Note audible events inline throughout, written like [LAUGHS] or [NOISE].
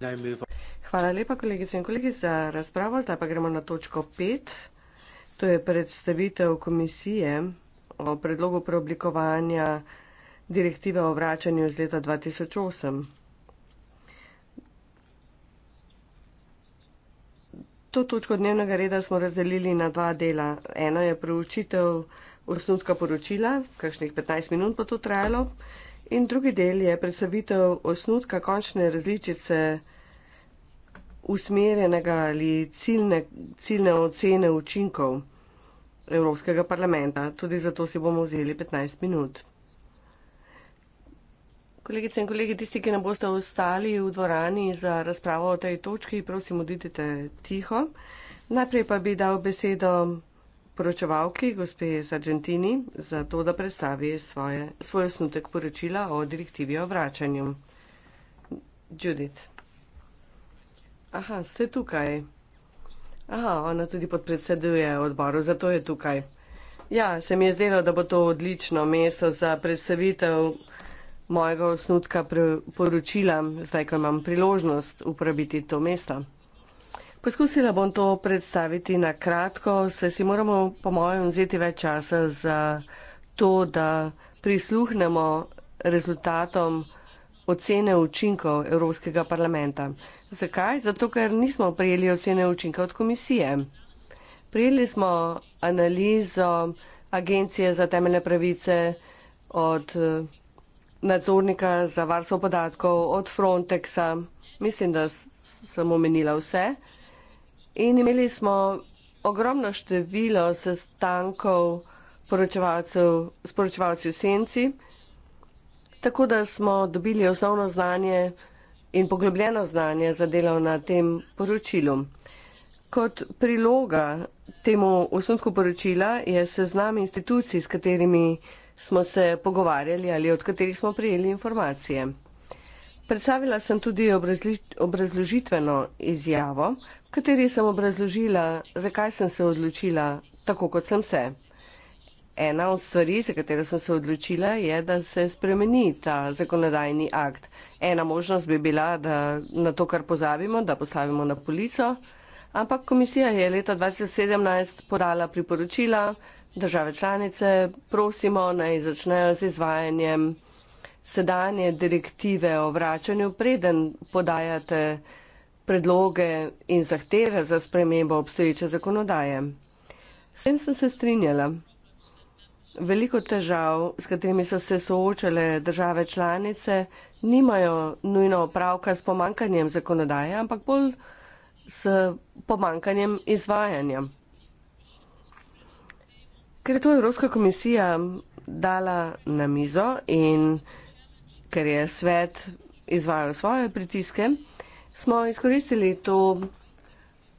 Hvala lepa, kolegice in kolegi, za razpravo. Zdaj pa gremo na točko pet. To je predstavitev komisije o predlogu preoblikovanja direktive o vračanju iz leta 2008. To točko dnevnega reda smo razdelili na dva dela. Eno je preučitev osnutka poročila, kakšnih 15 minut pa to trajalo. In drugi del je predstavitev osnutka končne različice usmerjenega ali ciljne, ciljne ocene učinkov Evropskega parlamenta. Tudi zato si bomo vzeli 15 minut. Kolegice in kolegi, tisti, ki nam boste ostali v dvorani za razpravo o tej točki, prosim, odidite tiho. Najprej pa bi dal besedo poročevalki, gospe iz Argentini, za to, da predstavi svoje, svoj osnutek poročila o direktivi o vračanju. Judith. Aha, ste tukaj. Aha, ona tudi podpredseduje odboru, zato je tukaj. Ja, se mi je zdelo, da bo to odlično mesto za predstavitev mojega osnutka poročila, zdaj, ko imam priložnost uporabiti to mesto. Poskusila bom to predstaviti na kratko, saj si moramo, po mojem, vzeti več časa za to, da prisluhnemo rezultatom ocene učinkov Evropskega parlamenta. Zakaj? Zato, ker nismo prijeli ocene učinkov od komisije. Prijeli smo analizo Agencije za temeljne pravice od nadzornika za varstvo podatkov, od Frontexa. Mislim, da sem omenila vse. In imeli smo ogromno število sestankov s poročevalci v senci, tako da smo dobili osnovno znanje in poglobljeno znanje za delo na tem poročilu. Kot priloga temu osnutku poročila je seznam institucij, s katerimi smo se pogovarjali ali od katerih smo prijeli informacije. Predstavila sem tudi obrazložitveno izjavo, v kateri sem obrazložila, zakaj sem se odločila tako, kot sem se. Ena od stvari, za katero sem se odločila, je, da se spremeni ta zakonodajni akt. Ena možnost bi bila, da na to, kar pozabimo, da postavimo na polico, ampak komisija je leta 2017 podala priporočila, države članice prosimo naj začnejo z izvajanjem sedanje direktive o vračanju, preden podajate predloge in zahteve za spremembo obstoječe zakonodaje. S tem sem se strinjala. Veliko težav, s katerimi so se soočale države članice, nimajo nujno opravka s pomankanjem zakonodaje, ampak bolj s pomankanjem izvajanja. Ker je to Evropska komisija dala na mizo in ker je svet izvajal svoje pritiske, smo izkoristili to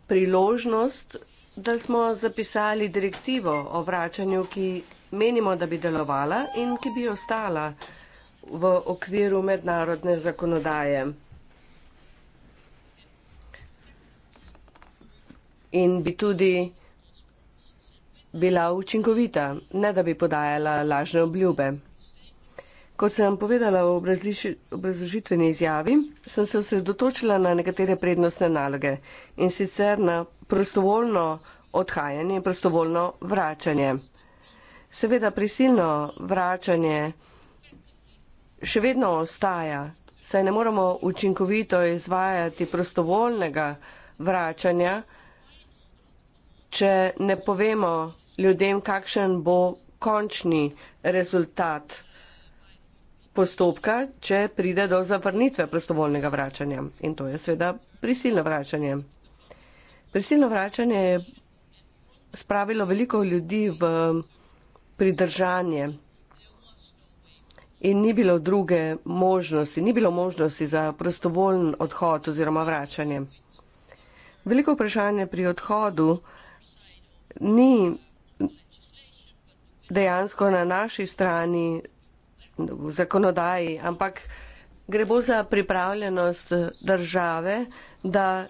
priložnost, da smo zapisali direktivo o vračanju, ki menimo, da bi delovala in ki bi ostala v okviru mednarodne zakonodaje. In bi tudi bila učinkovita, ne da bi podajala lažne obljube. Kot sem povedala v obrazložitveni izjavi, sem se osredotočila na nekatere prednostne naloge in sicer na prostovoljno odhajanje in prostovoljno vračanje. Seveda prisilno vračanje še vedno ostaja, saj ne moremo učinkovito izvajati prostovoljnega vračanja, če ne povemo ljudem, kakšen bo končni rezultat postopka, če pride do zavrnitve prostovoljnega vračanja. In to je seveda prisilno vračanje. Prisilno vračanje je spravilo veliko ljudi v pridržanje in ni bilo druge možnosti, ni bilo možnosti za prostovoljen odhod oziroma vračanje. Veliko vprašanje pri odhodu ni dejansko na naši strani v zakonodaji, ampak gre bolj za pripravljenost države, da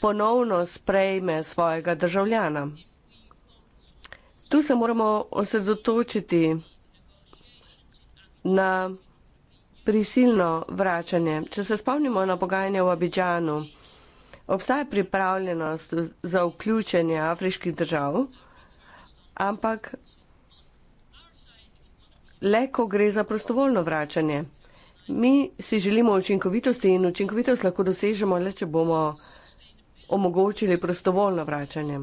ponovno sprejme svojega državljana. Tu se moramo osredotočiti na prisilno vračanje. Če se spomnimo na pogajanje v Abidžanu, obstaja pripravljenost za vključenje afriških držav, ampak le, ko gre za prostovoljno vračanje. Mi si želimo učinkovitosti in učinkovitost lahko dosežemo le, če bomo omogočili prostovoljno vračanje.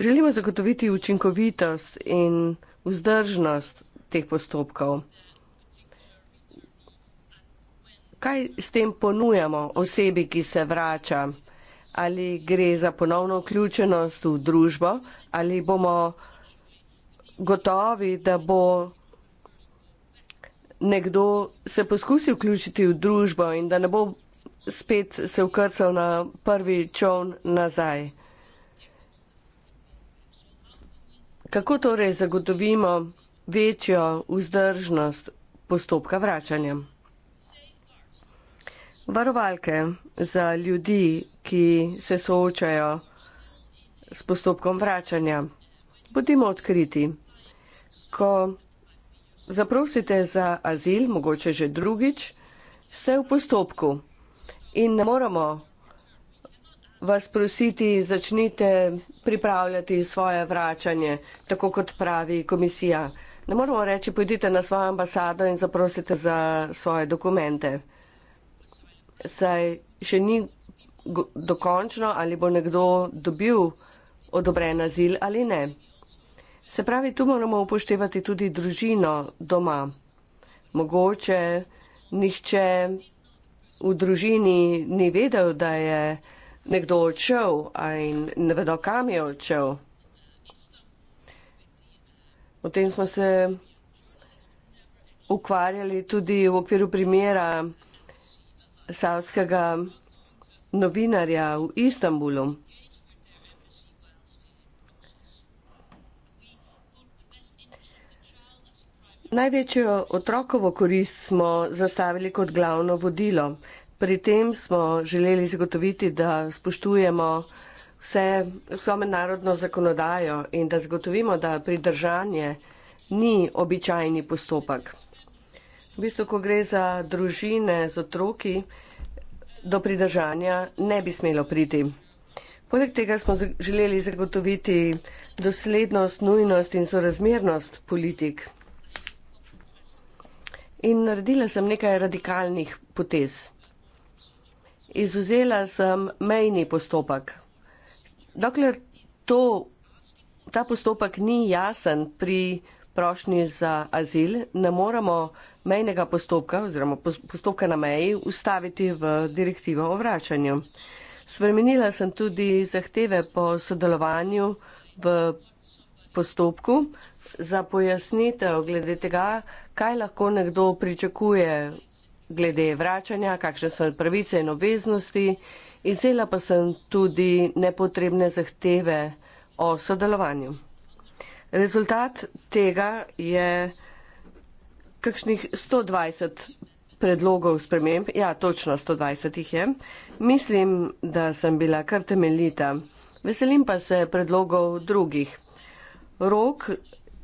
Želimo zagotoviti učinkovitost in vzdržnost teh postopkov. Kaj s tem ponujamo osebi, ki se vrača? Ali gre za ponovno vključenost v družbo ali bomo gotovi, da bo nekdo se poskusil vključiti v družbo in da ne bo spet se ukrcal na prvi čovn nazaj. Kako torej zagotovimo večjo vzdržnost postopka vračanja? Varovalke za ljudi, ki se soočajo s postopkom vračanja. Bodimo odkriti. Ko zaprosite za azil, mogoče že drugič, ste v postopku in ne moramo vas prositi, začnite pripravljati svoje vračanje, tako kot pravi komisija. Ne moramo reči, pojdite na svojo ambasado in zaprosite za svoje dokumente. Saj še ni dokončno, ali bo nekdo dobil odobren azil ali ne. Se pravi, tu moramo upoštevati tudi družino doma. Mogoče nihče v družini ni vedel, da je nekdo odšel in ne vedo, kam je odšel. O tem smo se ukvarjali tudi v okviru primera savskega novinarja v Istanbulu. Največjo otrokovo korist smo zastavili kot glavno vodilo. Pri tem smo želeli zagotoviti, da spoštujemo vse, vso mednarodno zakonodajo in da zagotovimo, da pridržanje ni običajni postopek. V bistvu, ko gre za družine z otroki, do pridržanja ne bi smelo priti. Poleg tega smo želeli zagotoviti doslednost, nujnost in sorazmernost politik in naredila sem nekaj radikalnih potez. Izuzela sem mejni postopek. Dokler to, ta postopek ni jasen pri prošnji za azil, ne moremo mejnega postopka oziroma postopka na meji ustaviti v direktivo o vračanju. Spremenila sem tudi zahteve po sodelovanju v postopku za pojasnitev glede tega, kaj lahko nekdo pričakuje glede vračanja, kakšne so pravice in obveznosti. Izdela pa sem tudi nepotrebne zahteve o sodelovanju. Rezultat tega je kakšnih 120 predlogov sprememb. Ja, točno 120 jih je. Mislim, da sem bila kar temeljita. Veselim pa se predlogov drugih. Rok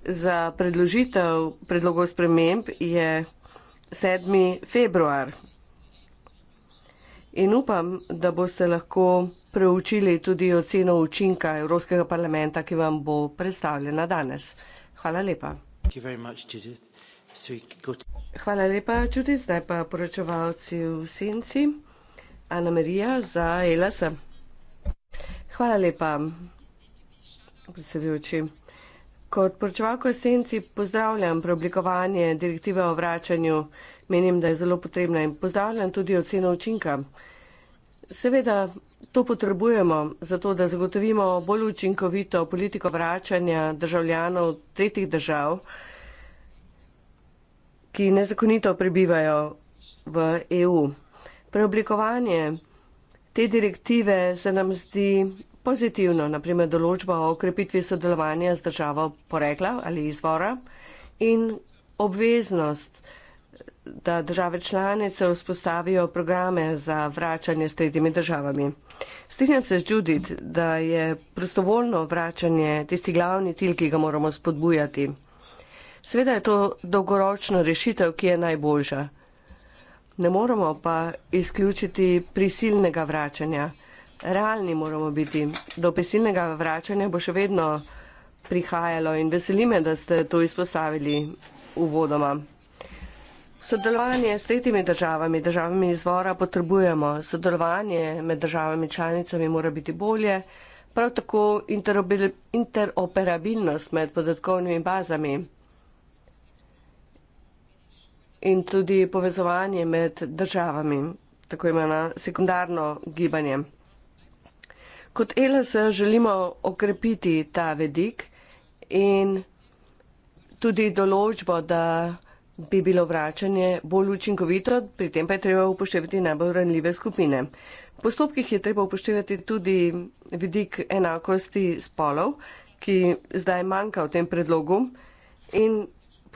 za predložitev predlogov sprememb je 7. februar. In upam, da boste lahko preučili tudi oceno učinka Evropskega parlamenta, ki vam bo predstavljena danes. Hvala lepa. Hvala lepa, Čudis. Zdaj pa poročevalci v senci. Ana Marija za Elasa. Hvala lepa, predsedujoči. Kot poročevalko esenci pozdravljam preoblikovanje direktive o vračanju, menim, da je zelo potrebna in pozdravljam tudi oceno učinka. Seveda to potrebujemo zato, da zagotovimo bolj učinkovito politiko vračanja državljanov tretjih držav, ki nezakonito prebivajo v EU. Preoblikovanje te direktive se nam zdi pozitivno, naprimer določba o okrepitvi sodelovanja z državo porekla ali izvora in obveznost, da države članice vzpostavijo programe za vračanje s tretjimi državami. Strinjam se z Judith, da je prostovoljno vračanje tisti glavni cilj, ki ga moramo spodbujati. Sveda je to dolgoročna rešitev, ki je najboljša. Ne moramo pa izključiti prisilnega vračanja realni moramo biti. Do prisilnega vračanja bo še vedno prihajalo in veseli me, da ste to izpostavili uvodoma. Sodelovanje s tretjimi državami, državami izvora potrebujemo. Sodelovanje med državami članicami mora biti bolje. Prav tako interoperabilnost med podatkovnimi bazami in tudi povezovanje med državami, tako imenovano sekundarno gibanje. Kot ELS želimo okrepiti ta vedik in tudi določbo, da bi bilo vračanje bolj učinkovito, pri tem pa je treba upoštevati najbolj ranljive skupine. V postopkih je treba upoštevati tudi vidik enakosti spolov, ki zdaj manjka v tem predlogu in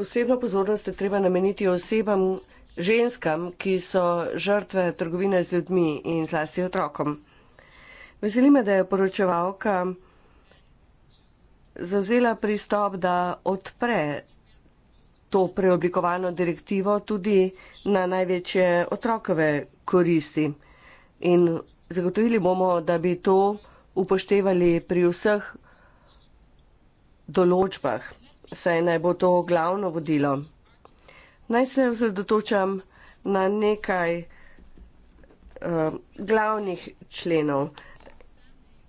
posebno pozornost je treba nameniti osebam, ženskam, ki so žrtve trgovine z ljudmi in zlasti otrokom. Veseli me, da je poročevalka zauzela pristop, da odpre to preoblikovano direktivo tudi na največje otrokove koristi. In zagotovili bomo, da bi to upoštevali pri vseh določbah, saj naj bo to glavno vodilo. Naj se osredotočam na nekaj uh, glavnih členov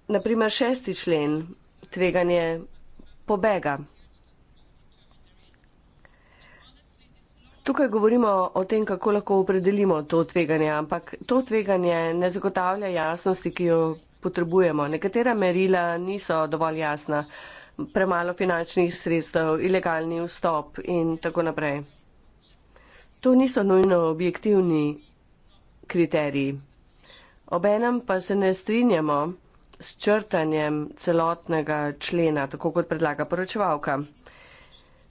naprimer šesti člen, tveganje pobega. Tukaj govorimo o tem, kako lahko opredelimo to tveganje, ampak to tveganje ne zagotavlja jasnosti, ki jo potrebujemo. Nekatera merila niso dovolj jasna, premalo finančnih sredstev, ilegalni vstop in tako naprej. To niso nujno objektivni kriteriji. Obenem pa se ne strinjamo, s črtanjem celotnega člena, tako kot predlaga poročevalka.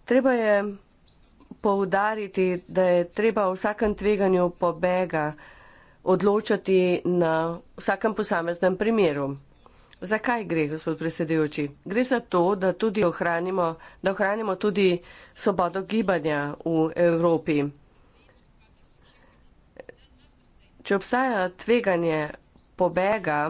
Treba je poudariti, da je treba v vsakem tveganju pobega odločati na vsakem posameznem primeru. Zakaj gre, gospod predsedujoči? Gre za to, da tudi ohranimo, da ohranimo tudi svobodo gibanja v Evropi. Če obstaja tveganje pobega,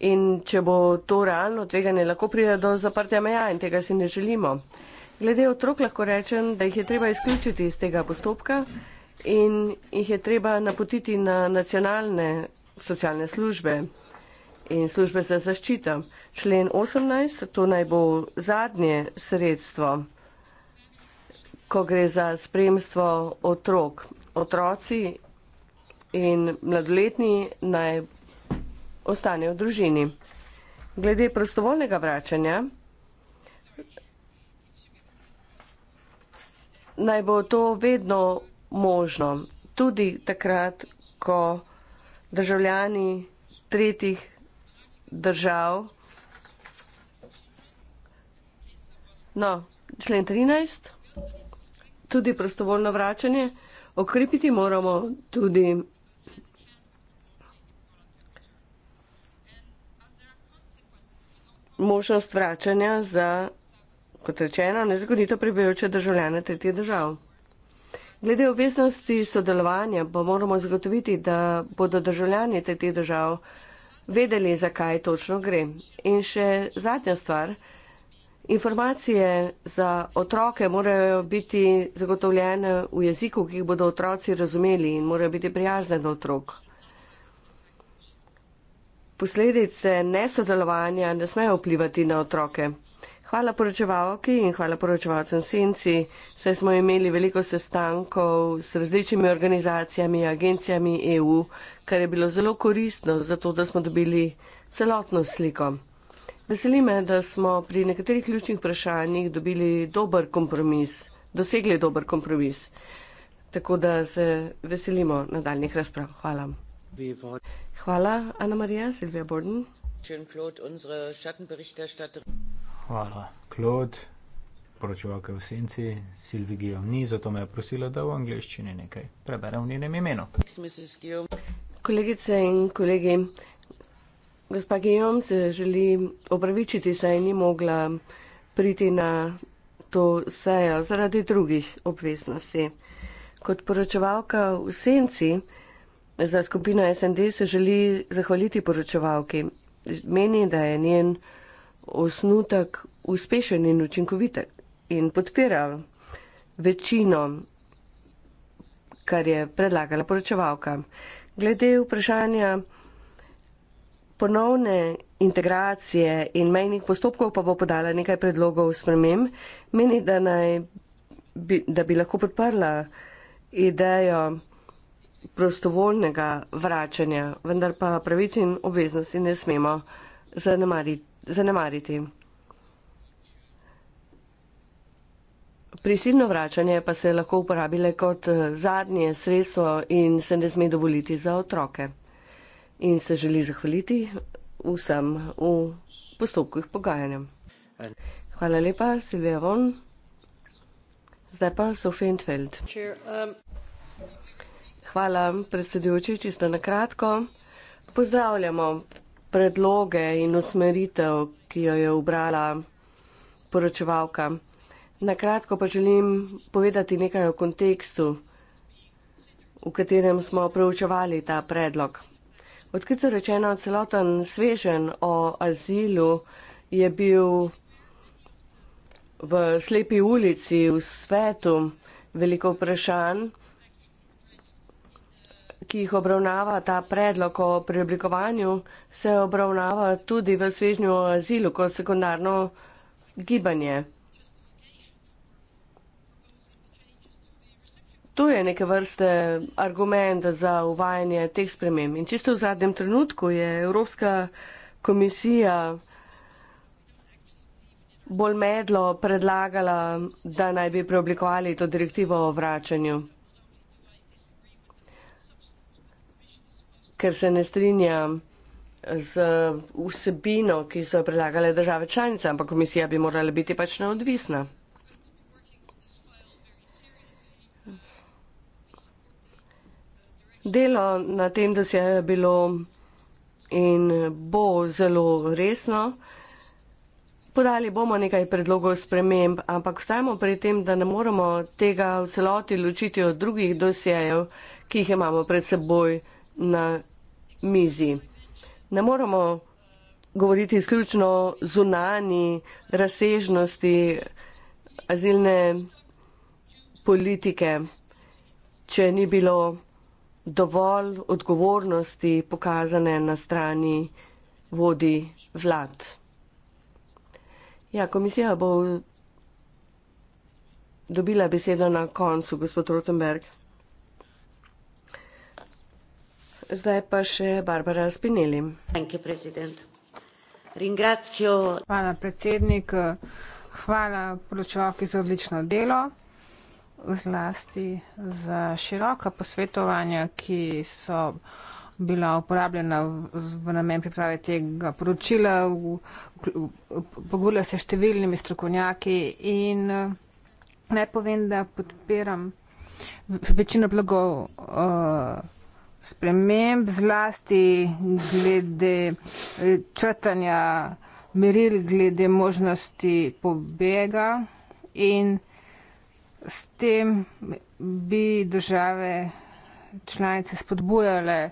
In če bo to realno tveganje, lahko pride do zaprtja meja in tega si ne želimo. Glede otrok lahko rečem, da jih je treba izključiti iz tega postopka in jih je treba napotiti na nacionalne socialne službe in službe za zaščito. Člen 18, to naj bo zadnje sredstvo, ko gre za spremstvo otrok. Otroci in mladoletni naj ostane v družini. Glede prostovoljnega vračanja, naj bo to vedno možno, tudi takrat, ko državljani tretjih držav. No, člen 13, tudi prostovoljno vračanje, okrepiti moramo tudi možnost vračanja za, kot rečeno, nezakonito prebivajoče državljane tretjih držav. Glede obveznosti sodelovanja pa moramo zagotoviti, da bodo državljani tretjih držav vedeli, zakaj točno gre. In še zadnja stvar. Informacije za otroke morajo biti zagotovljene v jeziku, ki jih bodo otroci razumeli in morajo biti prijazne do otrok posledice nesodelovanja ne smejo vplivati na otroke. Hvala poročevalki in hvala poročevalcem Senci, saj smo imeli veliko sestankov s različnimi organizacijami, agencijami EU, kar je bilo zelo koristno, zato da smo dobili celotno sliko. Veseli me, da smo pri nekaterih ključnih vprašanjih dobili dober kompromis, dosegli dober kompromis. Tako da se veselimo nadaljnih razprav. Hvala. Bivor. Hvala, Ana Marija, Silvija Borden. Hvala, Claude, poročevalka v senci, Silvi Gijom ni, zato me je prosila, da v angliščini nekaj preberem v njenem imenu. Kolegice in kolegi, gospa Gijom se želi opravičiti, saj ni mogla priti na to sejo zaradi drugih obveznosti. Kot poročevalka v senci, Za skupino SND se želi zahvaliti poročevalki. Meni, da je njen osnutek uspešen in učinkovit in podpira večino, kar je predlagala poročevalka. Glede vprašanja ponovne integracije in mejnih postopkov pa bo podala nekaj predlogov spremem. Meni, da, naj, da bi lahko podprla idejo prostovoljnega vračanja, vendar pa pravici in obveznosti ne smemo zanemariti. Prisilno vračanje pa se lahko uporabi le kot eh, zadnje sredstvo in se ne sme dovoliti za otroke. In se želi zahvaliti vsem v postopku jih pogajanja. Hvala lepa, Silvija Von. Zdaj pa Sofie Entfeld. Um, Hvala, predsedujoči, čisto na kratko. Pozdravljamo predloge in usmeritev, ki jo je ubrala poročevalka. Na kratko pa želim povedati nekaj o kontekstu, v katerem smo preučevali ta predlog. Odkrito rečeno, celoten svežen o azilu je bil v slepi ulici v svetu veliko vprašanj ki jih obravnava ta predlog o preoblikovanju, se obravnava tudi v svežnju o azilu kot sekundarno gibanje. Tu je neke vrste argument za uvajanje teh spremem. In čisto v zadnjem trenutku je Evropska komisija bolj medlo predlagala, da naj bi preoblikovali to direktivo o vračanju. ker se ne strinjam z vsebino, ki so jo predlagale države članice, ampak komisija bi morala biti pač neodvisna. Delo na tem dosjeju je bilo in bo zelo resno. Podali bomo nekaj predlogov sprememb, ampak ostajamo pri tem, da ne moremo tega v celoti ločiti od drugih dosjejev, ki jih imamo pred seboj na mizi. Ne moramo govoriti izključno o zunani razsežnosti azilne politike, če ni bilo dovolj odgovornosti pokazane na strani vodi vlad. Ja, komisija bo dobila besedo na koncu, gospod Rotenberg. Zdaj pa še Barbara Spinelli. Hvala, predsednik. Hvala poročevalki za odlično delo, zlasti za široka posvetovanja, ki so bila uporabljena v namen priprave tega poročila. Pogovorila se s številnimi strokovnjaki in naj povem, da podpiram večino blagov. Uh, sprememb, zlasti glede eh, črtanja meril, glede možnosti pobega in s tem bi države članice spodbujale eh,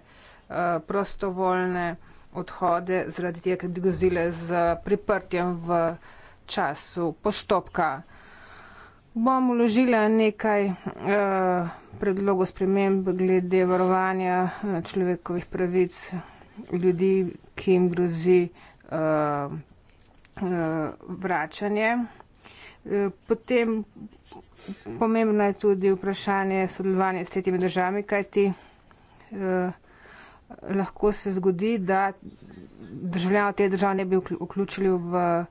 prostovoljne odhode zaradi tega, ker bi grozile z priprtjem v času postopka. Bom uložila nekaj uh, predlogu sprememb glede varovanja eh, človekovih pravic ljudi, ki jim grozi uh, uh, vračanje. Potem pomembno je tudi vprašanje sodelovanja s tretjimi državami, kajti uh, lahko se zgodi, da državljanov te države ne bi vključili v uh,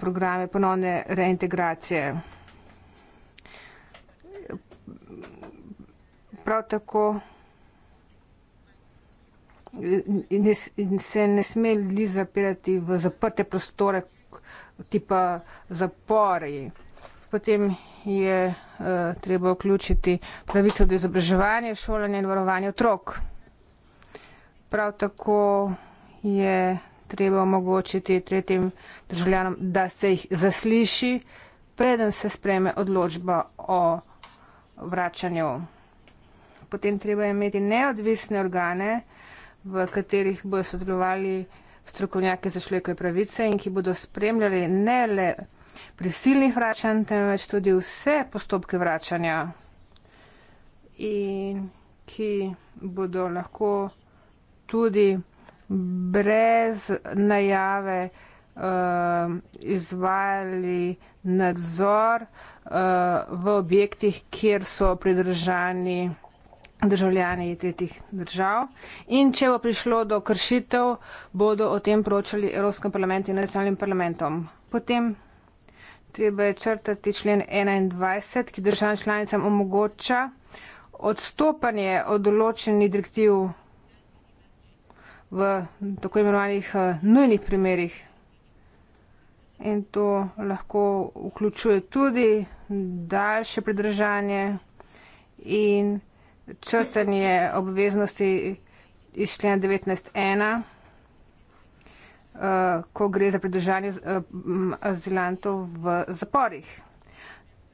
programe ponovne reintegracije. prav tako eh, se ne sme ljudi zapirati v zaprte prostore, tipa zapori. Potem je uh, treba vključiti pravico do izobraževanja, šolanja in varovanja otrok. Prav tako je treba omogočiti tretjim državljanom, da se jih zasliši, preden se spreme odločba o vračanju potem treba imeti neodvisne organe, v katerih bojo sodelovali strokovnjaki za človekove pravice in ki bodo spremljali ne le prisilnih vračanj, temveč tudi vse postopke vračanja in ki bodo lahko tudi brez najave uh, izvajali nadzor uh, v objektih, kjer so pridržani državljani tretjih držav. In če bo prišlo do kršitev, bodo o tem poročali Evropskem parlamentu in nacionalnim parlamentom. Potem treba je črtati člen 21, ki državam članicam omogoča odstopanje od določenih direktiv v tako imenovanih eh, nujnih primerih. In to lahko vključuje tudi daljše pridržanje in črtanje obveznosti iz člena 19.1, eh, ko gre za pridržanje eh, azilantov v zaporih.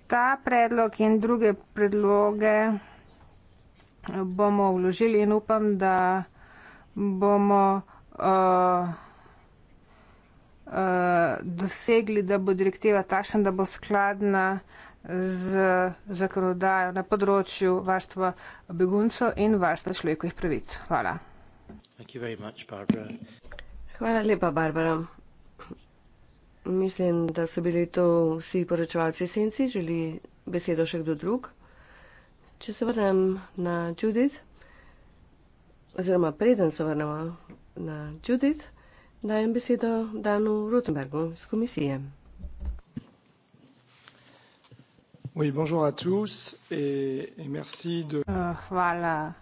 Ta predlog in druge predloge eh, bomo vložili in upam, da bomo uh, uh, dosegli, da bo direktiva tašna, da bo skladna uh, z zakonodajo na področju varstva beguncev in varstva človekovih pravic. Hvala. Much, Hvala lepa, Barbara. Mislim, da so bili to vsi poročevalci senci. Želi besedo še kdo drug? Če se vrnem na Judith, oziroma preden se vrnemo na Judith, dajem besedo Danu Rutenbergu iz komisije. Euh, hvala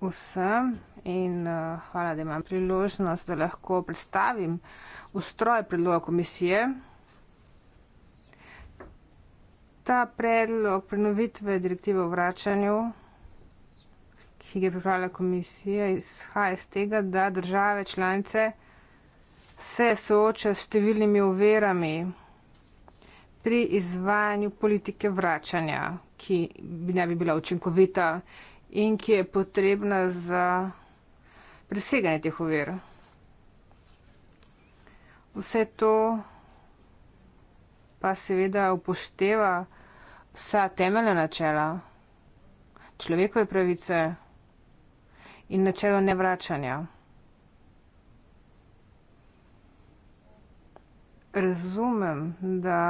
uh, vsem in uh, hvala, da imam priložnost, da lahko predstavim ustroj predloga komisije. Ta predlog prenovitve direktive o vračanju, ki ga je pripravila komisija, izhaja iz tega, da države članice se soočajo s številnimi uverami pri izvajanju politike vračanja, ki bi naj bi bila učinkovita in ki je potrebna za preseganje teh ovir. Vse to pa seveda upošteva vsa temeljna načela človekove pravice in načelo nevračanja. Razumem, da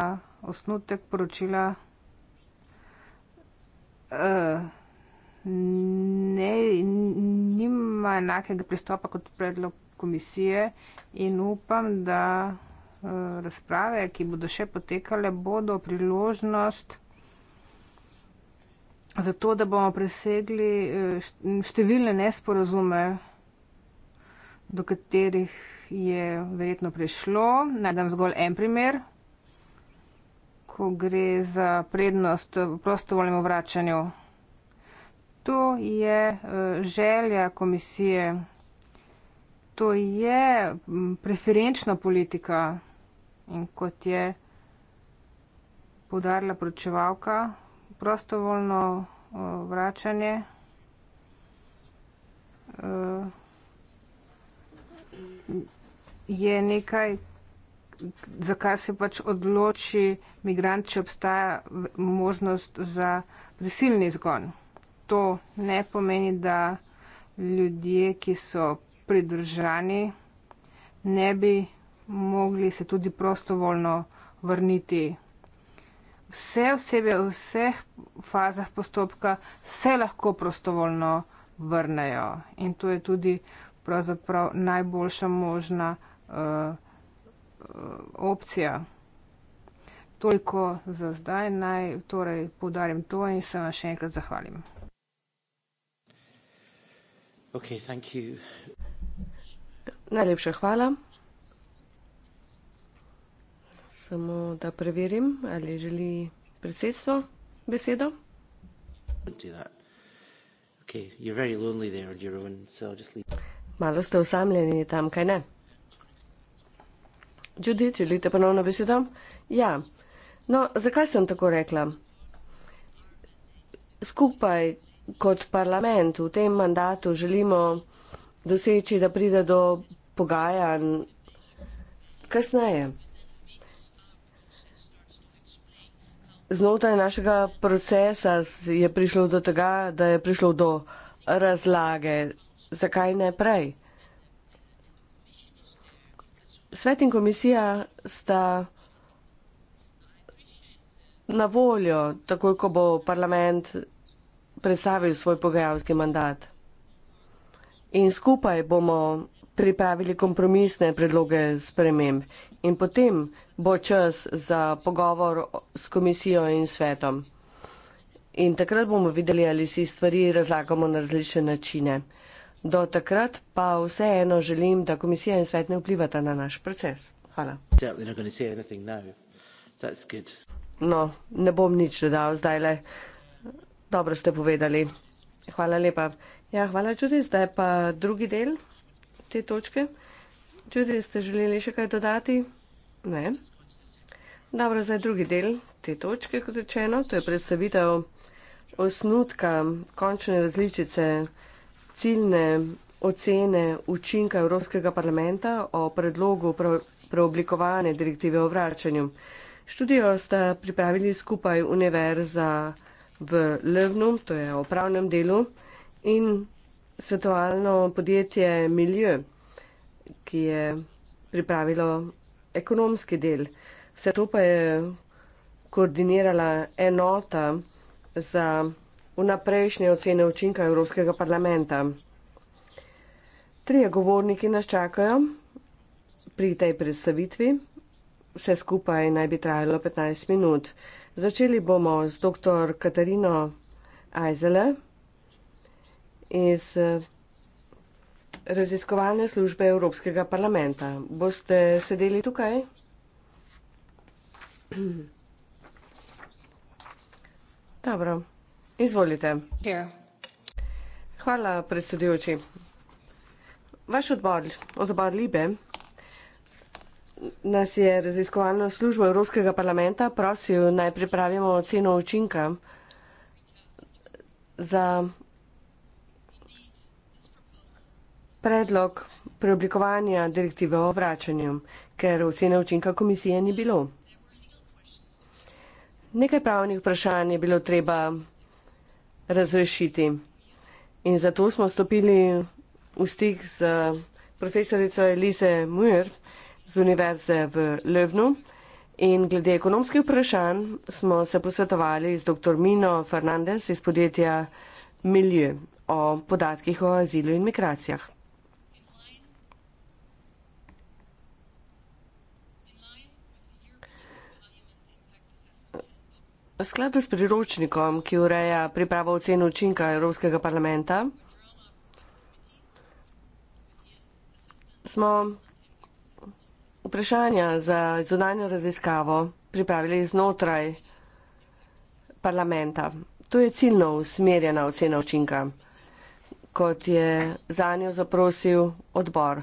osnutek poročila uh, ne, nima enakega pristopa kot predlog komisije in upam, da uh, razprave, ki bodo še potekale, bodo priložnost za to, da bomo presegli eh, številne nesporazume, do katerih je verjetno prišlo. Najdem zgolj en primer ko gre za prednost prostovoljnemu vračanju. To je eh, želja komisije, to je preferenčna politika in kot je podarila pročevalka, prostovoljno eh, vračanje eh, je nekaj, za kar se pač odloči migrant, če obstaja možnost za prisilni zgon. To ne pomeni, da ljudje, ki so pridržani, ne bi mogli se tudi prostovoljno vrniti. Vse osebe v vseh fazah postopka se lahko prostovoljno vrnejo in to je tudi pravzaprav najboljša možna. Uh, Eh, opcija. Toliko za zdaj, naj torej podarim to in se vam še enkrat zahvalim. Okay, thank you. Najlepša hvala. Samo da preverim, ali želi predsedstvo besedo. Okay, there, Malo ste osamljeni tam, kaj ne? Judith, želite ponovno besedo? Ja. No, zakaj sem tako rekla? Skupaj kot parlament v tem mandatu želimo doseči, da pride do pogajanj kasneje. Znotraj našega procesa je prišlo do tega, da je prišlo do razlage, zakaj ne prej svet in komisija sta na voljo, takoj ko bo parlament predstavil svoj pogajalski mandat. In skupaj bomo pripravili kompromisne predloge sprememb. In potem bo čas za pogovor s komisijo in svetom. In takrat bomo videli, ali si stvari razlagamo na različne načine. Do takrat pa vseeno želim, da komisija in svet ne vplivata na naš proces. Hvala. No, ne bom nič dodal zdaj le. Dobro ste povedali. Hvala lepa. Ja, hvala, Čudi. Zdaj pa drugi del te točke. Čudi, ste želeli še kaj dodati? Ne. Dobro, zdaj drugi del te točke, kot rečeno. To je predstavitev osnutka končne različice ciljne ocene učinka Evropskega parlamenta o predlogu preoblikovane direktive o vračanju. Študijo sta pripravili skupaj Univerza v Levnu, to je o pravnem delu, in svetovalno podjetje Milieu, ki je pripravilo ekonomski del. Vse to pa je koordinirala enota za vnaprejšnje ocene učinka Evropskega parlamenta. Trije govorniki nas čakajo pri tej predstavitvi. Vse skupaj naj bi trajalo 15 minut. Začeli bomo z dr. Katarino Ajzele iz raziskovalne službe Evropskega parlamenta. Boste sedeli tukaj? [CLEARS THROAT] Dobro. Izvolite. Hvala, predsedujoči. Vaš odbor, odbor Libe, nas je raziskovalna služba Evropskega parlamenta prosil, naj pripravimo oceno učinka za predlog preoblikovanja direktive o vračanju, ker ocene učinka komisije ni bilo. Nekaj pravnih vprašanj je bilo treba razrešiti. In zato smo stopili v stik z profesorico Elise Mujer z Univerze v Lövnu in glede ekonomskih vprašanj smo se posvetovali z dr. Mino Fernandez iz podjetja Milje o podatkih o azilu in migracijah. Skladno s priročnikom, ki ureja pripravo ocen učinka Evropskega parlamenta, smo vprašanja za zunanjo raziskavo pripravili znotraj parlamenta. To je ciljno usmerjena ocena učinka, kot je za njo zaprosil odbor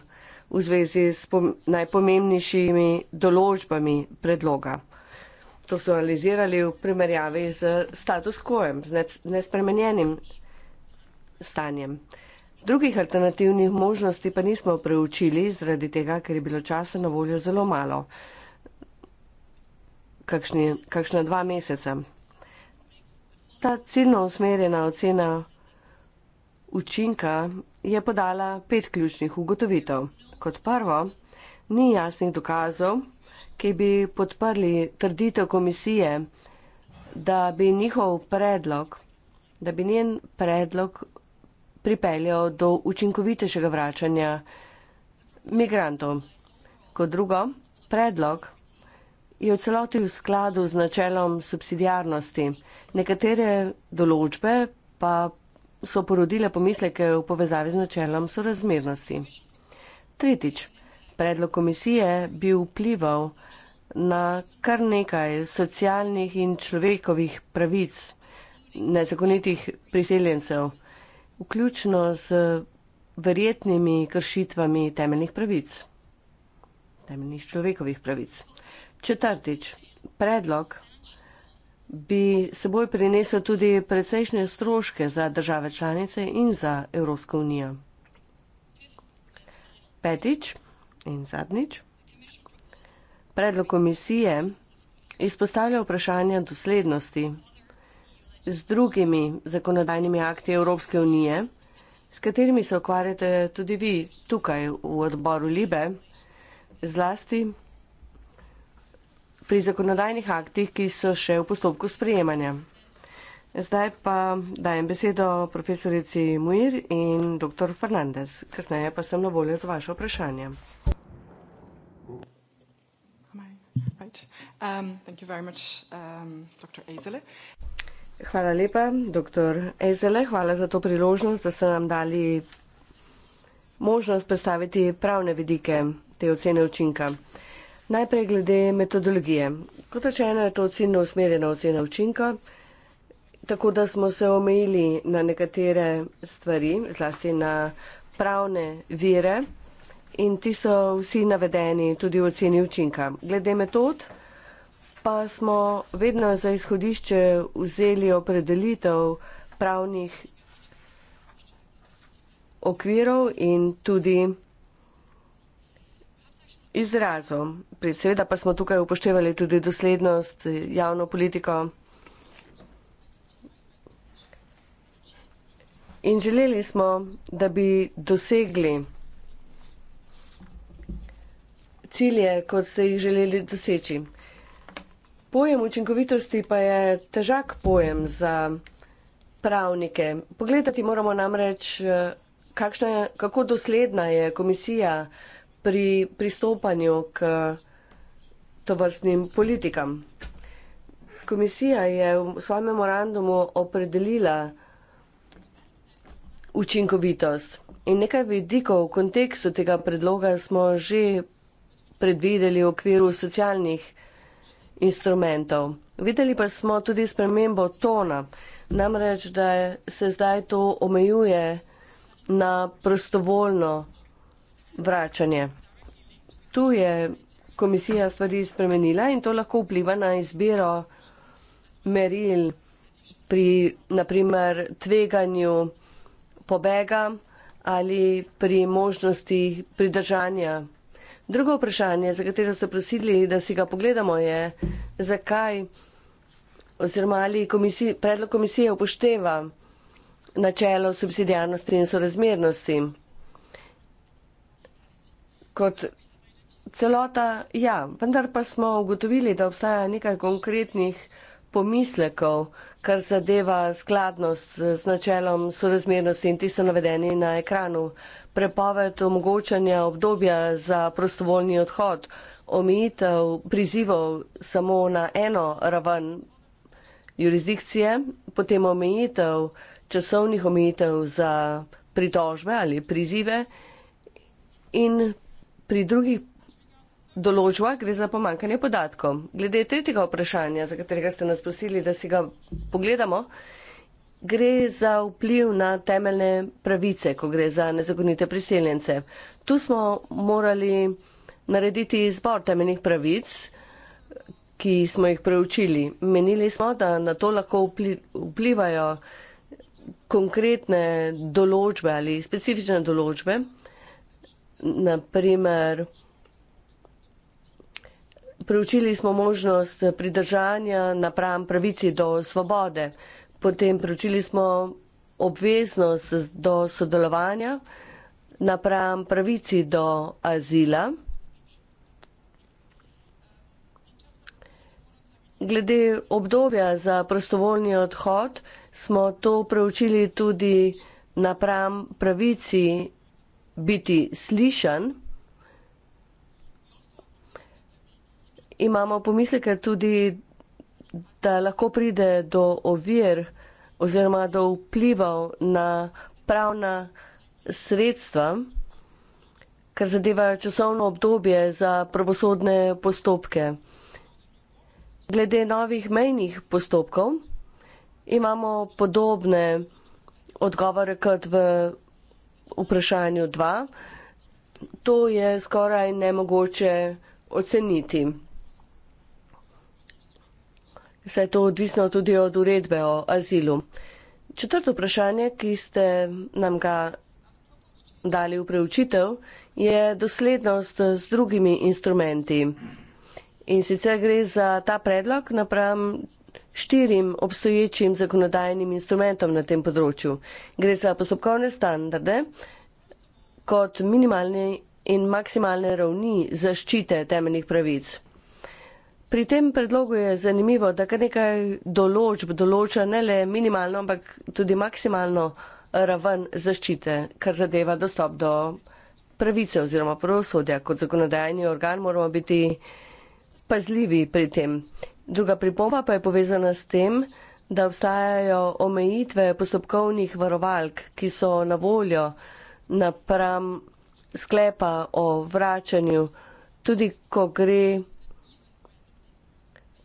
v zvezi s najpomembnejšimi določbami predloga to vizualizirali v primerjavi z status quo, z nespremenjenim stanjem. Drugih alternativnih možnosti pa nismo preučili, zaradi tega, ker je bilo časa na voljo zelo malo, kakšni, kakšna dva meseca. Ta ciljno usmerjena ocena učinka je podala pet ključnih ugotovitev. Kot prvo, ni jasnih dokazov, ki bi podprli trditev komisije, da bi njihov predlog, da bi njen predlog pripeljal do učinkovitejšega vračanja migrantov. Kot drugo, predlog je v celoti v skladu z načelom subsidijarnosti. Nekatere določbe pa so porodile pomisleke v povezavi z načelom sorazmernosti. Tretjič, predlog komisije bi vplival na kar nekaj socialnih in človekovih pravic nezakonitih priseljencev, vključno z verjetnimi kršitvami temeljnih pravic, temeljnih človekovih pravic. Četrtič, predlog bi seboj prinesel tudi precejšnje stroške za države članice in za Evropsko unijo. Petič in zadnjič. Predlog komisije izpostavlja vprašanje doslednosti z drugimi zakonodajnimi akti Evropske unije, s katerimi se ukvarjate tudi vi tukaj v odboru Libe, zlasti pri zakonodajnih aktih, ki so še v postopku sprejemanja. Zdaj pa dajem besedo profesorici Muir in dr. Fernandez, kasneje pa sem na voljo z vašo vprašanje. much. Um, thank you very much, um, Dr. Ezele. Hvala lepa, doktor Ezele. Hvala za to priložnost, da ste nam dali možnost predstaviti pravne vidike te ocene učinka. Najprej glede metodologije. Kot rečeno, je to ciljno usmerjena ocena učinka, tako da smo se omejili na nekatere stvari, zlasti na pravne vire in ti so vsi navedeni tudi v oceni učinka. Glede metod pa smo vedno za izhodišče vzeli opredelitev pravnih okvirov in tudi izrazom. Seveda pa smo tukaj upoštevali tudi doslednost, javno politiko in želeli smo, da bi dosegli cilje, kot ste jih želeli doseči. Pojem učinkovitosti pa je težak pojem za pravnike. Pogledati moramo namreč, eh, kakšna, kako dosledna je komisija pri pristopanju k tovrstnim politikam. Komisija je v svojem memorandumu opredelila učinkovitost in nekaj vidikov v kontekstu tega predloga smo že predvideli v okviru socialnih instrumentov. Videli pa smo tudi spremembo tona, namreč, da se zdaj to omejuje na prostovoljno vračanje. Tu je komisija stvari spremenila in to lahko vpliva na izbiro meril pri naprimer tveganju pobega ali pri možnosti pridržanja Drugo vprašanje, za katero ste prosili, da si ga pogledamo, je, zakaj oziroma ali komisij, predlog komisije upošteva načelo subsidijarnosti in sorazmernosti. Kot celota, ja, vendar pa smo ugotovili, da obstaja nekaj konkretnih pomislekov, kar zadeva skladnost z načelom sorazmernosti in ti so navedeni na ekranu. Prepoved omogočanja obdobja za prostovoljni odhod, omejitev prizivov samo na eno raven jurisdikcije, potem omejitev časovnih omejitev za pritožbe ali prizive in pri drugih določba gre za pomankanje podatkov. Glede tretjega vprašanja, za katerega ste nas prosili, da si ga pogledamo, gre za vpliv na temeljne pravice, ko gre za nezakonite priseljence. Tu smo morali narediti izbor temeljnih pravic, ki smo jih preučili. Menili smo, da na to lahko vplivajo konkretne določbe ali specifične določbe, naprimer Preučili smo možnost pridržanja napram pravici do svobode, potem preučili smo obveznost do sodelovanja napram pravici do azila. Glede obdobja za prostovoljni odhod smo to preučili tudi napram pravici biti slišan. imamo pomisleke tudi, da lahko pride do ovir oziroma do vplival na pravna sredstva, kar zadeva časovno obdobje za pravosodne postopke. Glede novih mejnih postopkov imamo podobne odgovore kot v vprašanju 2. To je skoraj nemogoče oceniti. Saj je to odvisno tudi od uredbe o azilu. Četrto vprašanje, ki ste nam ga dali v preučitev, je doslednost z drugimi instrumenti. In sicer gre za ta predlog napram štirim obstoječim zakonodajnim instrumentom na tem področju. Gre za postopkovne standarde kot minimalne in maksimalne ravni zaščite temeljnih pravic. Pri tem predlogu je zanimivo, da kar nekaj določb določa ne le minimalno, ampak tudi maksimalno raven zaščite, kar zadeva dostop do pravice oziroma pravosodja. Kot zakonodajni organ moramo biti pazljivi pri tem. Druga pripomba pa je povezana s tem, da obstajajo omejitve postopkovnih varovalk, ki so na voljo napram sklepa o vračanju, tudi ko gre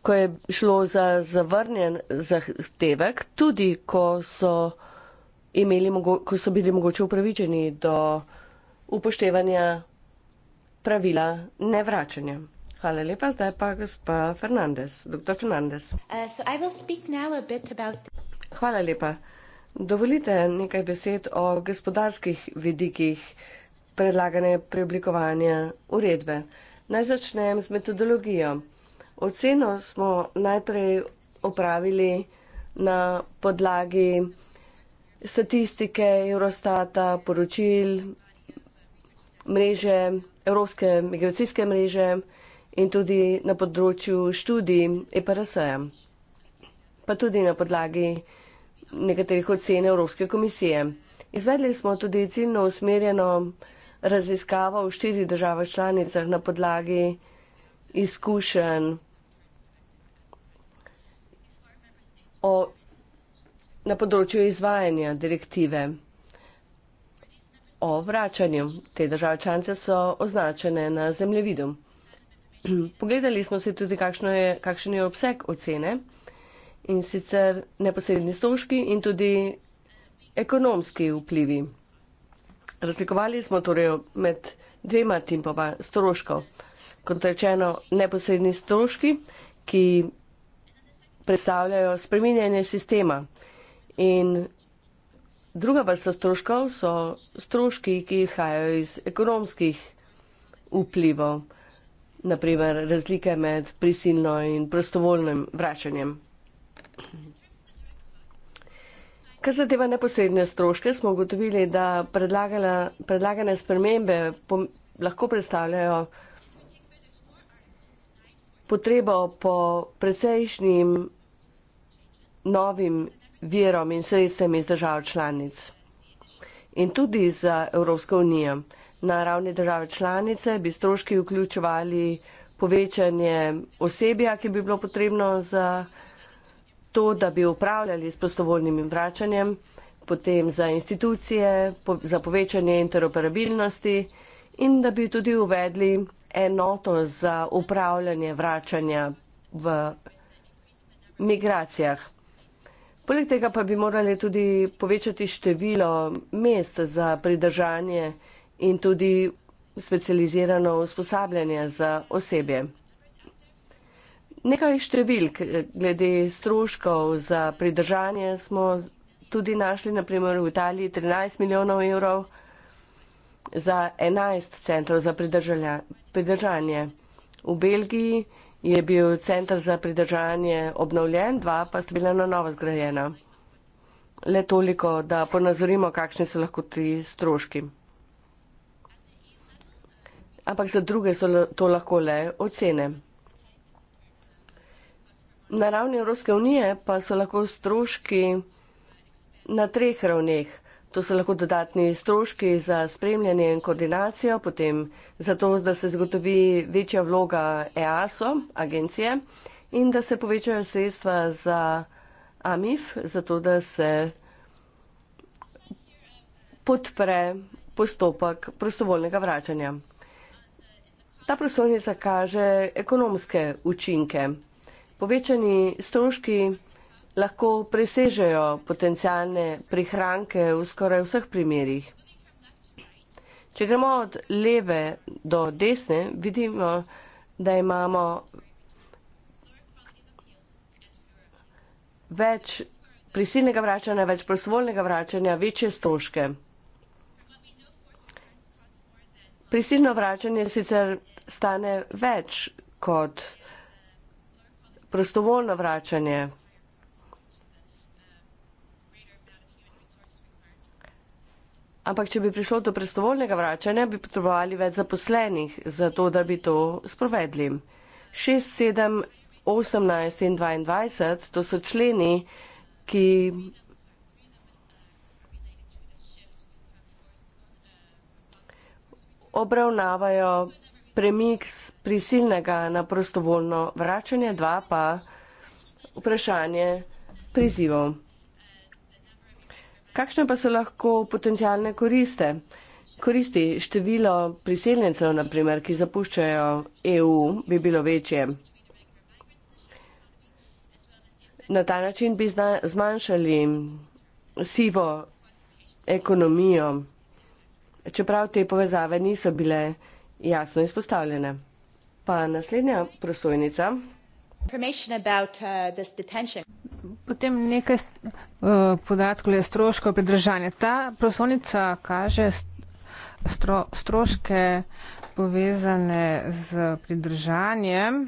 ko je šlo za zavrnjen zahtevek, tudi ko so, imeli, ko so bili mogoče upravičeni do upoštevanja pravila nevračanja. Hvala lepa, zdaj pa gospa Fernandez, doktor Fernandez. Uh, Hvala lepa. Dovolite nekaj besed o gospodarskih vidikih predlagane preoblikovanja uredbe. Naj začnem z metodologijo. Oceno smo najprej opravili na podlagi statistike Eurostata, poročil mreže, Evropske migracijske mreže in tudi na področju študij EPRS-a, pa tudi na podlagi nekaterih ocen Evropske komisije. Izvedli smo tudi ciljno usmerjeno raziskavo v štirih državah članicah na podlagi izkušenj o, na področju izvajanja direktive o vračanju. Te države članice so označene na zemljevidu. [CLEARS THROAT] Pogledali smo se tudi, kakšno je, kakšen je obseg ocene in sicer neposredni stroški in tudi ekonomski vplivi. Razlikovali smo torej med dvema tipoma stroškov. Kot rečeno, neposredni stroški, ki predstavljajo spreminjanje sistema. In druga vrsta stroškov so stroški, ki izhajajo iz ekonomskih vplivov, naprimer razlike med prisilno in prostovoljnim vračanjem. Kar zadeva neposredne stroške, smo ugotovili, da predlagane spremembe lahko predstavljajo potrebo po precejšnjem novim virom in sredstvem iz držav članic in tudi iz Evropske unije. Na ravni države članice bi stroški vključevali povečanje osebja, ki bi bilo potrebno za to, da bi upravljali s prostovoljnim vračanjem, potem za institucije, po, za povečanje interoperabilnosti in da bi tudi uvedli enoto za upravljanje vračanja v migracijah. Poleg tega pa bi morali tudi povečati število mest za pridržanje in tudi specializirano usposabljanje za osebje. Nekaj številk glede stroškov za pridržanje smo tudi našli, naprimer v Italiji 13 milijonov evrov za 11 centrov za pridržanje. V Belgiji je bil center za pridržanje obnovljen, dva pa sta bila na novo zgrajena. Le toliko, da ponazorimo, kakšni so lahko ti stroški. Ampak za druge so to lahko le ocene. Na ravni Evropske unije pa so lahko stroški na treh ravneh. To so lahko dodatni stroški za spremljanje in koordinacijo, potem zato, da se zagotovi večja vloga EASO, agencije, in da se povečajo sredstva za AMIF, zato da se podpre postopek prostovoljnega vračanja. Ta prostovoljnica kaže ekonomske učinke. Povečani stroški lahko presežejo potencijalne prihranke v skoraj vseh primerjih. Če gremo od leve do desne, vidimo, da imamo več prisilnega vračanja, več prostovoljnega vračanja, večje stroške. Prisilno vračanje sicer stane več kot prostovoljno vračanje. Ampak, če bi prišlo do prostovoljnega vračanja, bi potrebovali več zaposlenih za to, da bi to sprovedli. 6, 7, 18 in 22, to so členi, ki. obravnavajo premik prisilnega na prostovoljno vračanje, dva pa vprašanje prizivov. Kakšne pa so lahko potencijalne koriste? Koristi število priseljencev, naprimer, ki zapuščajo EU, bi bilo večje. Na ta način bi zmanjšali sivo ekonomijo, čeprav te povezave niso bile jasno izpostavljene. Pa naslednja prosojnica. Potem nekaj eh, podatkov je stroško pridržanja. Ta prosovnica kaže stro, stroške povezane z pridržanjem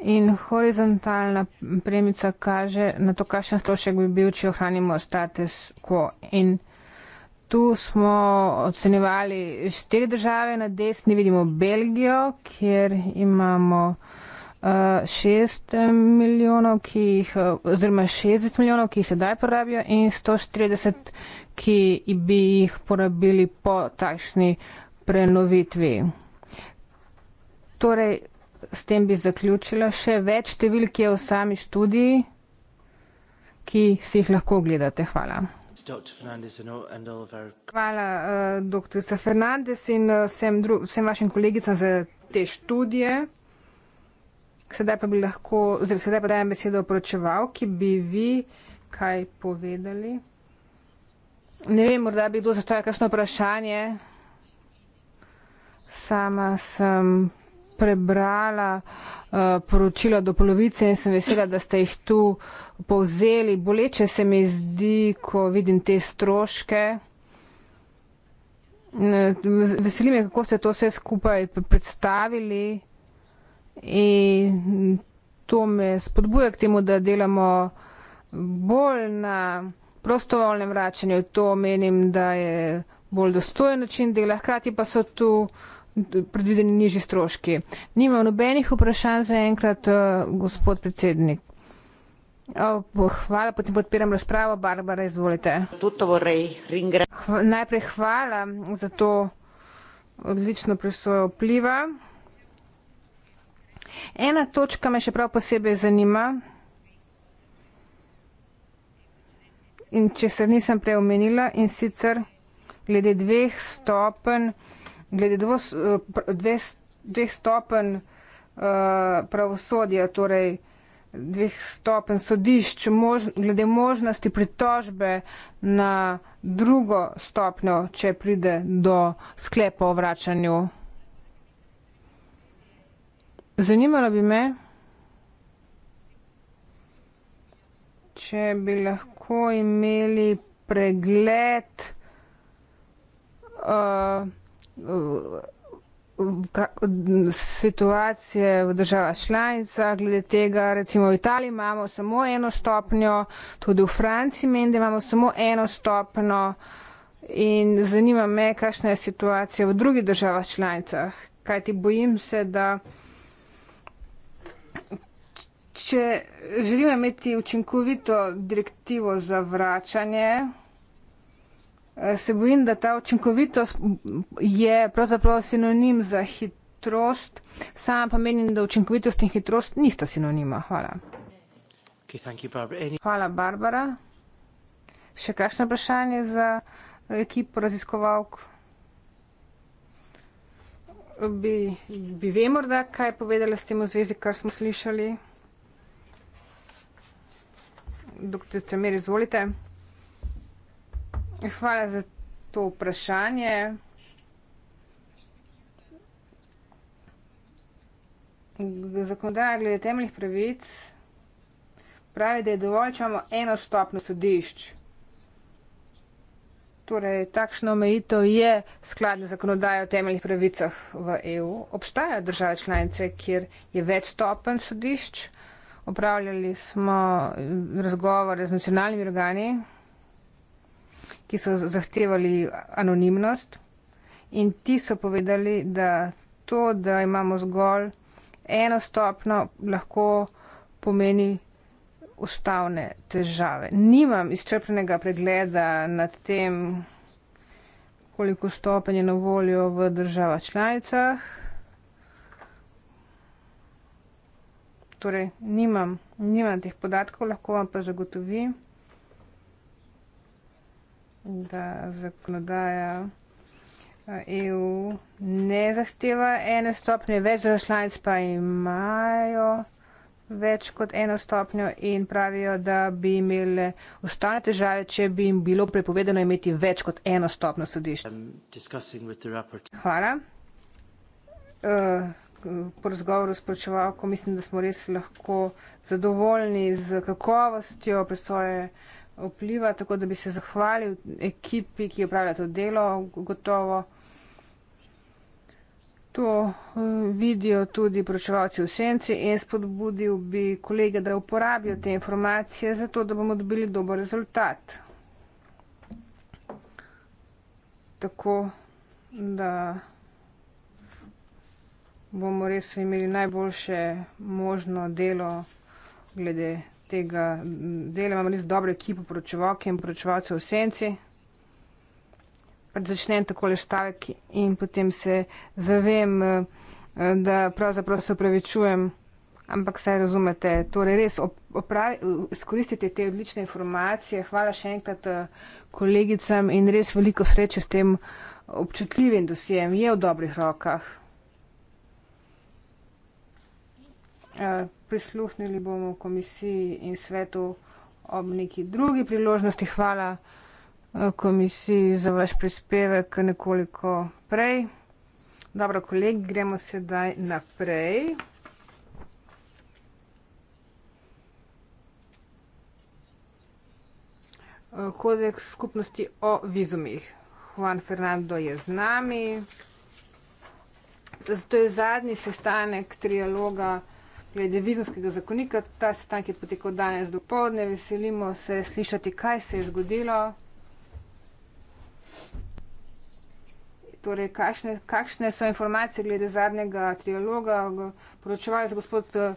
in horizontalna premica kaže na to, kakšen strošek bi bil, če ohranimo status quo. In tu smo ocenjevali štiri države, na desni vidimo Belgijo, kjer imamo 6 milijonov, ki jih, oziroma 60 milijonov, ki jih sedaj porabijo in 140, ki bi jih porabili po takšni prenovitvi. Torej, s tem bi zaključila še več številk je v sami študiji, ki si jih lahko ogledate. Hvala. Hvala, uh, dr. Fernandez in uh, vsem, vsem vašim kolegicam za te študije. Sedaj pa bi lahko, oziroma sedaj pa dajem besedo opročevalki, bi vi kaj povedali. Ne vem, morda bi kdo zastavil kakšno vprašanje. Sama sem prebrala uh, poročilo do polovice in sem vesela, da ste jih tu povzeli. Boleče se mi zdi, ko vidim te stroške. Veseli me, kako ste to vse skupaj predstavili. In to me spodbuja k temu, da delamo bolj na prostovoljnem vračanju. To menim, da je bolj dostojen način dela, hkrati pa so tu predvideni nižji stroški. Nimam nobenih vprašanj za enkrat, eh, gospod predsednik. Hvala, potem podpiram razpravo. Barbara, izvolite. Najprej hvala za to odlično presojo vpliva. Ena točka me še prav posebej zanima. In če se nisem preomenila in sicer glede dveh stopen, glede dvo, eh, dve, dveh stopen uh, eh, pravosodja, torej dveh stopen sodišč, mož, glede možnosti pritožbe na drugo stopnjo, če pride do sklepa o vračanju. Zanimalo bi me, če bi lahko imeli pregled, eh, situacije v državah članica, glede tega, recimo v Italiji imamo samo eno stopnjo, tudi v Franciji meni, da imamo samo eno stopnjo in zanima me, kakšna je situacija v drugih državah članicah, kajti bojim se, da Če želimo imeti učinkovito direktivo za vračanje, eh, se bojim, da ta učinkovitost je pravzaprav sinonim za hitrost. Sama pa menim, da učinkovitost in hitrost nista sinonima. Hvala. Hvala, Barbara. Še kakšno vprašanje za ekipo raziskovalk? Bi, bi ve morda kaj povedala s tem v zvezi, kar smo slišali? Doktor Cemir, izvolite. Hvala za to vprašanje. Zakonodaja glede temeljnih pravic pravi, da je dovolj, če imamo eno stopno sodišč. Torej, takšno omejitev je skladna zakonodaja o temeljnih pravicah v EU. Obstajajo države članice, kjer je več stopen sodišč, Opravljali smo eh, razgovore z nacionalnimi organi, ki so zahtevali anonimnost in ti so povedali, da to, da imamo zgolj eno stopno, lahko pomeni ustavne težave. Nimam izčrpnega pregleda nad tem, koliko stopenje na voljo v državah članicah. torej nimam, nimam teh podatkov, lahko vam pa zagotovim, da zakonodaja EU ne zahteva ene stopnje, več držav članic pa imajo več kot eno stopnjo in pravijo, da bi imele ostale težave, če bi jim bilo prepovedano imeti več kot eno stopnjo sodišča. Hvala. Uh, po razgovoru s pročevalko, mislim, da smo res lahko zadovoljni z kakovostjo presoje vpliva, tako da bi se zahvalil ekipi, ki upravlja to delo, gotovo. To eh, vidijo tudi pročevalci v senci in spodbudil bi kolege, da uporabijo te informacije, zato da bomo dobili dober rezultat. Tako da bomo res imeli najboljše možno delo glede tega dela. Imamo res dobro ekipo poročevalke in poročevalcev v senci. Začnem takole stavek in potem se zavem, da pravzaprav se upravičujem, ampak saj razumete. Torej res izkoristite te odlične informacije. Hvala še enkrat kolegicam in res veliko sreče s tem občutljivim dosijem. Je v dobrih rokah. Eh, prisluhnili bomo komisiji in svetu ob neki drugi priložnosti. Hvala eh, komisiji za vaš prispevek nekoliko prej. Dobro, kolegi, gremo sedaj naprej. Eh, kodeks skupnosti o vizumih. Juan Fernando je z nami. Zato je zadnji sestanek trialoga glede vizumskega zakonika. Ta sestanek je potekal danes do povdne. Veselimo se slišati, kaj se je zgodilo. Torej, kakšne, kakšne so informacije glede zadnjega trialoga? Poročevalec gospod eh,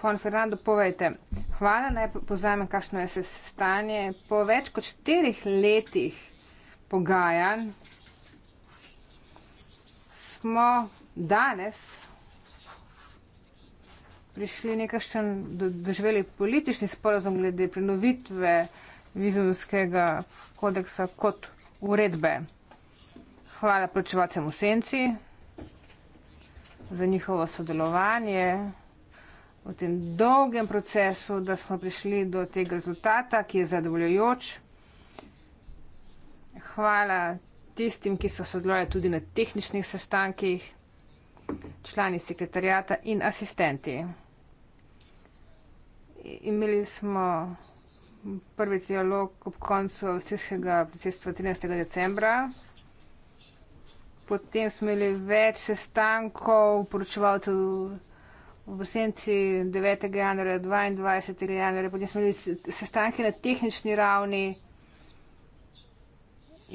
Juan Fernando, povejte. Hvala, naj pozajem, kakšno je se stanje. Po več kot štirih letih pogajanj smo danes prišli nekakšen, doživeli politični sporozum glede prenovitve vizumskega kodeksa kot uredbe. Hvala pročevalcem v senci za njihovo sodelovanje v tem dolgem procesu, da smo prišli do tega rezultata, ki je zadovoljujoč. Hvala tistim, ki so sodelovali tudi na tehničnih sestankih, člani sekretarjata in asistenti imeli smo prvi dialog ob koncu avstrijskega predsedstva 13. decembra. Potem smo imeli več sestankov poročevalcev v senci 9. januarja, 22. januarja. Potem smo imeli sestanke na tehnični ravni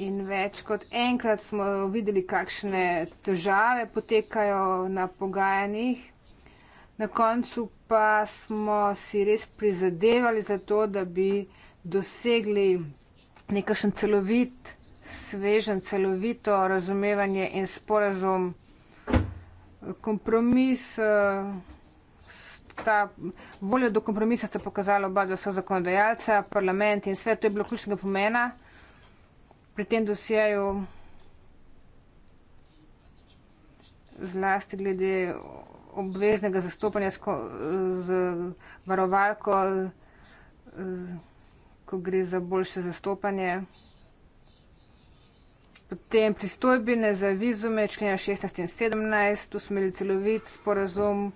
in več kot enkrat smo videli, kakšne težave potekajo na pogajanjih. Na koncu pa smo si res prizadevali za to, da bi dosegli nekakšen celovit, svežen, celovito razumevanje in sporazum, kompromis. Eh, ta voljo do kompromisa sta pokazala oba, da so zakonodajalca, parlament in svet. To je bilo ključnega pomena pri tem dosjeju, zlasti glede obveznega zastopanja z, z varovalko, z, ko gre za boljše zastopanje. Potem pristojbine za vizume, členja 16 in 17, tu smo imeli celovit sporazum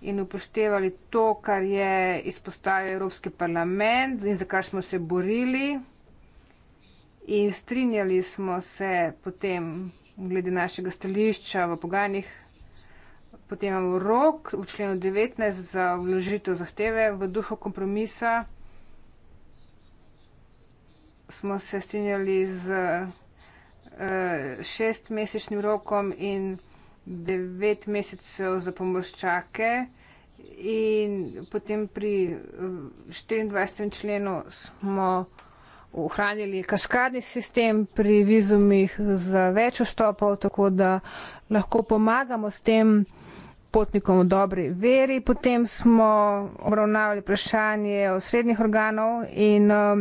in upoštevali to, kar je izpostavil Evropski parlament in za kar smo se borili. In strinjali smo se potem glede našega stališča v pogajanjih Potem imamo rok v členu 19 za vložitev zahteve v duhu kompromisa. Smo se strinjali z uh, šestmesečnim rokom in devet mesecev za pomorščake. In potem pri 24. Eh, členu smo ohranili kaskadni sistem pri vizumih za več vstopov, tako da lahko pomagamo s tem, potnikom v dobri veri. Potem smo obravnavali vprašanje osrednjih organov in um,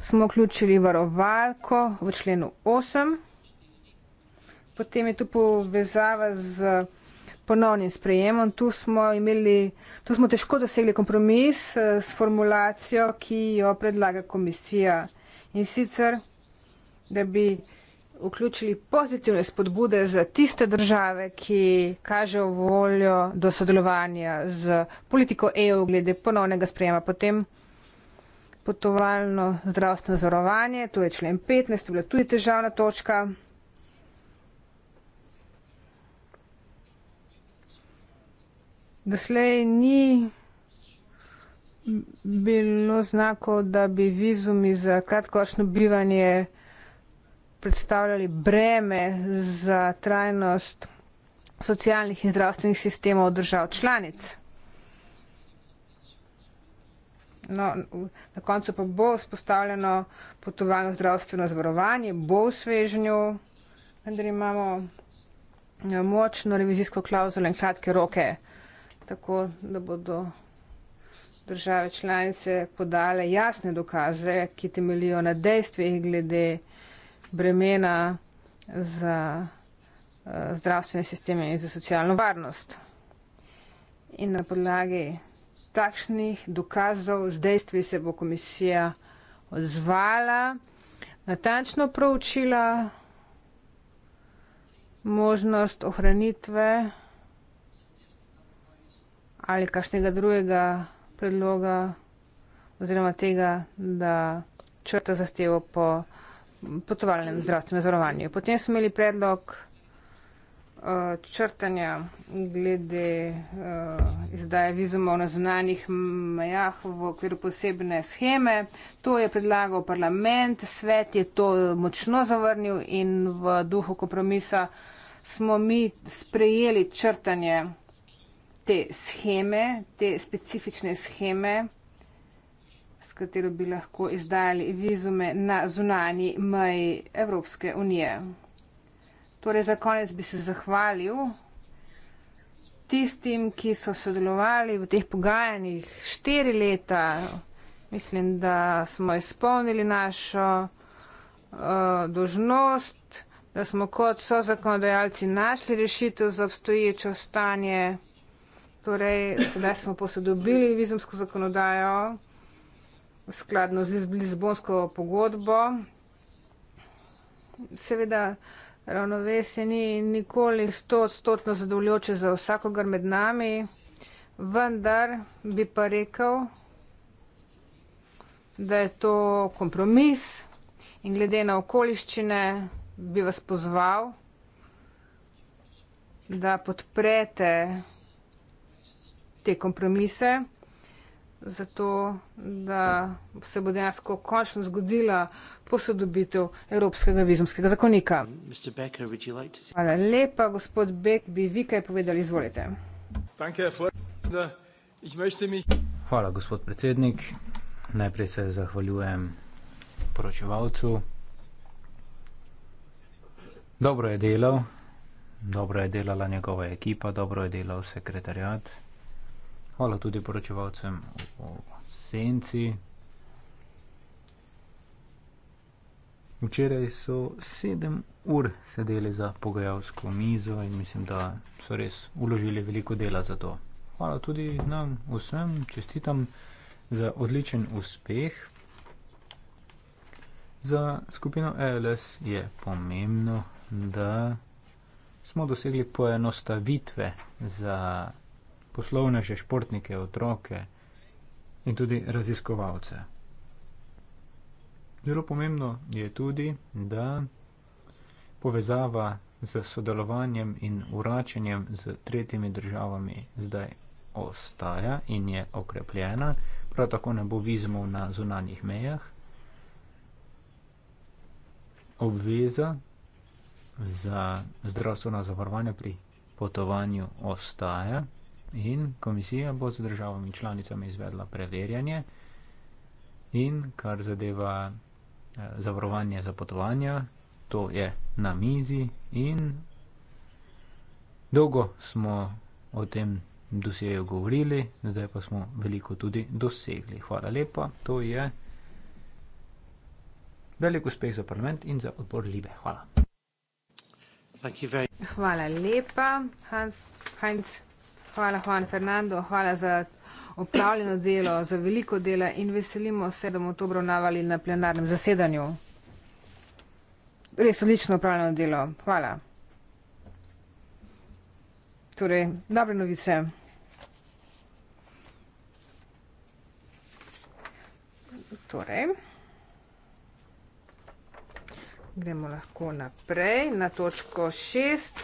smo vključili varovalko v členu 8. Potem je tu povezava z ponovnim sprejemom. Tu smo, imeli, tu smo težko dosegli kompromis eh, s formulacijo, ki jo predlaga komisija. In sicer, da bi vključili pozitivne spodbude za tiste države, ki kažejo voljo do sodelovanja z politiko EU glede ponovnega sprejema, potem potovalno zdravstveno zavarovanje, to je člen 15, to je bila tudi težavna točka. Doslej ni bilo znako, da bi vizumi za kratkoročno bivanje predstavljali breme za trajnost socialnih in zdravstvenih sistemov držav članic. No, na koncu pa bo spostavljeno potovalno zdravstveno zavarovanje, bo v svežnju, vendar imamo ja, močno revizijsko klauzulo in kratke roke, tako da bodo države članice podale jasne dokaze, ki temelijo na dejstvih glede bremena za eh, zdravstvene sisteme in za socialno varnost. In na podlagi takšnih dokazov, z dejstvi se bo komisija odzvala, natančno proučila možnost ohranitve ali kakšnega drugega predloga oziroma tega, da črta zahtevo po potovalnem zdravstvenem zavarovanju. Potem smo imeli predlog uh, črtanja glede uh, izdaje vizumov na zunanjih mejah v okviru posebne scheme. To je predlagal parlament, svet je to močno zavrnil in v duhu kompromisa smo mi sprejeli črtanje te scheme, te specifične scheme s katero bi lahko izdajali vizume na zunani meji Evropske unije. Torej, za konec bi se zahvalil tistim, ki so sodelovali v teh pogajanjih štiri leta. Mislim, da smo izpolnili našo uh, eh, dožnost, da smo kot so zakonodajalci našli rešitev za obstoječo stanje. Torej, sedaj smo posodobili vizumsko zakonodajo skladno z Lizbonsko pogodbo. Seveda, ravnovesje ni nikoli stotno zadovoljoče za vsakogar med nami, vendar bi pa rekel, da je to kompromis in glede na okoliščine bi vas pozval, da podprete te kompromise zato, da se bo dejansko končno zgodila posodobitev Evropskega vizumskega zakonika. Becker, like see... Hvala lepa, gospod Bek, bi vi kaj povedali, izvolite. Hvala, gospod predsednik. Najprej se zahvaljujem poročevalcu. Dobro je delal, dobro je delala njegova ekipa, dobro je delal sekretarjat. Hvala tudi poročevalcem v senci. Včeraj so sedem ur sedeli za pogajalsko mizo in mislim, da so res uložili veliko dela za to. Hvala tudi nam vsem, čestitam za odličen uspeh. Za skupino ELS je pomembno, da smo dosegli poenostavitve za poslovneže, športnike, otroke in tudi raziskovalce. Zelo pomembno je tudi, da povezava z sodelovanjem in uračenjem z tretjimi državami zdaj ostaja in je okrepljena, prav tako ne bo vizmov na zunanjih mejah. Obveza za zdravstveno zavarovanje pri potovanju ostaja, In komisija bo z državami članicami izvedla preverjanje in kar zadeva eh, zavarovanje za potovanja, to je na mizi in dolgo smo o tem dosjeju govorili, zdaj pa smo veliko tudi dosegli. Hvala lepa, to je velik uspeh za parlament in za odbor Libe. Hvala. Hvala lepa, Hans Heinz. Hvala, Juan Fernando, hvala za opravljeno delo, za veliko dela in veselimo se, da bomo to obravnavali na plenarnem zasedanju. Res odlično opravljeno delo. Hvala. Torej, dobre novice. Torej, gremo lahko naprej na točko šest.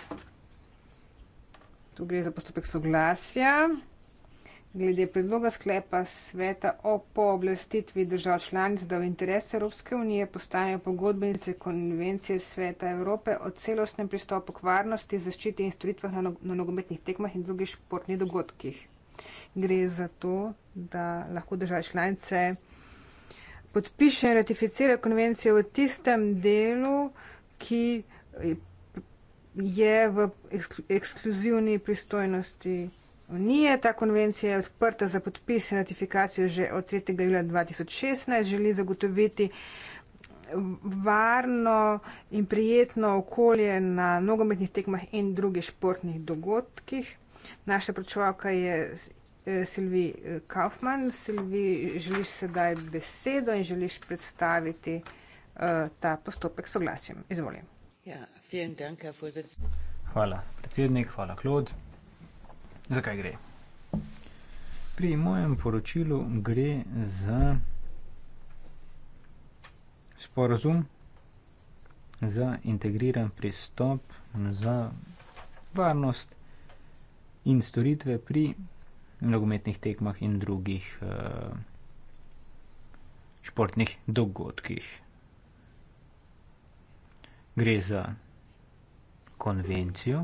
Tu gre za postopek soglasja. Glede predloga sklepa sveta o pooblastitvi držav članic, da v interesu Evropske unije postanejo pogodbenice konvencije sveta Evrope o celostnem pristopu k varnosti, zaščiti in storitvah na, na nogometnih tekmah in drugih športnih dogodkih. Gre za to, da lahko države članice podpišejo in ratificirajo konvencijo v tistem delu, ki je v ekskluzivni pristojnosti unije. Ta konvencija je odprta za podpis in ratifikacijo že od 3. julija 2016. Želi zagotoviti varno in prijetno okolje na nogometnih tekmah in drugih športnih dogodkih. Naša pročovalka je e, Silvi e, Kaufmann. Silvi, želiš sedaj besedo in želiš predstaviti uh, ta postopek soglasjem. Izvolim. Ja, Hvala, predsednik, hvala, Klod. Zakaj gre? Pri mojem poročilu gre za sporozum za integriran pristop za varnost in storitve pri nogometnih tekmah in drugih uh, športnih dogodkih. Gre za konvencijo,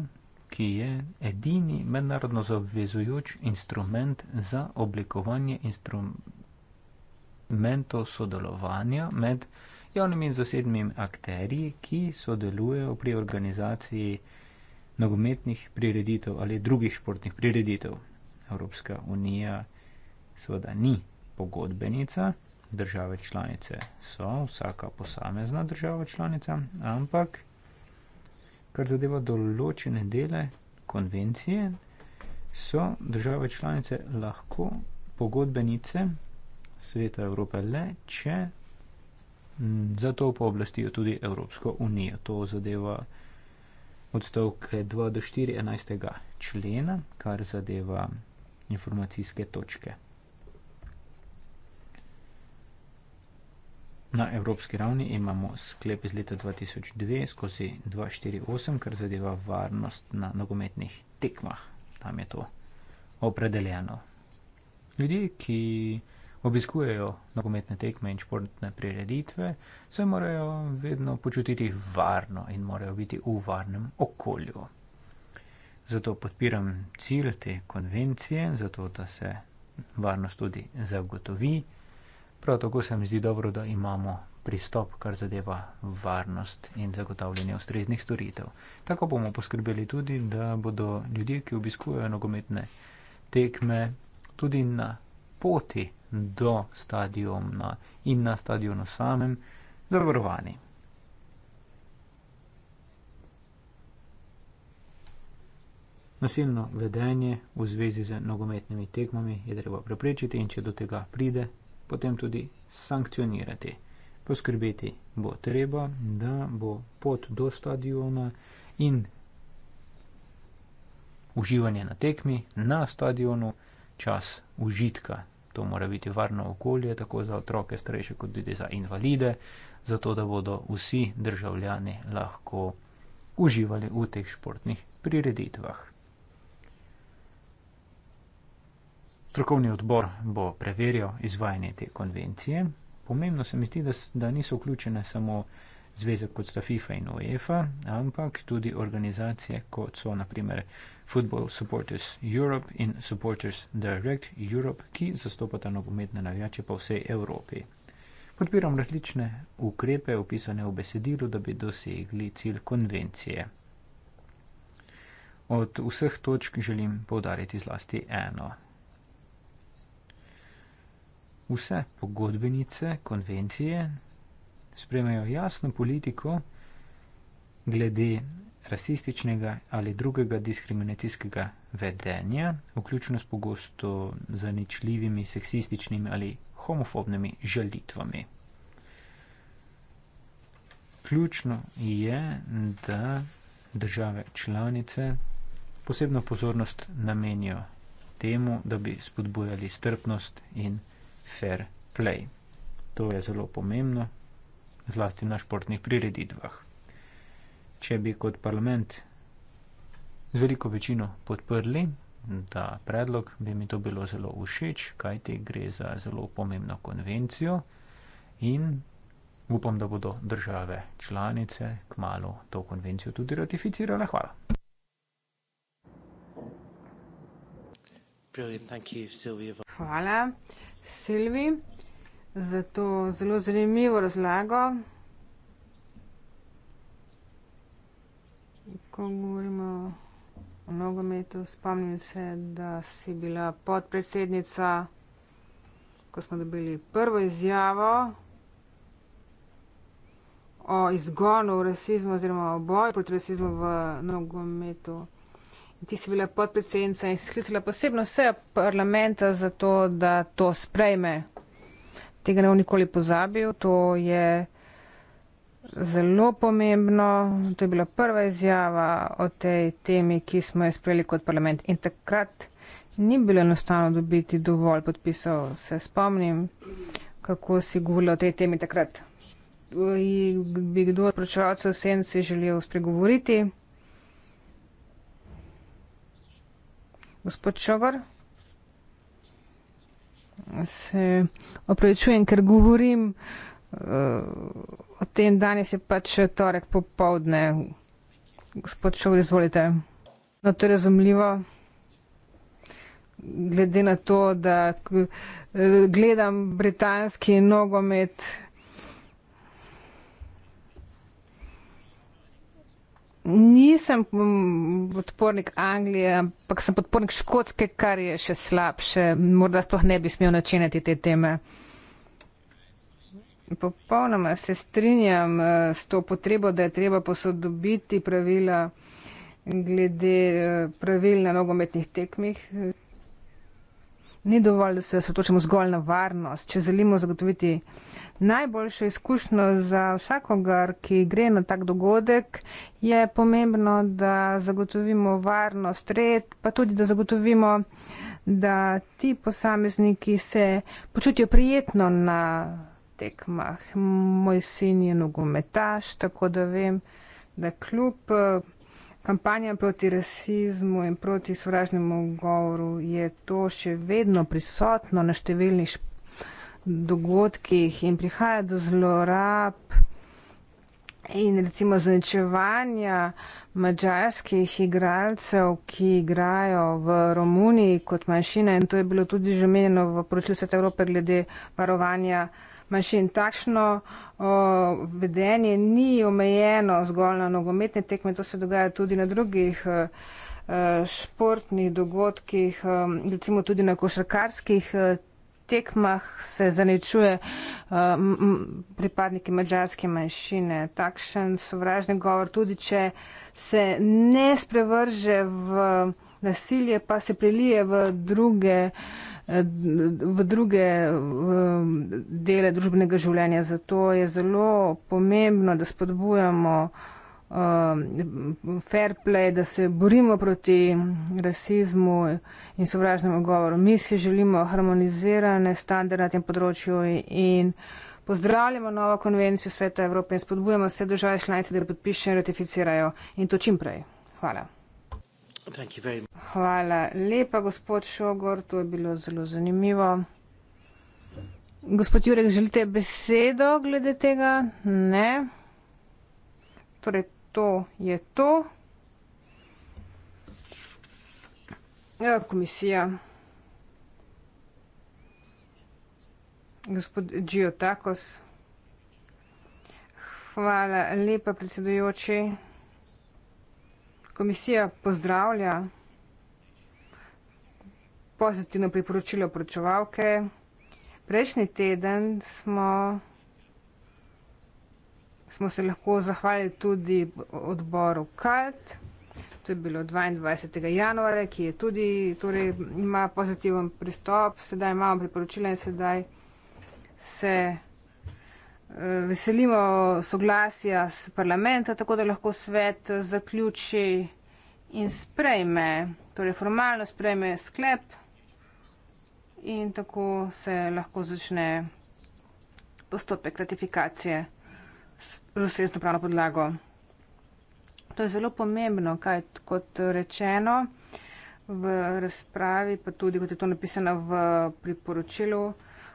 ki je edini mednarodno zavezujoč instrument za oblikovanje instrumentov sodelovanja med javnimi in zasebnimi akterji, ki sodelujejo pri organizaciji nogometnih prireditev ali drugih športnih prireditev. Evropska unija seveda ni pogodbenica, države članice so, vsaka posamezna država članica, ampak kar zadeva določene dele konvencije, so države članice lahko pogodbenice Sveta Evrope le, če za to pooblastijo tudi Evropsko unijo. To zadeva odstavke 2 do 4 11. člena, kar zadeva informacijske točke. Na evropski ravni imamo sklep iz leta 2002 skozi 248, kar zadeva varnost na nogometnih tekmah. Tam je to opredeljeno. Ljudje, ki obiskujejo nogometne tekme in športne prireditve, se morajo vedno počutiti varno in morajo biti v varnem okolju. Zato podpiram cilj te konvencije, zato da se varnost tudi zagotovi. Prav tako se mi zdi dobro, da imamo pristop, kar zadeva varnost in zagotavljanje ustreznih storitev. Tako bomo poskrbeli tudi, da bodo ljudje, ki obiskujejo nogometne tekme, tudi na poti do stadiona in na stadionu samem, zavarovani. Nasilno vedenje v zvezi z nogometnimi tekmami je treba preprečiti in če do tega pride, potem tudi sankcionirati. Poskrbeti bo treba, da bo pot do stadiona in uživanje na tekmi na stadionu čas užitka. To mora biti varno okolje, tako za otroke starejše, kot tudi za invalide, zato da bodo vsi državljani lahko uživali v teh športnih prireditvah. Strokovni odbor bo preveril izvajanje te konvencije. Pomembno se mi zdi, da, da niso vključene samo zveze kot sta FIFA in UEFA, ampak tudi organizacije kot so naprimer Football Supporters Europe in Supporters Direct Europe, ki zastopata nogometne navijače po vsej Evropi. Podpiram različne ukrepe opisane v besedilu, da bi dosegli cilj konvencije. Od vseh točk želim povdariti zlasti eno vse pogodbenice, konvencije sprejmejo jasno politiko glede rasističnega ali drugega diskriminacijskega vedenja, vključno s pogosto zaničljivimi, seksističnimi ali homofobnimi žalitvami. Ključno je, da države članice posebno pozornost namenijo temu, da bi spodbujali strpnost in fair play. To je zelo pomembno, zlasti na športnih prireditvah. Če bi kot parlament z veliko večino podprli ta predlog, bi mi to bilo zelo všeč, kajti gre za zelo pomembno konvencijo in upam, da bodo države članice kmalo to konvencijo tudi ratificirale. Hvala. Hvala. Silvi za to zelo zanimivo razlago. Ko govorimo o nogometu, spomnim se, da si bila podpredsednica, ko smo dobili prvo izjavo o izgonu rasizma oziroma o boju proti rasizmu v nogometu. Ti si bila podpredsednica in sklicala posebno vse parlamenta za to, da to sprejme. Tega ne bom nikoli pozabil, to je zelo pomembno. To je bila prva izjava o tej temi, ki smo jo sprejeli kot parlament. In takrat ni bilo enostavno dobiti dovolj podpisov. Se spomnim, kako si govorila o tej temi takrat. Bi kdo od pročevalcev senci želel spregovoriti? Gospod Šogor? Se opravičujem, ker govorim uh, o tem, danes je pač torek popovdne. Gospod Šogor, izvolite. No, to je razumljivo. Glede na to, da eh, gledam britanski nogomet. Nisem mm, podpornik Anglije, ampak sem podpornik Škotske, kar je še slabše. Morda sploh ne bi smel načinati te teme. Popolnoma se strinjam eh, s to potrebo, da je treba posodobiti pravila glede eh, pravil na nogometnih tekmih ni dovolj, da se osotočimo zgolj na varnost. Če želimo zagotoviti najboljšo izkušnjo za vsakogar, ki gre na tak dogodek, je pomembno, da zagotovimo varnost, red, pa tudi, da zagotovimo, da ti posamezniki se počutijo prijetno na tekmah. Moj sin je nogometaš, tako da vem, da kljub. Uh, Kampanja proti rasizmu in proti sovražnemu govoru je to še vedno prisotno na številnih dogodkih in prihaja do zlorab in recimo zaničevanja mađarskih igralcev, ki igrajo v Romuniji kot manjšina in to je bilo tudi že menjeno v poročilu Sveta Evrope glede varovanja manjšin. Takšno o, vedenje ni omejeno zgolj na nogometne tekme, to se dogaja tudi na drugih o, športnih dogodkih, o, recimo tudi na košarkarskih tekmah se zaničuje o, m, pripadniki mađarske manjšine. Takšen sovražni govor, tudi če se ne sprevrže v nasilje, pa se prelije v druge v druge dele družbenega življenja. Zato je zelo pomembno, da spodbujamo um, fair play, da se borimo proti rasizmu in sovražnemu govoru. Mi si želimo harmonizirane standarde na tem področju in pozdravljamo novo konvencijo Sveta Evrope in spodbujamo vse države članice, da jo podpišejo in ratificirajo in to čim prej. Hvala. Hvala lepa, gospod Šogor, to je bilo zelo zanimivo. Gospod Jurek, želite besedo glede tega? Ne. Torej, to je to. Ja, komisija. Gospod Džio Takos. Hvala lepa, predsedujoči. Komisija pozdravlja pozitivno priporočilo poročevalke. Prejšnji teden smo, smo se lahko zahvalili tudi odboru KALT. To je bilo 22. januarja, ki je tudi, torej ima pozitiven pristop. Sedaj imamo priporočila in sedaj se. Eh, veselimo soglasja z parlamenta, tako da lahko svet zaključi in sprejme, torej formalno sprejme sklep in tako se lahko začne postopek ratifikacije z ustrezno pravno podlago. To je zelo pomembno, kaj kot rečeno v razpravi, pa tudi kot je to napisano v priporočilu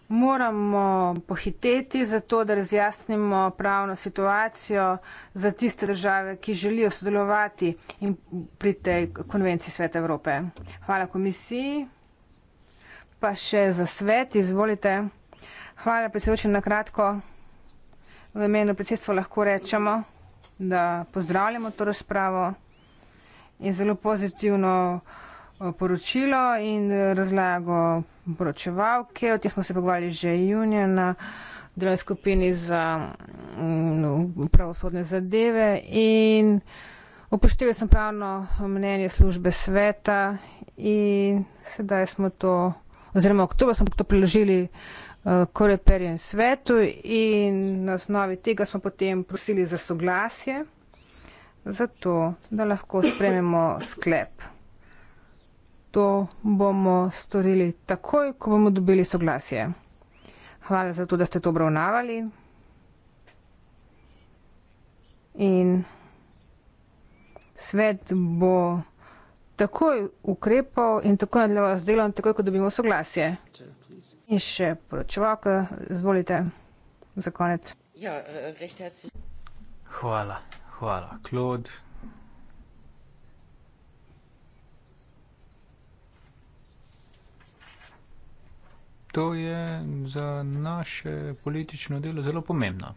moramo pohiteti za to, da razjasnimo pravno situacijo za tiste države, ki želijo sodelovati pri tej konvenciji Sveta Evrope. Hvala komisiji. Pa še za svet, izvolite. Hvala, predsedujoči, na kratko. V imenu predsedstva lahko rečemo, da pozdravljamo to razpravo in zelo pozitivno uh, poročilo in razlago poročevalke. O tem smo se pogovarjali že junija na delovni skupini za mm, no, pravosodne zadeve in upoštevali smo pravno mnenje službe sveta in sedaj smo to, oziroma oktober smo to priložili eh, koreperjem svetu in na osnovi tega smo potem prosili za soglasje, zato da lahko sprememo sklep to bomo storili takoj, ko bomo dobili soglasje. Hvala za to, da ste to obravnavali. In svet bo takoj ukrepal in takoj nadaljeval z delom, takoj, ko dobimo soglasje. In še poročevalk, izvolite za konec. Ja, eh, hvala, hvala, Klod. To je za naše politično delo zelo pomembno.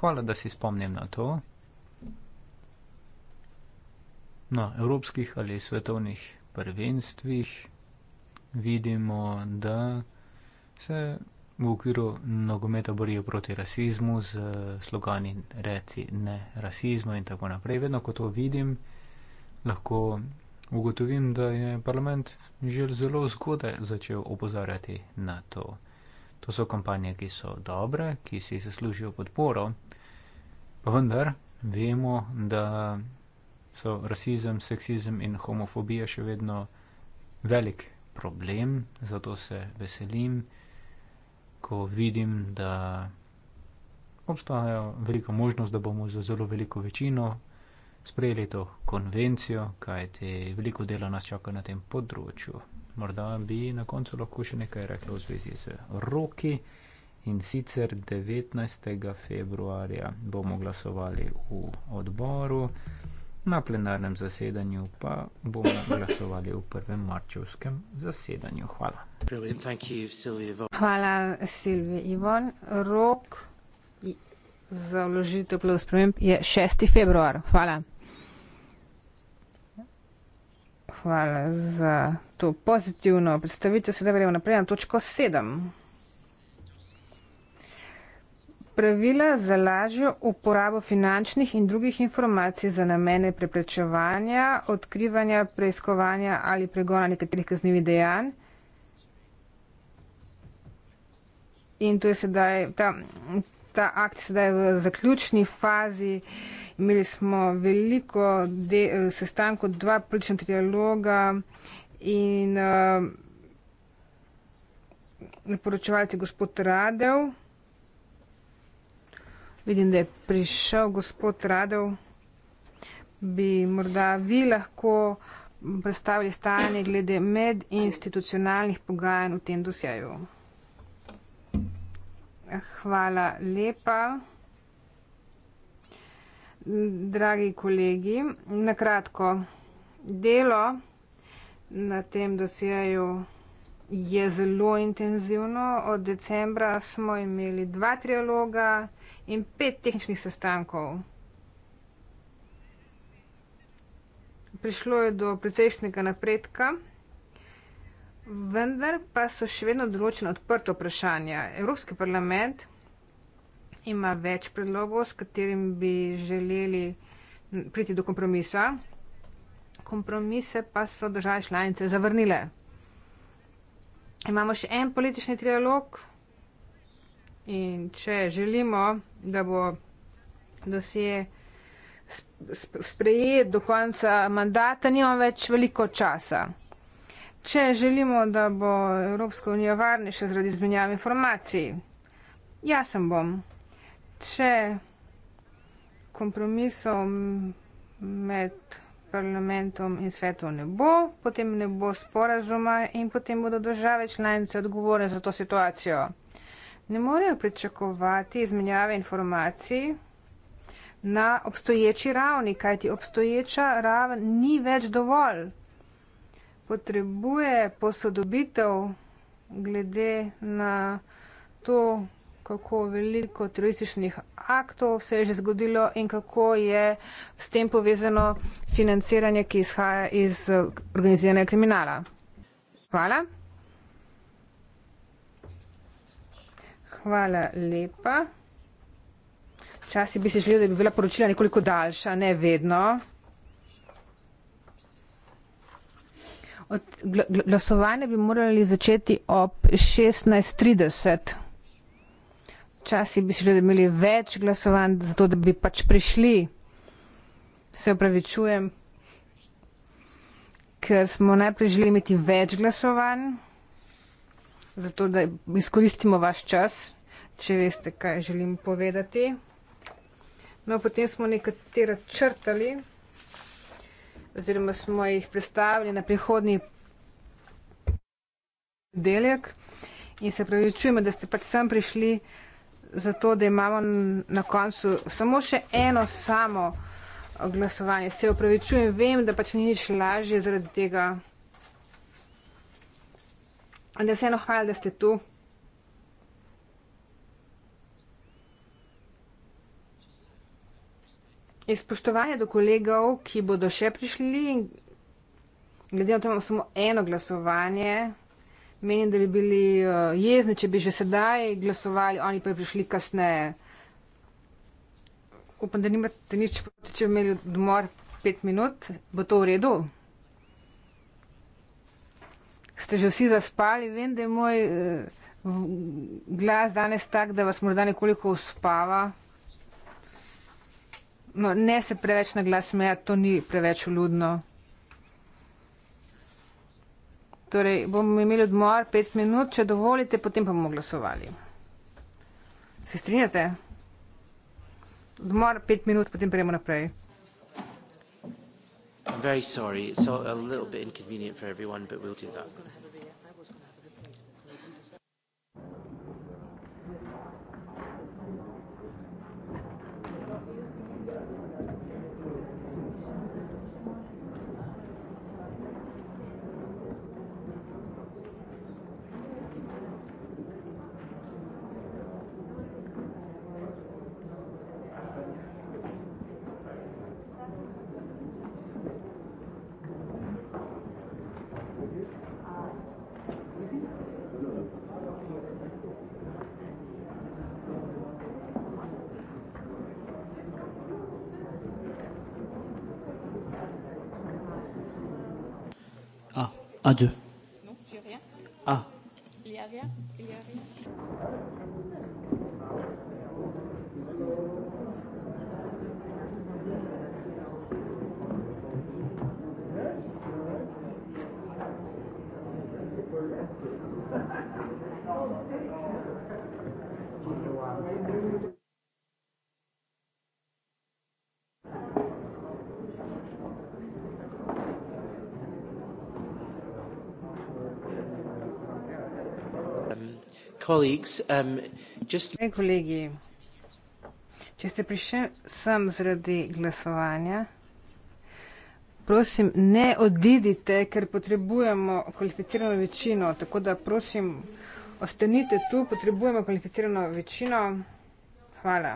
Hvala, da si spomnim na to. Na evropskih ali svetovnih prvenstvih vidimo, da se v okviru nogometa borijo proti rasizmu z slogani reci ne rasizmu in tako naprej. Vedno, ko to vidim, lahko ugotovim, da je parlament že zelo zgodaj začel opozarjati na to. To so kampanje, ki so dobre, ki si zaslužijo podporo, pa vendar vemo, da so rasizem, seksizem in homofobija še vedno velik problem, zato se veselim, ko vidim, da obstajajo veliko možnost, da bomo za zelo veliko večino sprejeli to konvencijo, kajti veliko dela nas čaka na tem področju. Morda bi na koncu lahko še nekaj rekli v zvezi z roki in sicer 19. februarja bomo glasovali v odboru, na plenarnem zasedanju pa bomo glasovali v prvem marčevskem zasedanju. Hvala. Hvala, Silvi Ivon. Rok za vložitev plov sprememb je 6. februar. Hvala. hvala za to pozitivno predstavitev. Sedaj gremo naprej na točko 7. Pravila za lažjo uporabo finančnih in drugih informacij za namene preprečevanja, odkrivanja, preiskovanja ali pregona nekaterih kaznjivih dejanj. In to je sedaj, ta, ta akt je sedaj v zaključni fazi. Uh, Imeli smo veliko eh, sestankov, dva politična trialoga in uh, eh, naporočevalec je gospod Radev. Vidim, da je prišel gospod Radev. Bi morda vi lahko predstavili stanje glede medinstitucionalnih pogajanj v tem dosjaju. Hvala lepa dragi kolegi, na kratko, delo na tem dosjeju je zelo intenzivno. Od decembra smo imeli dva trialoga in pet tehničnih sestankov. Prišlo je do precejšnjega napredka, vendar pa so še vedno določena odprta vprašanja. Evropski parlament ima več predlogov, s katerimi bi želeli priti do kompromisa. Kompromise pa so države članice zavrnile. Imamo še en politični trialog in če želimo, da bo dosje sprejet do konca mandata, nimamo več veliko časa. Če želimo, da bo Evropska unija varnejša zaradi izmenjave informacij, jaz sem bom če kompromisov med parlamentom in svetom ne bo, potem ne bo sporazuma in potem bodo države članice odgovorne za to situacijo. Ne morejo pričakovati izmenjave informacij na obstoječi ravni, kajti obstoječa raven ni več dovolj. Potrebuje posodobitev glede na to, kako veliko terorističnih aktov se je že zgodilo in kako je s tem povezano financiranje, ki izhaja iz eh, organiziranega kriminala. Hvala. Hvala lepa. Včasih bi si želel, da bi bila poročila nekoliko daljša, ne vedno. Od glasovanja bi morali začeti ob 16.30 časi bi želeli, da bi imeli več glasovanj, zato da bi pač prišli. Se upravičujem, ker smo najprej želeli imeti več glasovanj, zato da izkoristimo vaš čas, če veste, kaj želim povedati. No, potem smo nekatera črtali, oziroma smo jih predstavili na prihodni deljak in se pravi, čujemo, da ste pač sem prišli zato, da imamo na koncu samo še eno samo glasovanje. Se upravičujem, vem, da pač ni nič lažje zaradi tega. In da se eno hvala, da ste tu. In spoštovanje do kolegov, ki bodo še prišli, glede na to, da imamo samo eno glasovanje menim, da bi bili eh, jezni, če bi že sedaj glasovali, oni pa bi prišli kasneje. Upam, da nimate nič proti, če bi imeli odmor pet minut. Bo to v redu? Ste že vsi zaspali? Vem, da je moj eh, glas danes tak, da vas morda nekoliko uspava. No, ne se preveč na glas smejati, to ni preveč ljudno. Torej, bomo imeli odmor pet minut, če dovolite, potem pa bomo glasovali. Se strinjate? Odmor pet minut, potem prejmo naprej. I'm very sorry. It's so a little bit inconvenient for everyone, but we'll do that. Adieu. Um, kolegi, če ste prišli sem zaradi glasovanja, prosim, ne odidite, ker potrebujemo kvalificirano večino. Tako da prosim, ostanite tu, potrebujemo kvalificirano večino. Hvala.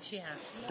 entusiasts.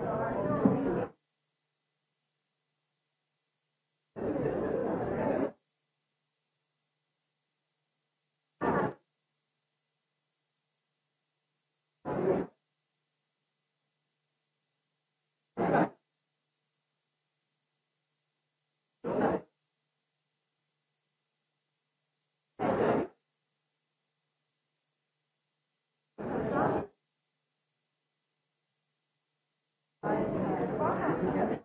knjige.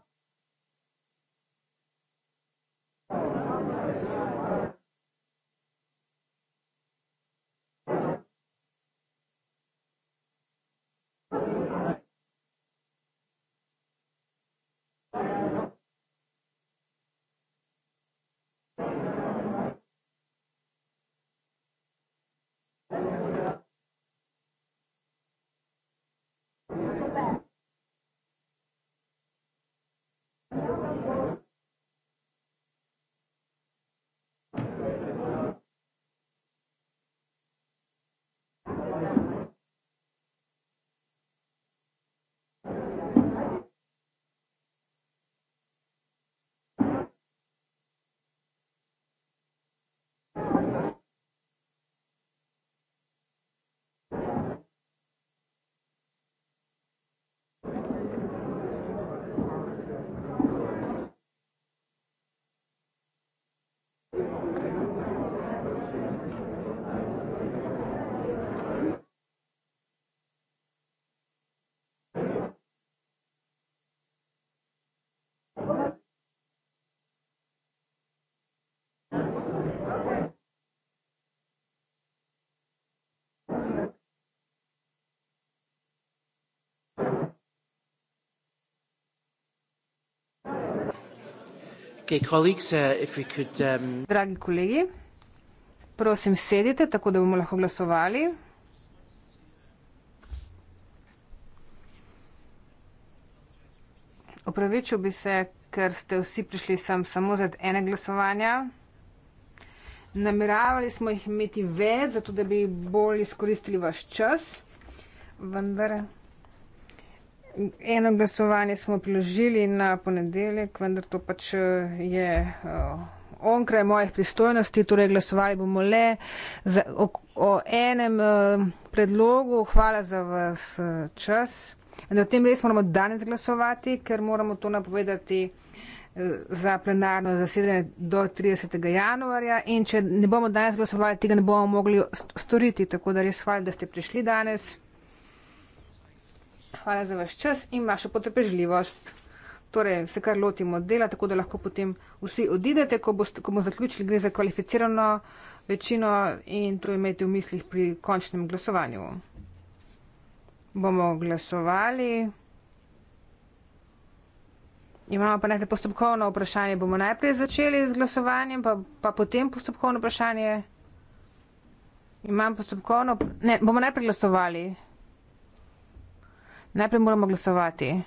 Okay, colleagues, uh, if we could, um... Dragi kolegi, prosim sedite, tako da bomo lahko glasovali. Opravičil bi se, ker ste vsi prišli sem samo za ene glasovanja. Nameravali smo jih imeti več, zato da bi bolj izkoristili vaš čas, vendar. Eno glasovanje smo priložili na ponedeljek, vendar to pač eh, je uh, onkraj mojih pristojnosti, torej glasovali bomo le za, o, o enem uh, predlogu. Hvala za vas uh, čas. In o tem res moramo danes glasovati, ker moramo to napovedati za plenarno zasedanje do 30. januarja in če ne bomo danes glasovali, tega ne bomo mogli storiti. Tako da res hvala, da ste prišli danes. Hvala za vaš čas in vašo potrpežljivost. Torej, se kar lotimo dela, tako da lahko potem vsi odidete, ko, boste, ko bomo zaključili, gre za kvalificirano večino in to imeti v mislih pri končnem glasovanju. Bomo glasovali. Imamo pa najprej postopkovno vprašanje. Bomo najprej začeli z glasovanjem, pa, pa potem postopkovno vprašanje. Imam postopkovno. Ne, bomo najprej glasovali. Najprej moramo glasovati.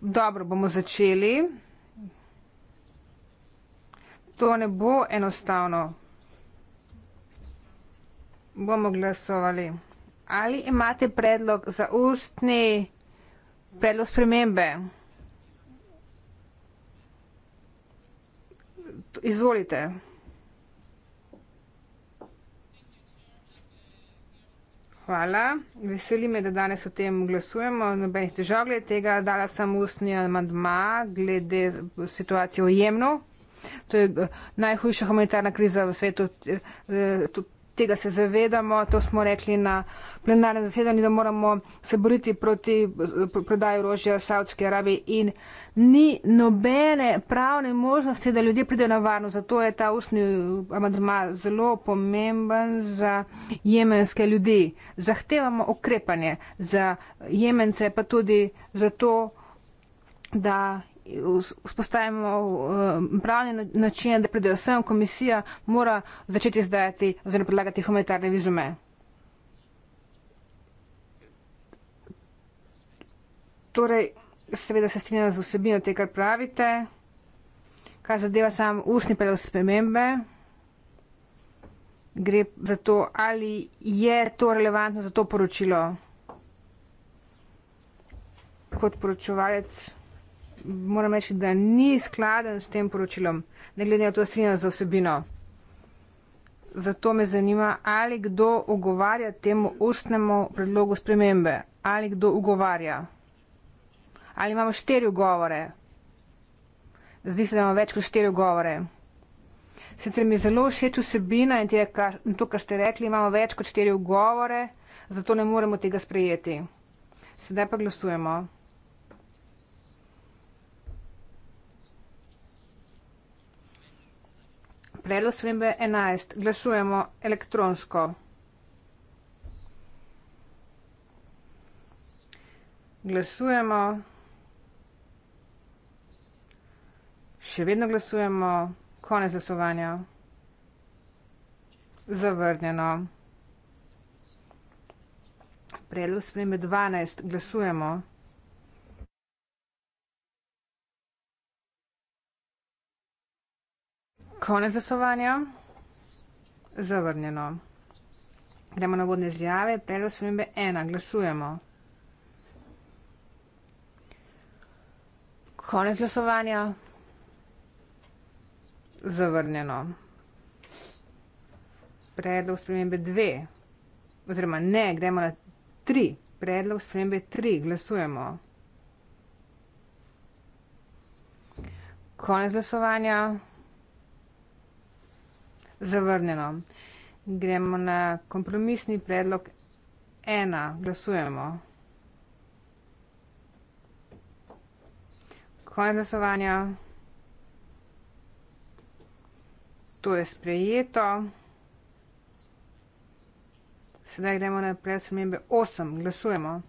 Dobro, bomo začeli. To ne bo enostavno. Bomo glasovali. Ali imate predlog za ustni predlog spremembe? Predlog spremembe. izvolite. Hvala. Veseli me, da danes o tem glasujemo. Nobenih težav glede tega. Dala sem ustni amandma glede situacije v Jemnu. To je eh, najhujša humanitarna kriza v svetu. Eh, eh, to, to, tega se zavedamo, to smo rekli na plenarnem zasedanju, da moramo se boriti proti prodaji orožja Saudske Arabije in ni nobene pravne možnosti, da ljudje pridejo na varno. Zato je ta ustni amadma zelo pomemben za jemenske ljudi. Zahtevamo okrepanje za jemence, pa tudi za to, da vzpostavimo eh, pravne načine, da pridejo sem, komisija mora začeti izdajati oziroma predlagati humanitarne vizume. Torej, seveda se strinjam z vsebino te, kar pravite, kar zadeva sam ustni predlog spremembe. Gre za to, ali je to relevantno za to poročilo. Kot poročevalec moram reči, da ni skladen s tem poročilom, ne glede na to, da strinjam za vsebino. Zato me zanima, ali kdo ogovarja temu ustnemu predlogu spremembe, ali kdo ogovarja. Ali imamo štiri ogovore? Zdi se, da imamo več kot štiri ogovore. Sicer mi je zelo všeč vsebina in, in to, kar ste rekli, imamo več kot štiri ogovore, zato ne moremo tega sprejeti. Sedaj pa glasujemo. predlog spremembe 11. Glasujemo elektronsko. Glasujemo. Še vedno glasujemo. Konec glasovanja. Zavrnjeno. Predlog spremembe 12. Glasujemo. Glasujemo. Konec glasovanja. Zavrnjeno. Gremo na vodne izjave. Predlog spremembe ena. Glasujemo. Konec glasovanja. Zavrnjeno. Predlog spremembe dve. Oziroma ne, gremo na tri. Predlog spremembe tri. Glasujemo. Konec glasovanja zavrnjeno. Gremo na kompromisni predlog ena, glasujemo. Konec glasovanja. To je sprejeto. Sedaj gremo na predlog spremembe 8. Glasujemo.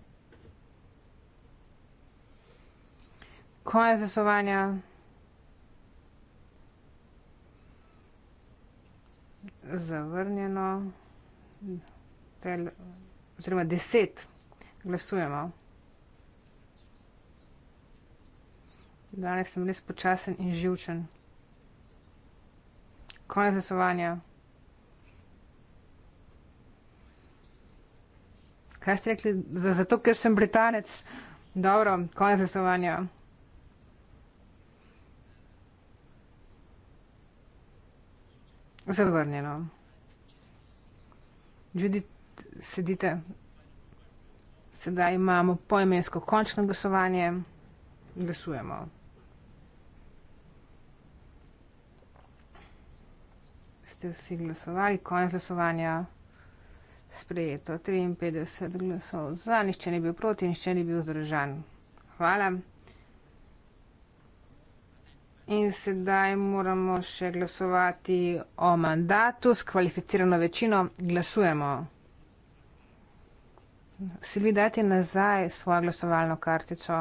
Konec glasovanja. zavrnjeno. Tel, oziroma deset glasujemo. Danes sem res počasen in živčen. Konec glasovanja. Kaj ste rekli? Zato, ker sem britanec. Dobro, konec glasovanja. Zavrnjeno. Judit, sedite. Sedaj imamo poimensko končno glasovanje. Glasujemo. Ste vsi glasovali, konec glasovanja. Sprejeto 53 glasov za, nišče ni bil proti, nišče ni bil zdržan. Hvala. In sedaj moramo še glasovati o mandatu s kvalificirano večino. Glasujemo. Silvi, dajte nazaj svojo glasovalno kartico.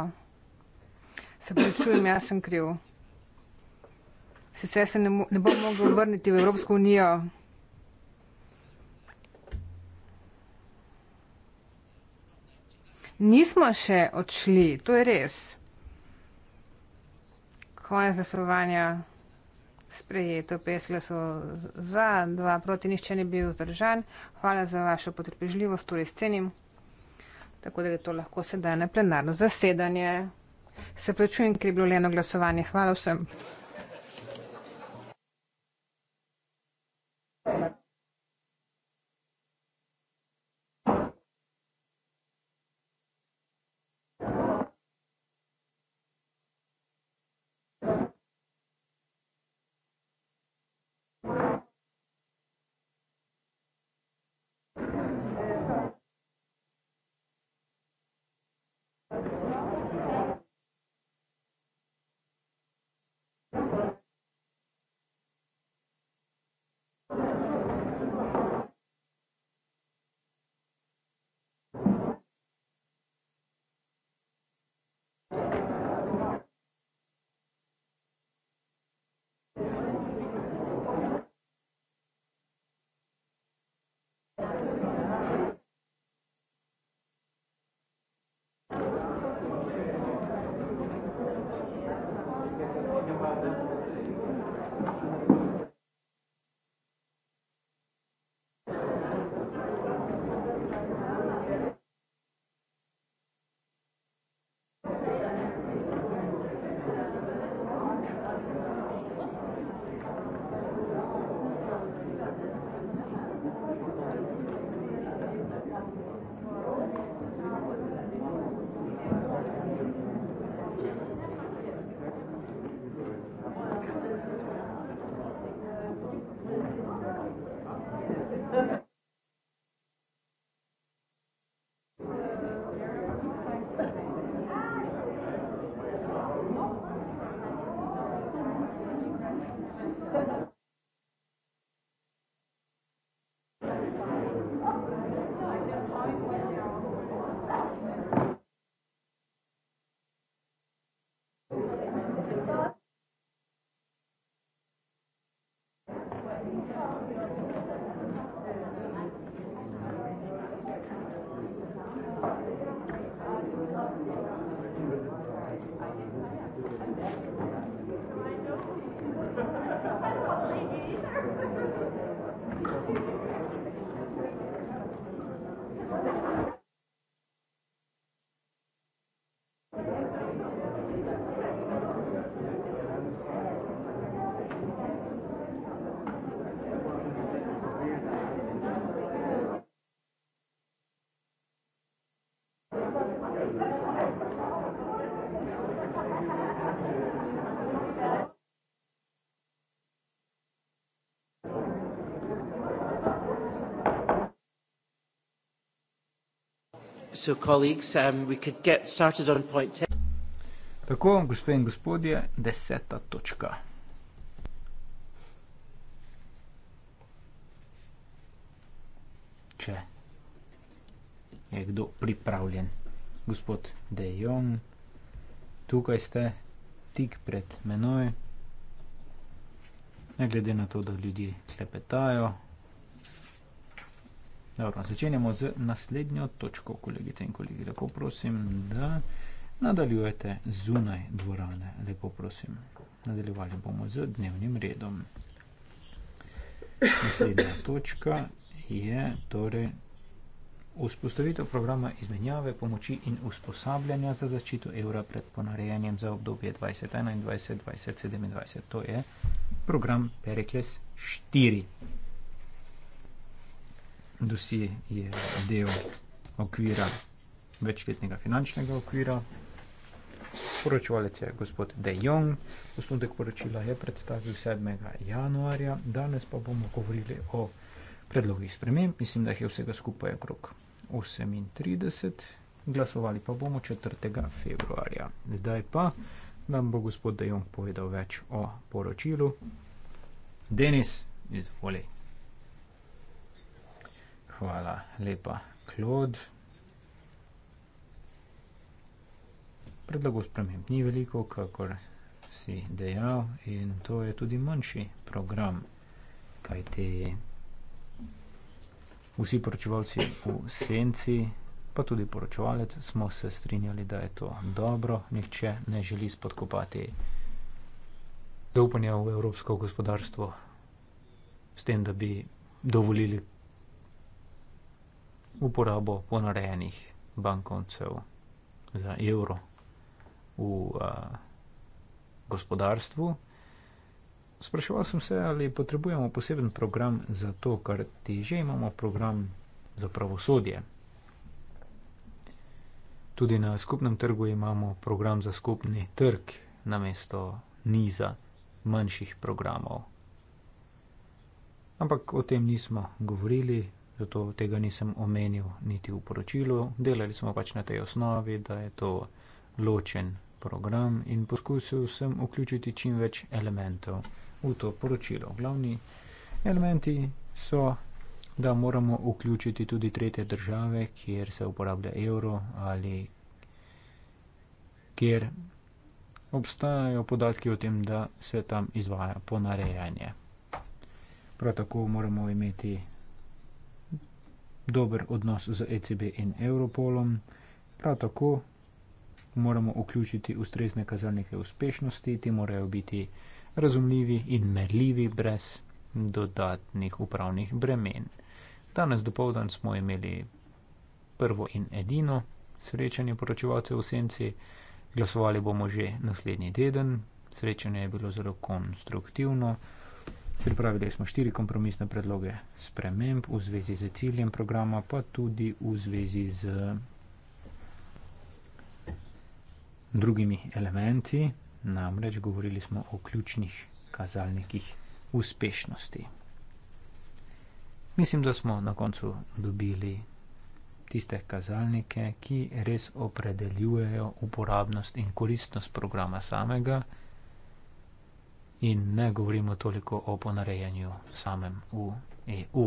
Se pravičujem, jaz sem kriv. Sicer se ne, ne bom mogel vrniti v Evropsko unijo. Nismo še odšli, to je res konec glasovanja sprejeto, pes glasov za, dva proti, nišče ni bil zdržan. Hvala za vašo potrpežljivost, torej cenim. Tako da je to lahko sedaj na plenarno zasedanje. Se prečujem, ker je bilo le eno glasovanje. Hvala vsem. about that. So, colleagues, um, we could get started on point 10. Tako, gospe in gospodje, deseta točka. Če je kdo pripravljen. Gospod De Jong, tukaj ste, tik pred menoj. Ne glede na to, da ljudje klepetajo. Dobro, začenjamo z naslednjo točko, kolegice in kolegi. Lepo prosim, da nadaljujete zunaj dvorane. Lepo prosim. Nadaljevali bomo z dnevnim redom. Naslednja točka je torej vzpostavitev programa izmenjave pomoči in usposabljanja za zaščito evra pred ponarejanjem za obdobje 2021-2027. To je program Perikles 4 dosi je del okvira večletnega finančnega okvira. Poročevalec je gospod De Jong, osnutek poročila je predstavil 7. januarja, danes pa bomo govorili o predlogih sprememb, mislim, da jih je vsega skupaj okrog 38, glasovali pa bomo 4. februarja. Zdaj pa nam bo gospod De Jong povedal več o poročilu. Denis, izvolite. Hvala lepa, Klod. Predlogov sprememb ni veliko, kakor si dejal, in to je tudi manjši program, kaj te vsi poročevalci v senci, pa tudi poročevalec, smo se strinjali, da je to dobro, nihče ne želi spodkopati zaupanja v evropsko gospodarstvo s tem, da bi dovolili uporabo ponarejenih bankovcev za evro v uh, gospodarstvu. Spraševal sem se, ali potrebujemo poseben program za to, kar ti že imamo program za pravosodje. Tudi na skupnem trgu imamo program za skupni trg na mesto niza manjših programov. Ampak o tem nismo govorili, zato tega nisem omenil niti v poročilu. Delali smo pač na tej osnovi, da je to ločen program in poskusil sem vključiti čim več elementov v to poročilo. Glavni elementi so, da moramo vključiti tudi tretje države, kjer se uporablja evro ali kjer obstajajo podatki o tem, da se tam izvaja ponarejanje. Prav tako moramo imeti dober odnos z ECB in Europolom. Prav tako moramo vključiti ustrezne kazalnike uspešnosti, ti morajo biti razumljivi in merljivi brez dodatnih upravnih bremen. Danes dopoledan smo imeli prvo in edino srečanje poročevalcev v senci, glasovali bomo že naslednji teden, srečanje je bilo zelo konstruktivno. Pripravili smo štiri kompromisne predloge sprememb v zvezi z ciljem programa, pa tudi v zvezi z drugimi elementi, namreč govorili smo o ključnih kazalnikih uspešnosti. Mislim, da smo na koncu dobili tiste kazalnike, ki res opredeljujejo uporabnost in koristnost programa samega in ne govorimo toliko o ponarejanju samem v EU.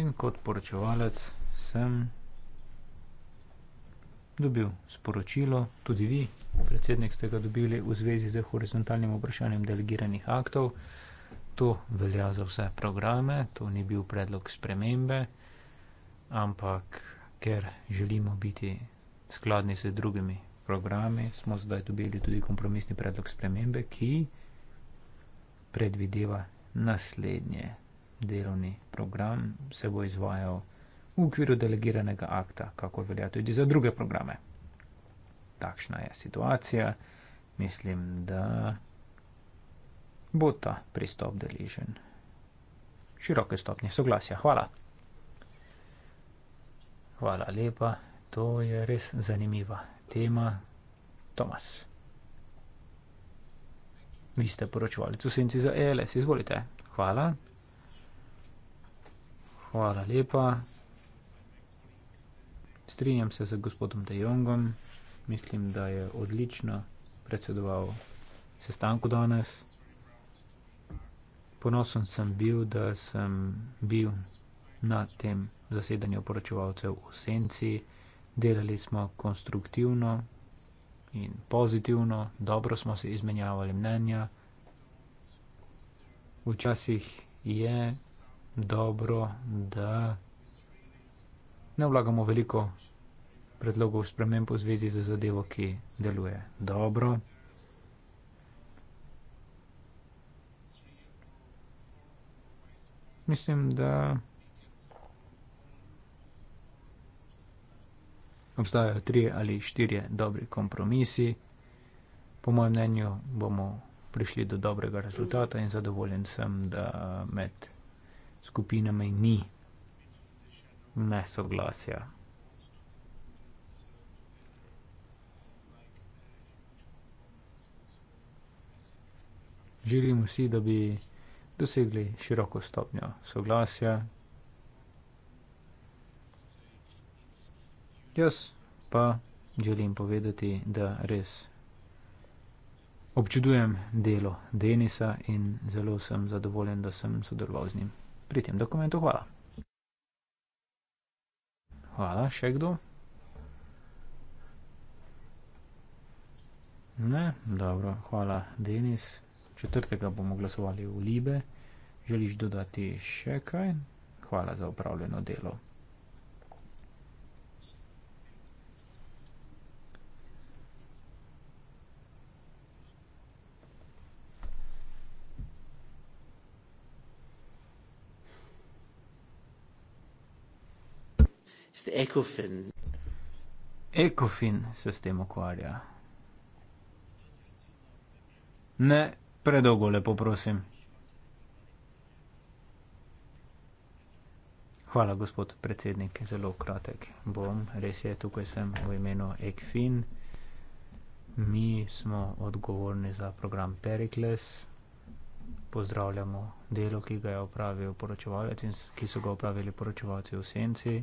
In kot poročevalec sem dobil sporočilo, tudi vi, predsednik, ste ga dobili v zvezi z horizontalnim vprašanjem delegiranih aktov. To velja za vse programe, to ni bil predlog spremembe, ampak ker želimo biti skladni s drugimi programe smo zdaj dobili tudi kompromisni predlog spremembe, ki predvideva naslednje. Delovni program se bo izvajal v okviru delegiranega akta, kako velja tudi za druge programe. Takšna je situacija. Mislim, da bo ta pristop deležen široke stopnje soglasja. Hvala. Hvala lepa. To je res zanimiva tema Tomas. Vi ste poročevali v senci za ELS, izvolite. Hvala. Hvala lepa. Strinjam se z gospodom De Jongom. Mislim, da je odlično predsedoval sestanku danes. Ponosen sem bil, da sem bil na tem zasedanju poročevalcev v senci delali smo konstruktivno in pozitivno, dobro smo se izmenjavali mnenja. Včasih je dobro, da ne vlagamo veliko predlogov sprememb v zvezi z zadevo, ki deluje dobro. Mislim, da obstajajo tri ali štiri dobre kompromisi. Po mojem mnenju bomo prišli do dobrega rezultata in zadovoljen sem, da med skupinami ni nesoglasja. Želimo si, da bi dosegli široko stopnjo soglasja, Jaz pa želim povedati, da res občudujem delo Denisa in zelo sem zadovoljen, da sem sodeloval z njim pri tem dokumentu. Hvala. Hvala, še kdo? Ne, dobro, hvala, Denis. Četrtega bomo glasovali v Libe. Želiš dodati še kaj? Hvala za upravljeno delo. ste ekofin. Ekofin se s tem ukvarja. Ne predolgo, lepo prosim. Hvala, gospod predsednik, zelo kratek bom. Res je, tukaj sem v imenu ECFIN. Mi smo odgovorni za program Pericles. Pozdravljamo delo, ki ga je opravil poročevalec in ki so ga opravili poročevalci v senci.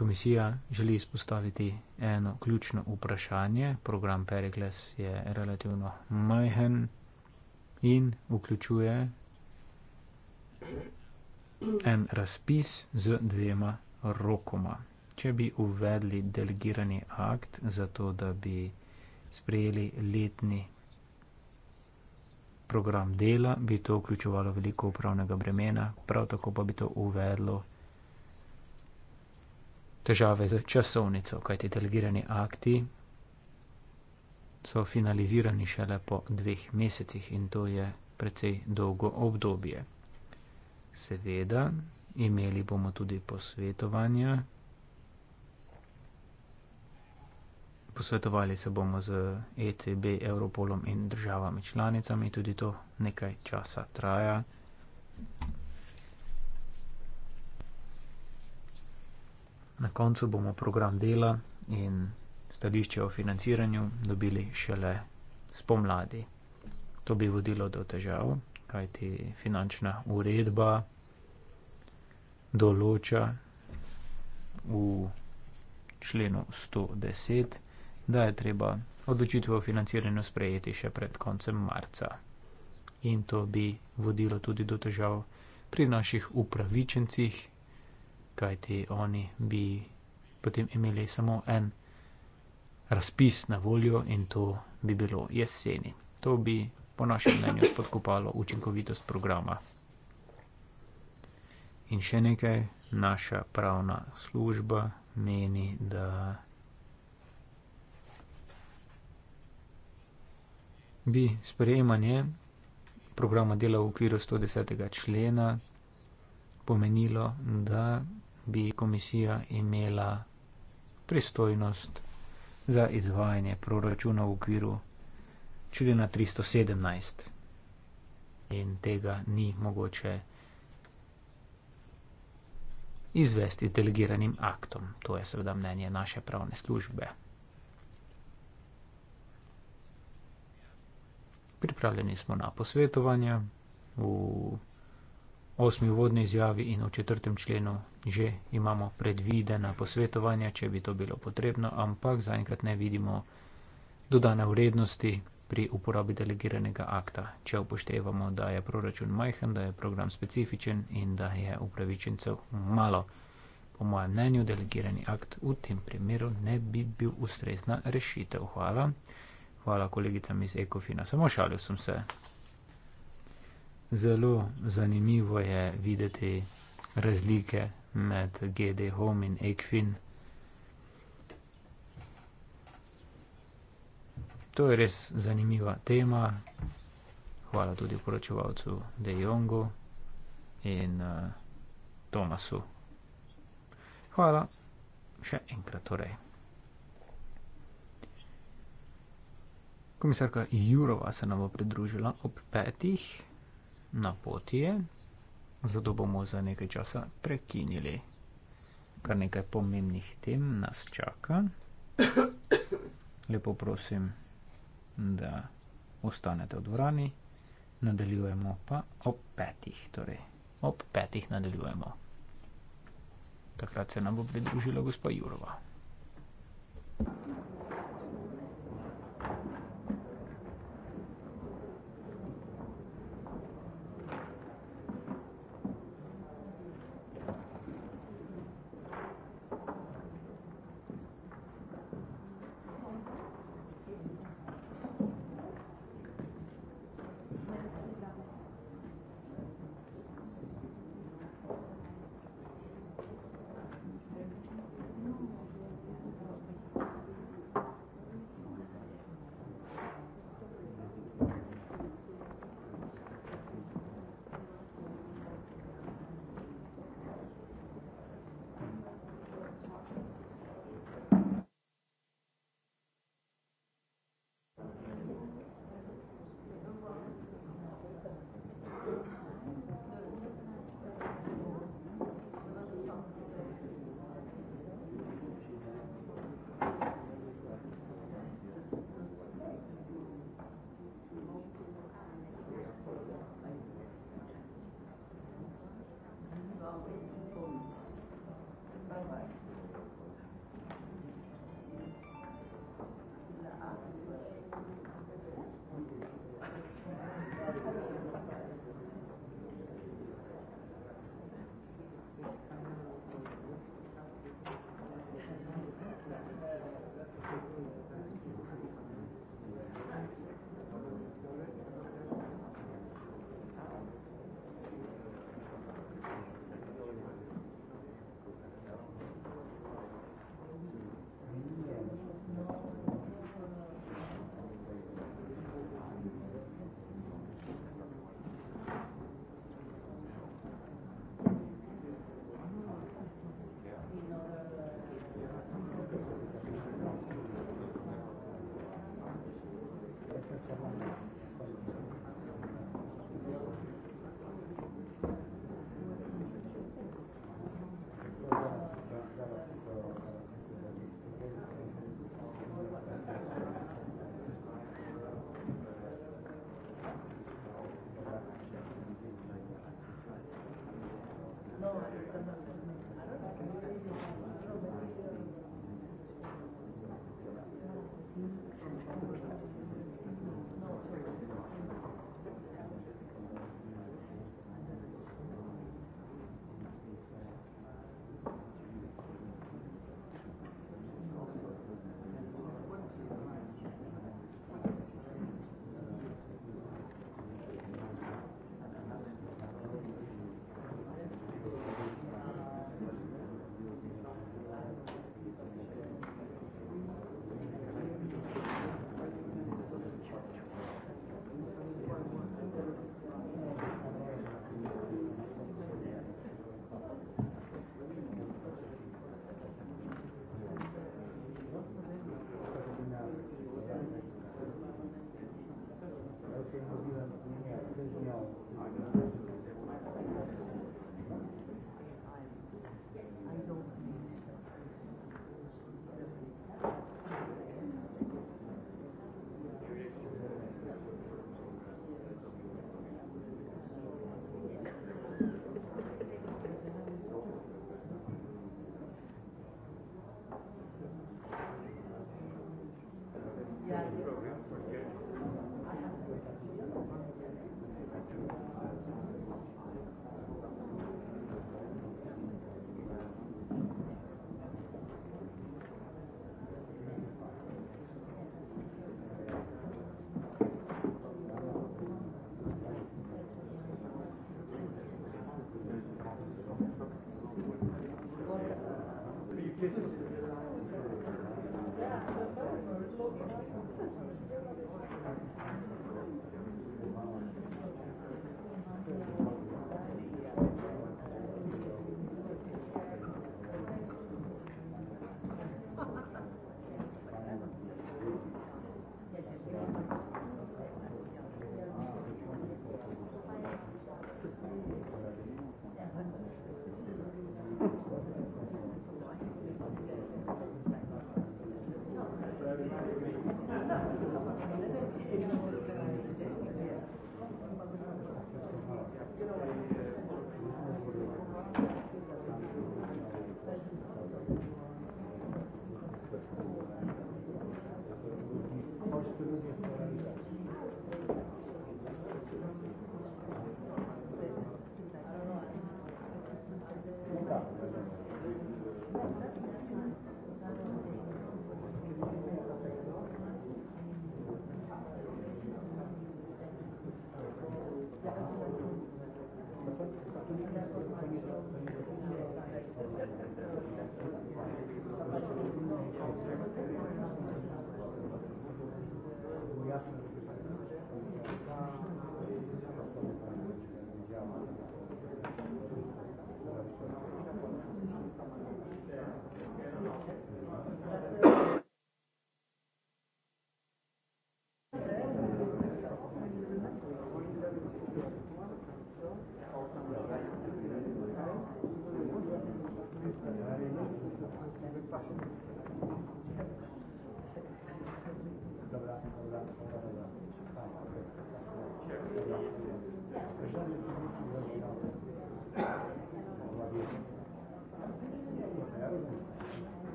Komisija želi izpostaviti eno ključno vprašanje. Program Perikles je relativno majhen in vključuje en razpis z dvema rokoma. Če bi uvedli delegirani akt za to, da bi sprejeli letni program dela, bi to vključovalo veliko upravnega bremena, prav tako pa bi to uvedlo težave z časovnico, kajti delegirani akti so finalizirani šele po dveh mesecih in to je precej dolgo obdobje. Seveda, imeli bomo tudi posvetovanja. Posvetovali se bomo z ECB, Europolom in državami članicami, tudi to nekaj časa traja. Na koncu bomo program dela in stališče o financiranju dobili šele spomladi. To bi vodilo do težav, kajti finančna uredba določa v členu 110, da je treba odločitev o financiranju sprejeti še pred koncem marca. In to bi vodilo tudi do težav pri naših upravičencih, kajti oni bi potem imeli samo en razpis na voljo in to bi bilo jeseni. To bi po našem mnenju podkopalo učinkovitost programa. In še nekaj, naša pravna služba meni, da bi sprejemanje programa dela v okviru 110. člena pomenilo, da bi komisija imela pristojnost za izvajanje proračuna v okviru člena 317 in tega ni mogoče izvesti z delegiranim aktom. To je seveda mnenje naše pravne službe. Pripravljeni smo na posvetovanje v osmi vodni izjavi in v četrtem členu že imamo predvidena posvetovanja, če bi to bilo potrebno, ampak zaenkrat ne vidimo dodane vrednosti pri uporabi delegiranega akta, če upoštevamo, da je proračun majhen, da je program specifičen in da je upravičencev malo. Po mojem mnenju, delegirani akt v tem primeru ne bi bil ustrezna rešitev. Hvala. Hvala kolegicam iz Ekofina. Samo šalil sem se zelo zanimivo je videti razlike med GD Home in Equin. To je res zanimiva tema. Hvala tudi poročevalcu De Jongu in uh, Tomasu. Hvala še enkrat torej. Komisarka Jurova se nam bo pridružila ob petih na poti je, zato bomo za nekaj časa prekinili. Kar nekaj pomembnih tem nas čaka. Lepo prosim, da ostanete v dvorani, nadaljujemo pa ob petih, torej ob petih nadaljujemo. Takrat se nam bo pridružila gospa Jurova. Thank you.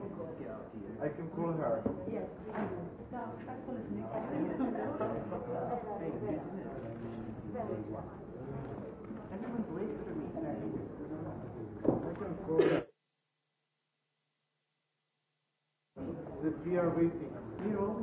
I can call her. I can call her. The PR waiting. You know.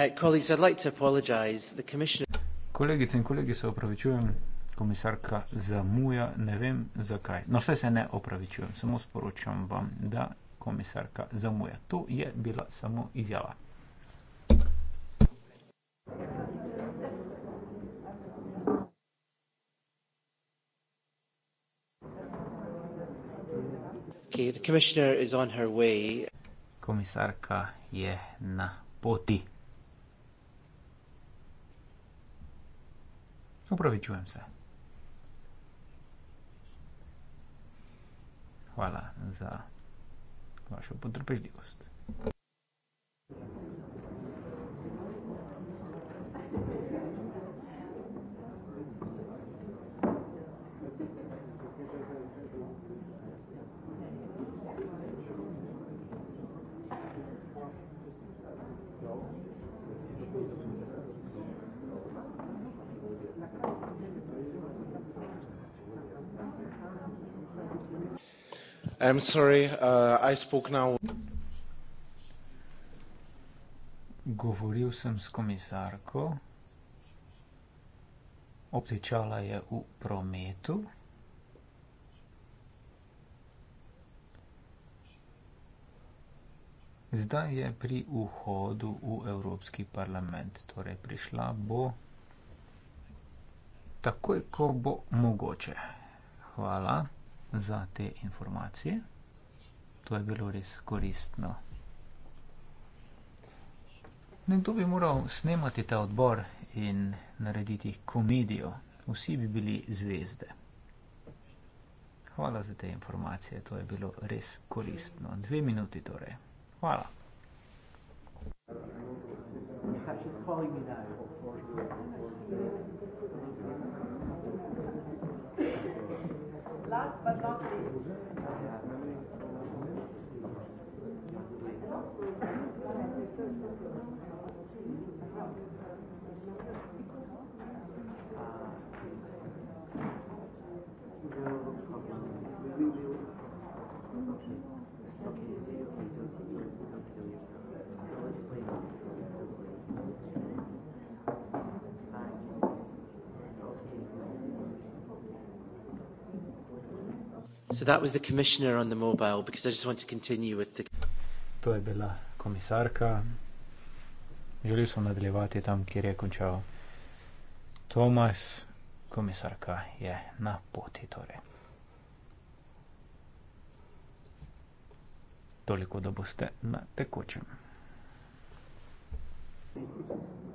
Uh, Kolegice in kolegi, se opravičujem, komisarka zamuja, ne vem zakaj. No, vse se ne opravičujem, samo sporočam vam, da komisarka zamuja. To je bila samo izjava. Okay, komisarka je na poti. Upravičujem se. Hvala za vašo potrpežljivost. I'm sorry, uh, I spoke now. Govoril sem s komisarko, obtičala je v prometu. Zdaj je pri vhodu v Evropski parlament, torej prišla bo takoj, ko bo mogoče. Hvala za te informacije. To je bilo res koristno. Nekdo bi moral snemati ta odbor in narediti komedijo. Vsi bi bili zvezde. Hvala za te informacije, to je bilo res koristno. Dve minuti torej. Hvala. Hvala. pa dva prijeta. So that was the commissioner on the mobile because I just want to continue with the. To je bila komisarka. Želel sem nadaljevati tam, kjer je končal Tomas, komisarka je na poti. Torej. Toliko, da boste na tekočem. Thank you.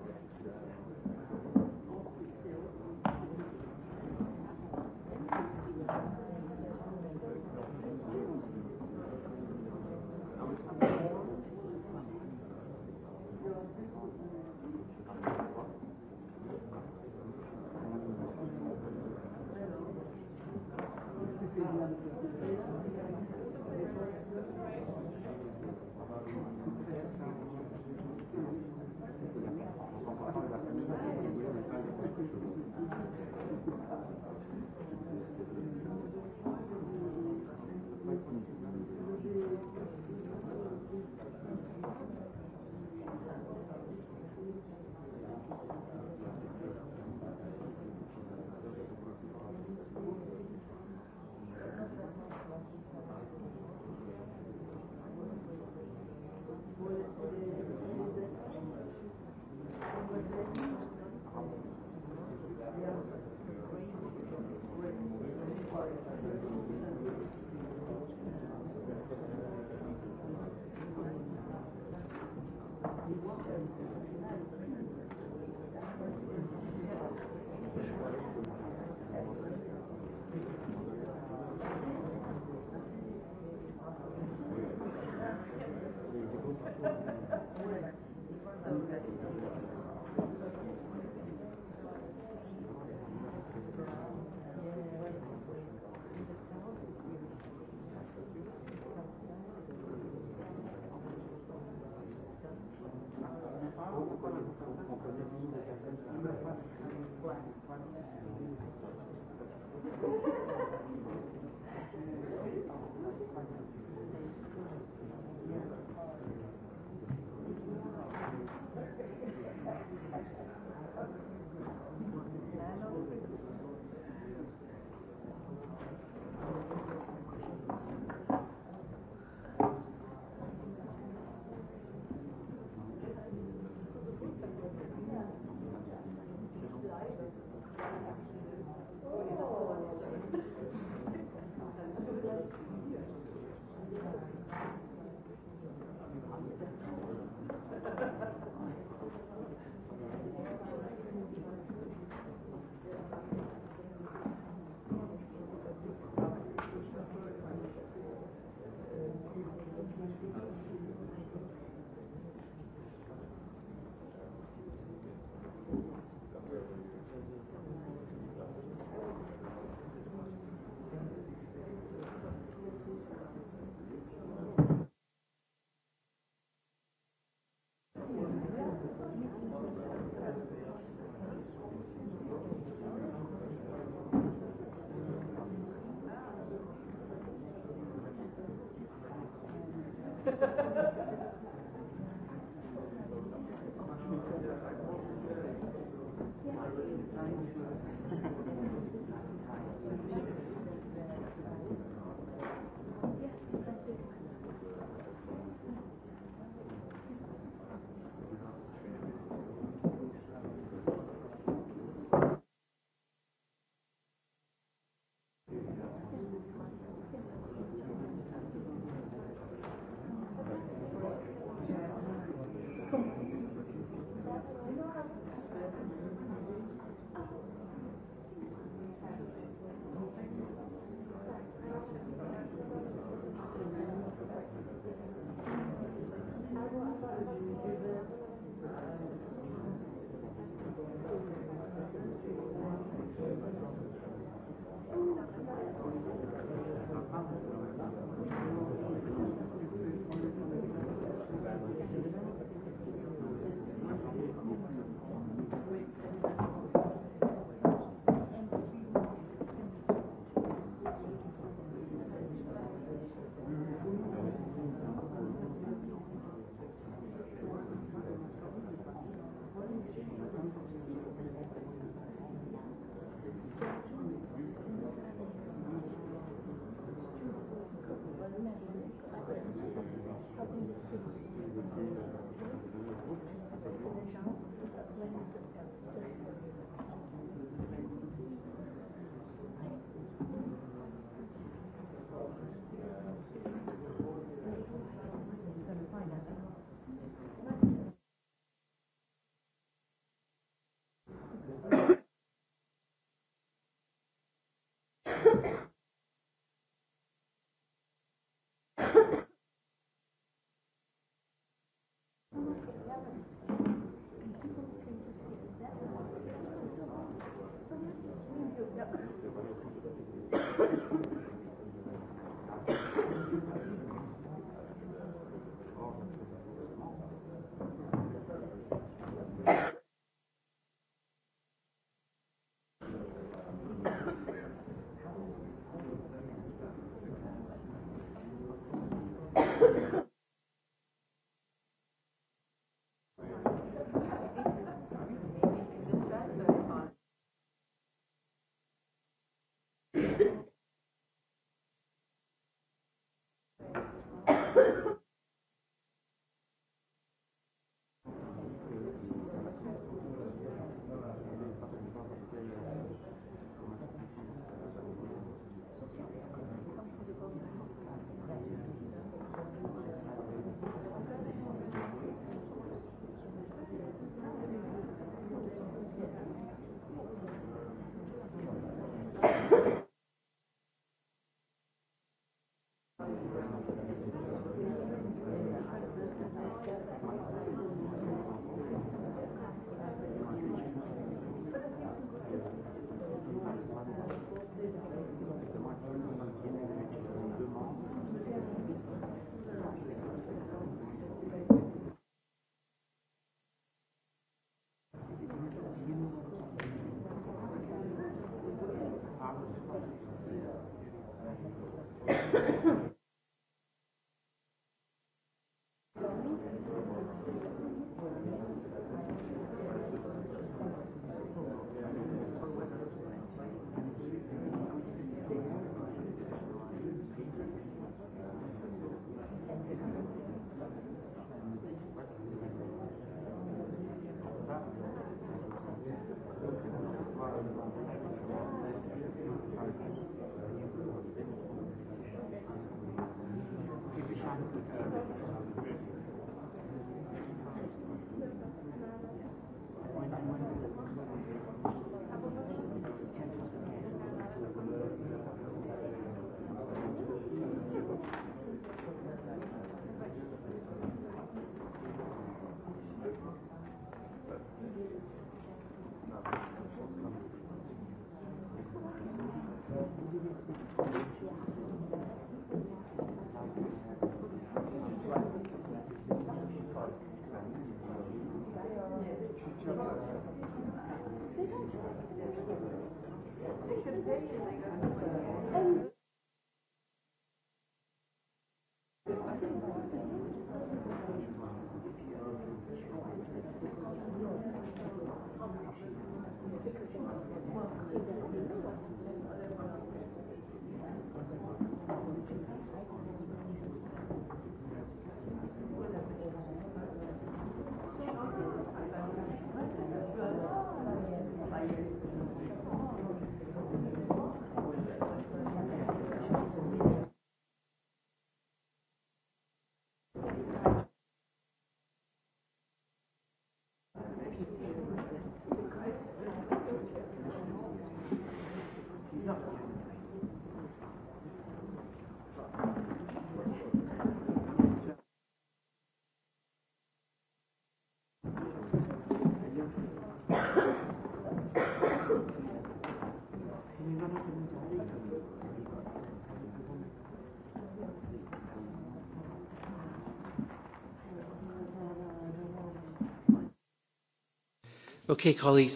Okay, colleagues.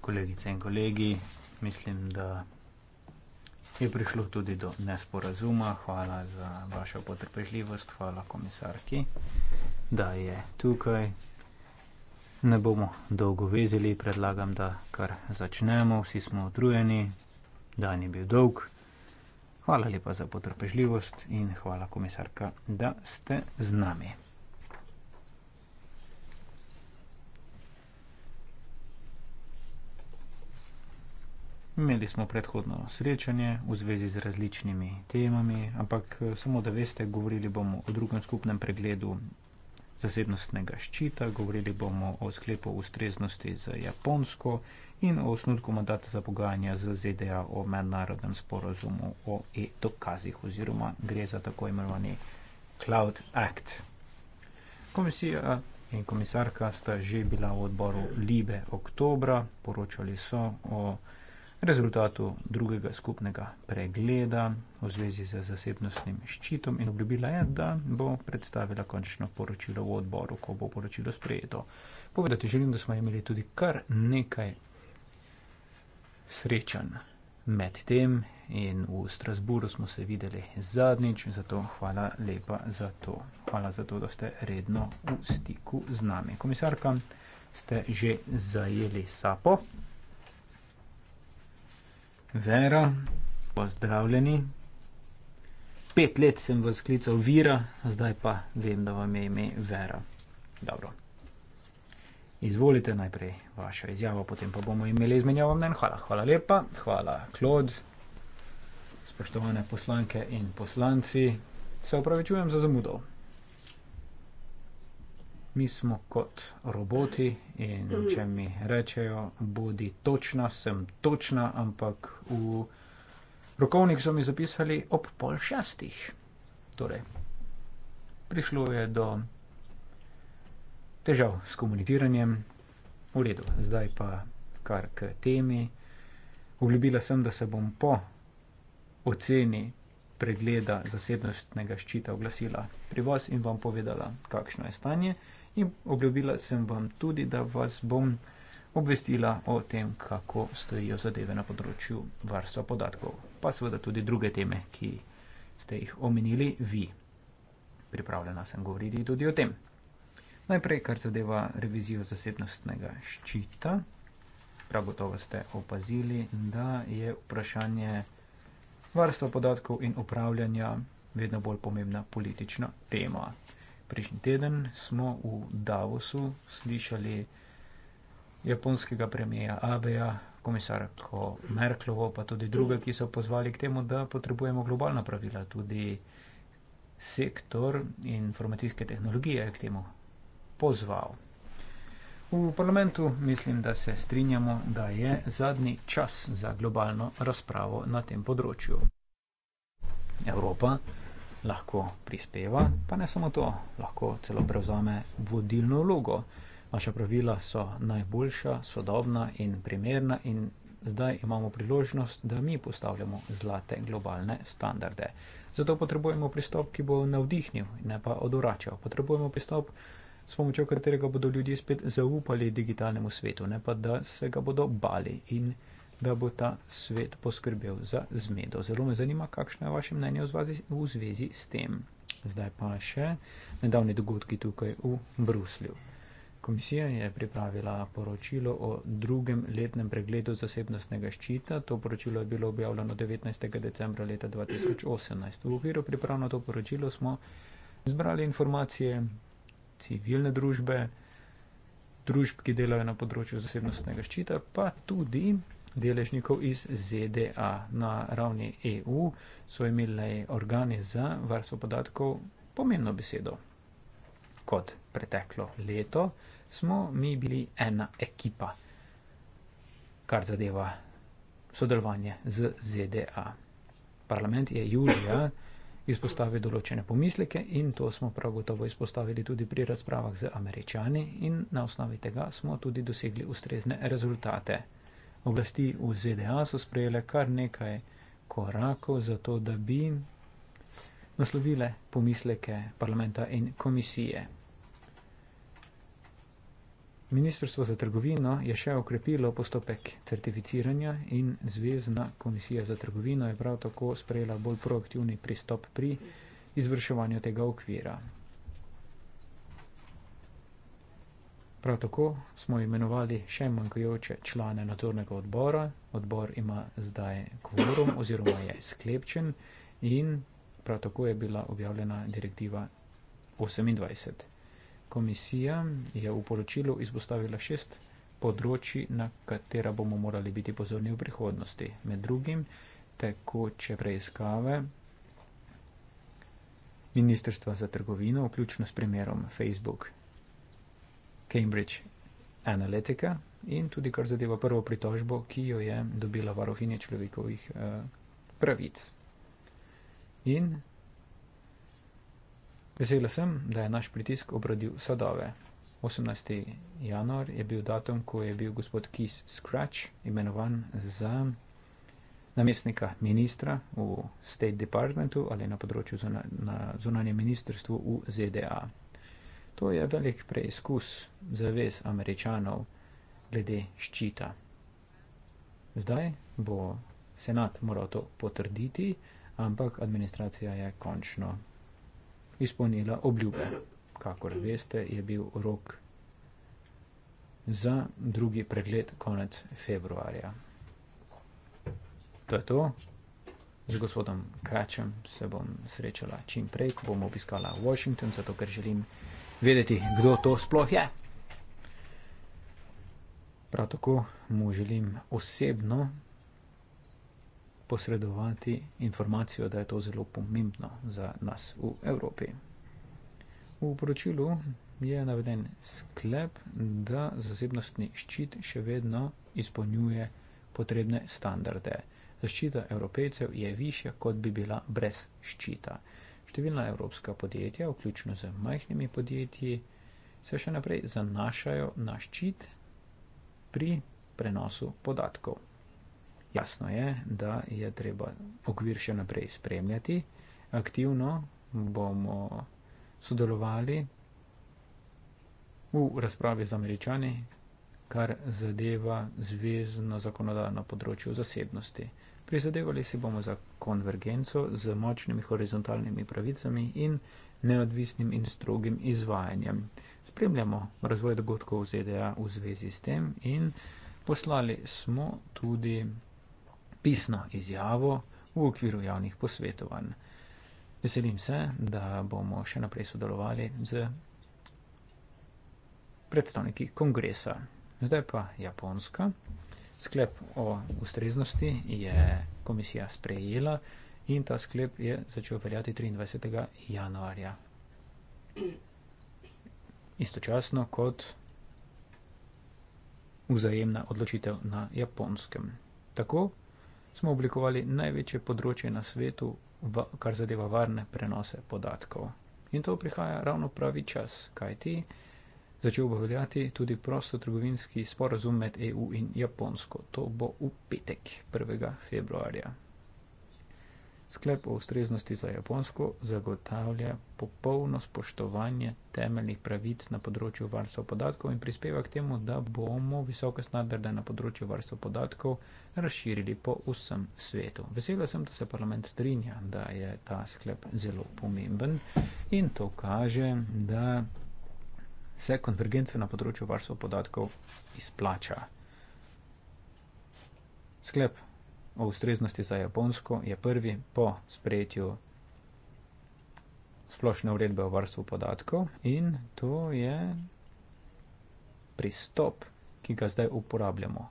Kolegice in kolegi, mislim, da je prišlo tudi do nesporazuma. Hvala za vašo potrpežljivost, hvala komisarki, da je tukaj. Ne bomo dolgo vezili, predlagam, da kar začnemo. Vsi smo utrujeni, dan je bil dolg. Hvala lepa za potrpežljivost in hvala komisarka, da ste z nami. Imeli smo predhodno srečanje v zvezi z različnimi temami, ampak eh, samo da veste, govorili bomo o drugem skupnem pregledu zasebnostnega ščita, govorili bomo o sklepu ustreznosti za Japonsko in o osnutku mandata za pogajanja z ZDA o mednarodnem sporozumu o e-dokazih oziroma gre za tako imenovani Cloud Act. Komisija in komisarka sta že bila v odboru Libe oktobra, poročali so o rezultatu drugega skupnega pregleda v zvezi z zasebnostnim ščitom in obljubila je, da bo predstavila končno poročilo v odboru, ko bo poročilo sprejeto. Povedati želim, da smo imeli tudi kar nekaj srečanj med tem in v Strasburu smo se videli zadnjič, zato hvala lepa za to. Hvala za to, da ste redno v stiku z nami. Komisarka, ste že zajeli sapo. Vera, pozdravljeni. Pet let sem vas klical Vira, zdaj pa vem, da vam je ime Vera. Dobro. Izvolite najprej vašo izjavo, potem pa bomo imeli izmenjavo mnen. Hvala, hvala lepa, hvala, Klod. Spoštovane poslanke in poslanci, se upravičujem za zamudo mi smo kot roboti in mhm. če mi rečejo, bodi točna, sem točna, ampak v rokovnik so mi zapisali ob pol šestih. Torej, prišlo je do težav s komuniciranjem, v redu, zdaj pa kar k temi. Obljubila sem, da se bom po oceni pregleda zasebnostnega ščita oglasila pri vas in vam povedala, kakšno je stanje in obljubila sem vam tudi, da vas bom obvestila o tem, kako stojijo zadeve na področju varstva podatkov, pa seveda tudi druge teme, ki ste jih omenili vi. Pripravljena sem govoriti tudi o tem. Najprej, kar zadeva revizijo zasebnostnega ščita, prav gotovo ste opazili, da je vprašanje varstva podatkov in upravljanja vedno bolj pomembna politična tema. Prejšnji teden smo v Davosu slišali japonskega premijeja Abeja, komisarja Merklovo, pa tudi druge, ki so pozvali k temu, da potrebujemo globalna pravila. Tudi sektor informacijske tehnologije je k temu pozval. V parlamentu mislim, da se strinjamo, da je zadnji čas za globalno razpravo na tem področju. Evropa lahko prispeva, pa ne samo to, lahko celo prevzame vodilno vlogo. Vaša pravila so najboljša, sodobna in primerna in zdaj imamo priložnost, da mi postavljamo zlate globalne standarde. Zato potrebujemo pristop, ki bo navdihnil, ne pa odvračal. Potrebujemo pristop, s pomočjo katerega bodo ljudje spet zaupali digitalnemu svetu, ne pa da se ga bodo bali in da bo ta svet poskrbel za zmedo. Zelo me zanima, kakšno je vaše mnenje v zvezi, v zvezi s tem. Zdaj pa še nedavni dogodki tukaj v Bruslju. Komisija je pripravila poročilo o drugem letnem pregledu zasebnostnega ščita. To poročilo je bilo objavljeno 19. decembra leta 2018. V okviru priprav na to poročilo smo zbrali informacije civilne družbe, družb, ki delajo na področju zasebnostnega ščita, pa tudi deležnikov iz ZDA. Na ravni EU so imeli organi za varstvo podatkov pomembno besedo. Kot preteklo leto smo mi bili ena ekipa, kar zadeva sodelovanje z ZDA. Parlament je julija izpostavil določene pomisleke in to smo prav gotovo izpostavili tudi pri razpravah z američani in na osnovi tega smo tudi dosegli ustrezne rezultate. Oblasti v ZDA so sprejele kar nekaj korakov za to, da bi naslovile pomisleke parlamenta in komisije. Ministrstvo za trgovino je še okrepilo postopek certificiranja in Zvezdna komisija za trgovino je prav tako sprejela bolj proaktivni pristop pri izvrševanju tega okvira. Prav tako smo imenovali še manjkajoče člane nadzornega odbora. Odbor ima zdaj kvorum oziroma je sklepčen in prav tako je bila objavljena direktiva 28. Komisija je v poročilu izpostavila šest področji, na katera bomo morali biti pozorni v prihodnosti. Med drugim tekoče preiskave Ministrstva za trgovino, vključno s primerom Facebook Cambridge Analytica in tudi kar zadeva prvo pritožbo, ki jo je dobila varohinja človekovih uh, pravic. In vesela sem, da je naš pritisk obrodil sadove. 18. januar je bil datum, ko je bil gospod Kis Scratch imenovan za namestnika ministra v State Departmentu ali na področju zunanje ministrstvo v ZDA. To je velik preizkus zavez američanov glede ščita. Zdaj bo senat moral to potrditi, ampak administracija je končno izpolnila obljube. Kakor veste, je bil rok za drugi pregled konec februarja. To je to. Z gospodom Kračem se bom srečala čim prej, ko bom obiskala Washington, zato ker želim vedeti, kdo to sploh je. Prav tako mu želim osebno posredovati informacijo, da je to zelo pomembno za nas v Evropi. V poročilu je naveden sklep, da zasebnostni ščit še vedno izpolnjuje potrebne standarde. Zaščita evropejcev je višja, kot bi bila brez ščita. Številna evropska podjetja, vključno z majhnimi podjetji, se še naprej zanašajo na ščit pri prenosu podatkov. Jasno je, da je treba okvir še naprej spremljati, aktivno bomo sodelovali v razpravi z američani, kar zadeva zvezno zakonodajno področje zasebnosti. Prizadevali si bomo za konvergenco z močnimi horizontalnimi pravicami in neodvisnim in strogim izvajanjem. Spremljamo razvoj dogodkov v ZDA v zvezi s tem in poslali smo tudi pisno izjavo v okviru javnih posvetovanj. Veselim se, da bomo še naprej sodelovali z predstavniki kongresa. Zdaj pa Japonska. Sklep o ustreznosti je komisija sprejela in ta sklep je začel veljati 23. januarja. Istočasno kot vzajemna odločitev na japonskem. Tako smo oblikovali največje področje na svetu, kar zadeva varne prenose podatkov. In to prihaja ravno pravi čas, kajti začel bo veljati tudi prostotrgovinski sporazum med EU in Japonsko. To bo v petek 1. februarja. Sklep o ustreznosti za Japonsko zagotavlja popolno spoštovanje temeljnih pravic na področju varstva podatkov in prispeva k temu, da bomo visoke standarde na področju varstva podatkov razširili po vsem svetu. Vesela sem, da se parlament strinja, da je ta sklep zelo pomemben in to kaže, da se konvergenca na področju varstva podatkov izplača. Sklep o ustreznosti za Japonsko je prvi po sprejetju splošne uredbe o varstvu podatkov in to je pristop, ki ga zdaj uporabljamo.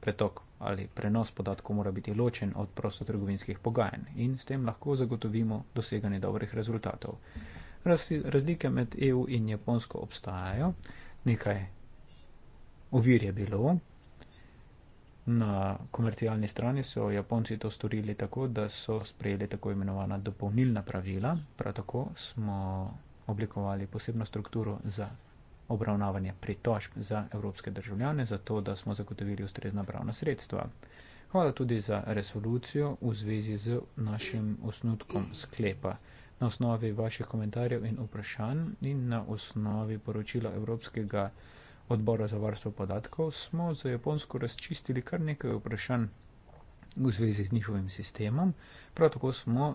Pretok ali prenos podatkov mora biti ločen od prostotrgovinskih pogajanj in s tem lahko zagotovimo doseganje dobrih rezultatov. Razlike med EU in Japonsko obstajajo, nekaj ovir je bilo. Na komercialni strani so Japonci to storili tako, da so sprejeli tako imenovana dopolnilna pravila, prav tako smo oblikovali posebno strukturo za obravnavanje pritožb za evropske državljane, zato da smo zagotovili ustrezna pravna sredstva. Hvala tudi za resolucijo v zvezi z našim osnutkom sklepa na osnovi vaših komentarjev in vprašanj in na osnovi poročila Evropskega odbora za varstvo podatkov smo za Japonsko razčistili kar nekaj vprašanj v zvezi z njihovim sistemom. Prav tako smo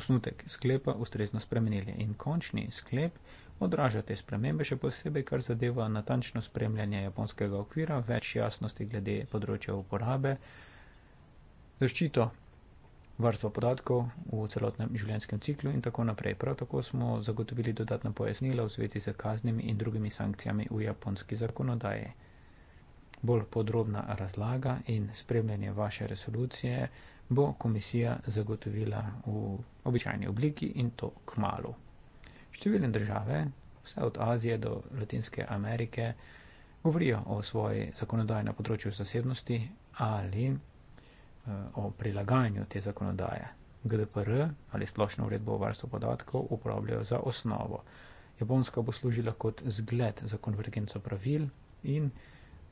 osnutek sklepa ustrezno spremenili in končni sklep odraža te spremembe, še posebej kar zadeva natančno spremljanje japonskega okvira, več jasnosti glede področja uporabe, zaščito varstva podatkov v celotnem življenjskem ciklu in tako naprej. Prav tako smo zagotovili dodatna pojasnila v zvezi z kaznimi in drugimi sankcijami v japonski zakonodaji. Bolj podrobna razlaga in spremljanje vaše resolucije bo komisija zagotovila v običajni obliki in to k malu. Številne države, vse od Azije do Latinske Amerike, govorijo o svoji zakonodaji na področju zasebnosti ali o prilagajanju te zakonodaje. GDPR ali splošno uredbo o varstvu podatkov uporabljajo za osnovo. Japonska bo služila kot zgled za konvergenco pravil in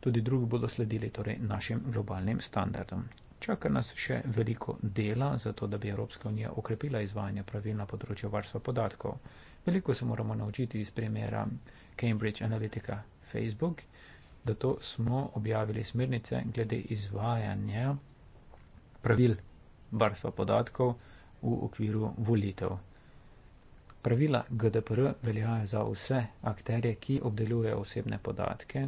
tudi drugi bodo sledili torej, našim globalnim standardom. Čaka nas še veliko dela za to, da bi Evropska unija okrepila izvajanje pravil na področju varstva podatkov. Veliko se moramo naučiti iz primera Cambridge Analytica Facebook, zato smo objavili smernice glede izvajanja pravil varstva podatkov v okviru volitev. Pravila GDPR veljajo za vse akterje, ki obdelujejo osebne podatke,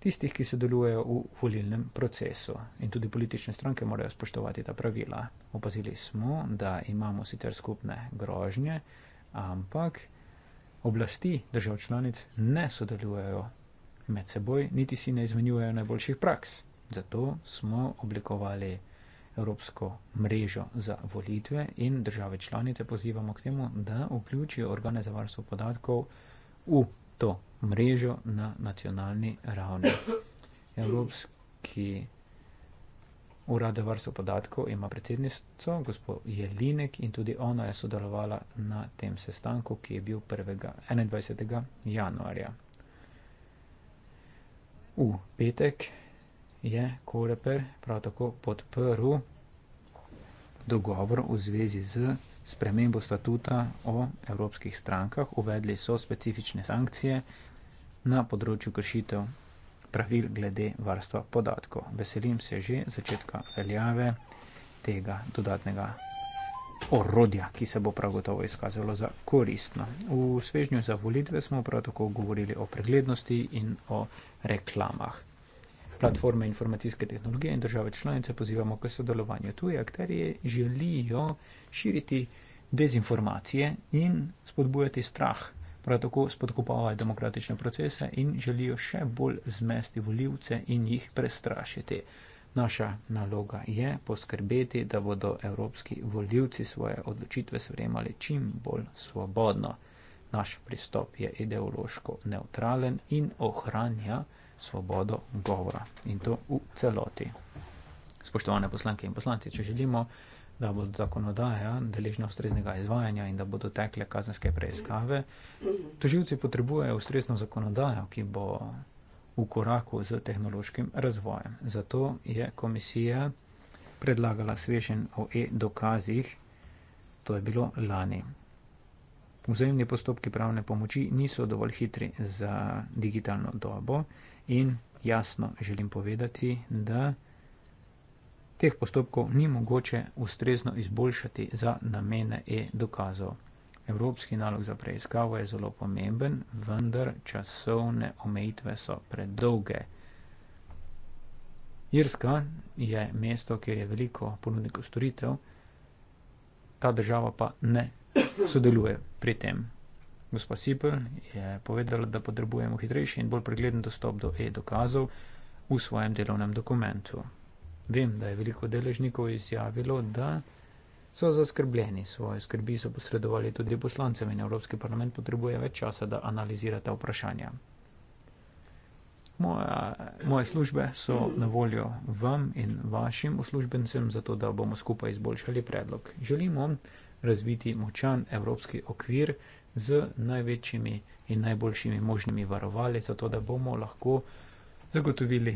tistih, ki sodelujejo v volilnem procesu. In tudi politične stranke morajo spoštovati ta pravila. Opazili smo, da imamo sicer skupne grožnje, ampak oblasti držav članic ne sodelujejo med seboj, niti si ne izmenjujejo najboljših praks. Zato smo oblikovali Evropsko mrežo za volitve in države članice pozivamo k temu, da vključijo organe za varstvo podatkov v to mrežo na nacionalni ravni. Evropski urad za varstvo podatkov ima predsednico, gospod Jelinek, in tudi ona je sodelovala na tem sestanku, ki je bil 1. 21. januarja. V petek je Koreper prav tako podprl dogovor v zvezi z spremembo statuta o evropskih strankah. Uvedli so specifične sankcije na področju kršitev pravil glede varstva podatkov. Veselim se že začetka veljave tega dodatnega orodja, ki se bo prav gotovo izkazalo za koristno. V svežnju za volitve smo prav tako govorili o preglednosti in o reklamah platforme informacijske tehnologije in države članice pozivamo k sodelovanju. Tuje akterije želijo širiti dezinformacije in spodbujati strah. Prav tako spodkopavajo demokratične procese in želijo še bolj zmesti voljivce in jih prestrašiti. Naša naloga je poskrbeti, da bodo evropski voljivci svoje odločitve sprejemali čim bolj svobodno. Naš pristop je ideološko neutralen in ohranja svobodo govora in to v celoti. Spoštovane poslanke in poslanci, če želimo, da bo zakonodaja deležna ustreznega izvajanja in da bodo tekle kazenske preiskave, toživci potrebujejo ustrezno zakonodajo, ki bo v koraku z tehnološkim razvojem. Zato je komisija predlagala svežen o e-dokazih, to je bilo lani. Vzajemni postopki pravne pomoči niso dovolj hitri za digitalno dobo In jasno želim povedati, da teh postopkov ni mogoče ustrezno izboljšati za namene e-dokazov. Evropski nalog za preiskavo je zelo pomemben, vendar časovne omejitve so predolge. Irska je mesto, kjer je veliko ponudnikov storitev, ta država pa ne sodeluje pri tem. Gospa Sipel je povedala, da potrebujemo hitrejši in bolj pregleden dostop do e-dokazov v svojem delovnem dokumentu. Vem, da je veliko deležnikov izjavilo, da so zaskrbljeni. Svoje skrbi so posredovali tudi poslancem in Evropski parlament potrebuje več časa, da analizira ta vprašanja. Moja, moje službe so na voljo vam in vašim uslužbencem, zato da bomo skupaj izboljšali predlog. Želimo razviti močan evropski okvir, z največjimi in najboljšimi možnimi varovali, zato da bomo lahko zagotovili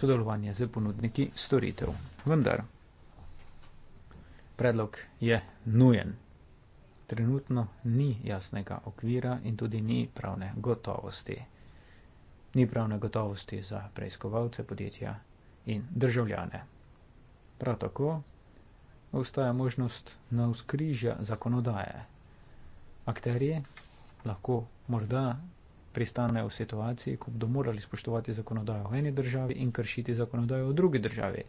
sodelovanje z ponudniki storitev. Vendar predlog je nujen. Trenutno ni jasnega okvira in tudi ni pravne gotovosti. Ni pravne gotovosti za preiskovalce, podjetja in državljane. Prav tako ostaja možnost na vzkrižja zakonodaje, akterije, lahko morda pristanejo v situaciji, ko bodo morali spoštovati zakonodajo v eni državi in kršiti zakonodajo v drugi državi.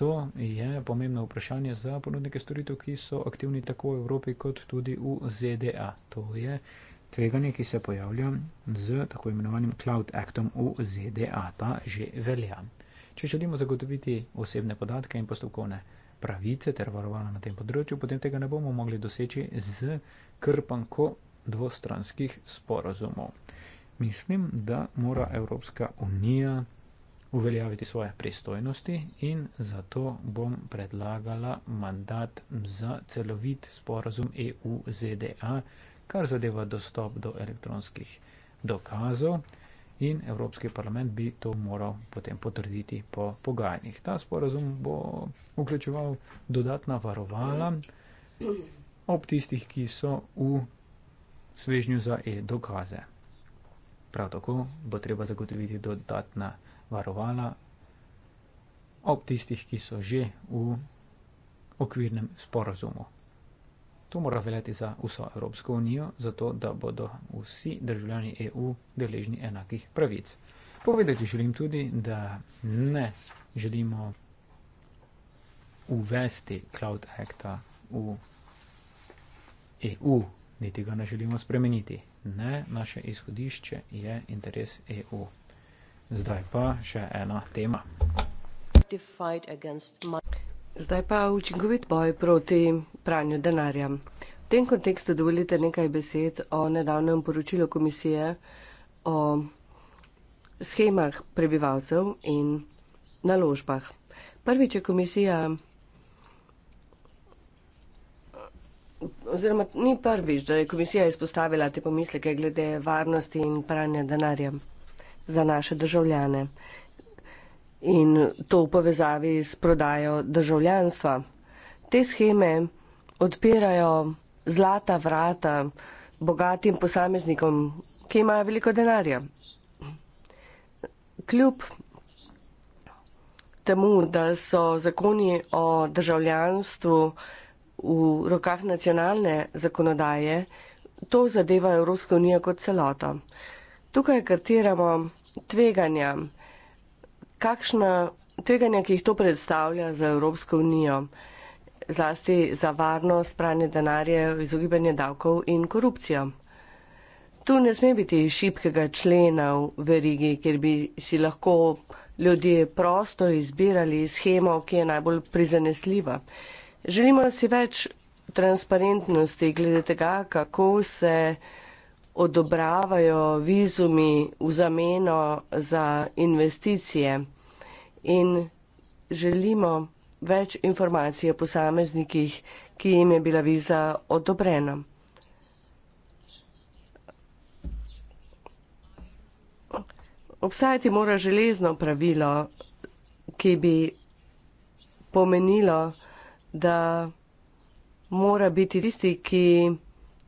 To je pomembno vprašanje za ponudnike storitev, ki so aktivni tako v Evropi kot tudi v ZDA. To je tveganje, ki se pojavlja z tako imenovanim Cloud Actom v ZDA. Ta že velja. Če želimo zagotoviti osebne podatke in postopkovne pravice ter varovala na tem področju, potem tega ne bomo mogli doseči z krpanko dvostranskih sporazumov. Mislim, da mora Evropska unija uveljaviti svoje pristojnosti in zato bom predlagala mandat za celovit sporazum EU-ZDA, kar zadeva dostop do elektronskih dokazov in Evropski parlament bi to moral potem potrditi po pogajanjih. Ta sporazum bo vključeval dodatna varovala ob tistih, ki so v svežnju za e-dokaze. Prav tako bo treba zagotoviti dodatna varovala ob tistih, ki so že v okvirnem sporazumu. To mora veljati za vso Evropsko unijo, zato da bodo vsi državljani EU deležni enakih pravic. Povedati želim tudi, da ne želimo uvesti Cloud Acta v EU, niti ga ne želimo spremeniti. Ne, naše izhodišče je interes EU. Zdaj pa še ena tema. Zdaj pa učinkovit boj proti pranju denarja. V tem kontekstu dovolite nekaj besed o nedavnem poročilu komisije o schemah prebivalcev in naložbah. Prvič je komisija, oziroma ni prvič, da je komisija izpostavila te pomisleke glede varnosti in pranja denarja za naše državljane in to v povezavi s prodajo državljanstva. Te scheme odpirajo zlata vrata bogatim posameznikom, ki imajo veliko denarja. Kljub temu, da so zakoni o državljanstvu v rokah nacionalne zakonodaje, to zadeva Evropsko unijo kot celoto. Tukaj kartiramo tveganja, kakšna tveganja, ki jih to predstavlja za Evropsko unijo, zlasti za varnost, pranje denarja, izogibanje davkov in korupcijo. Tu ne sme biti šibkega člena v verigi, kjer bi si lahko ljudje prosto izbirali schemo, ki je najbolj prizanesljiva. Želimo si več transparentnosti glede tega, kako se odobravajo vizumi v zameno za investicije in želimo več informacij o posameznikih, ki jim je bila viza odobrena. Obstajati mora železno pravilo, ki bi pomenilo, da mora biti tisti, ki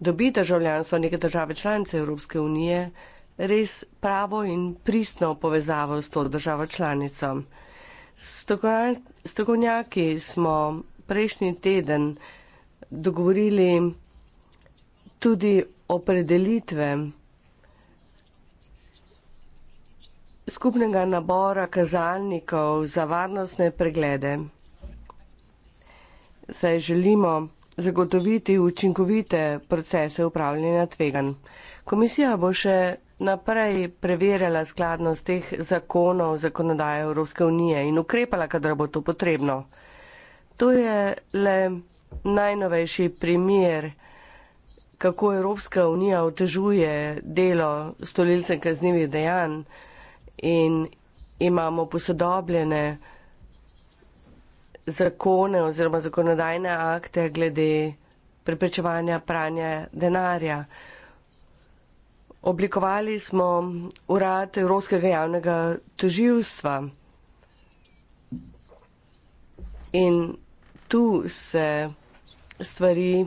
dobi državljanstvo neke države članice Evropske unije, res pravo in pristno povezavo s to državo članico. Strokovnjaki smo prejšnji teden dogovorili tudi opredelitve skupnega nabora kazalnikov za varnostne preglede. Saj želimo, zagotoviti učinkovite procese upravljanja tvegan. Komisija bo še naprej preverjala skladnost teh zakonov, zakonodaje Evropske unije in ukrepala, kadar bo to potrebno. To je le najnovejši primer, kako Evropska unija otežuje delo stolilcem kaznjivih dejanj in imamo posodobljene zakone oziroma zakonodajne akte glede preprečevanja pranja denarja. Oblikovali smo urad Evropskega javnega toživstva in tu se stvari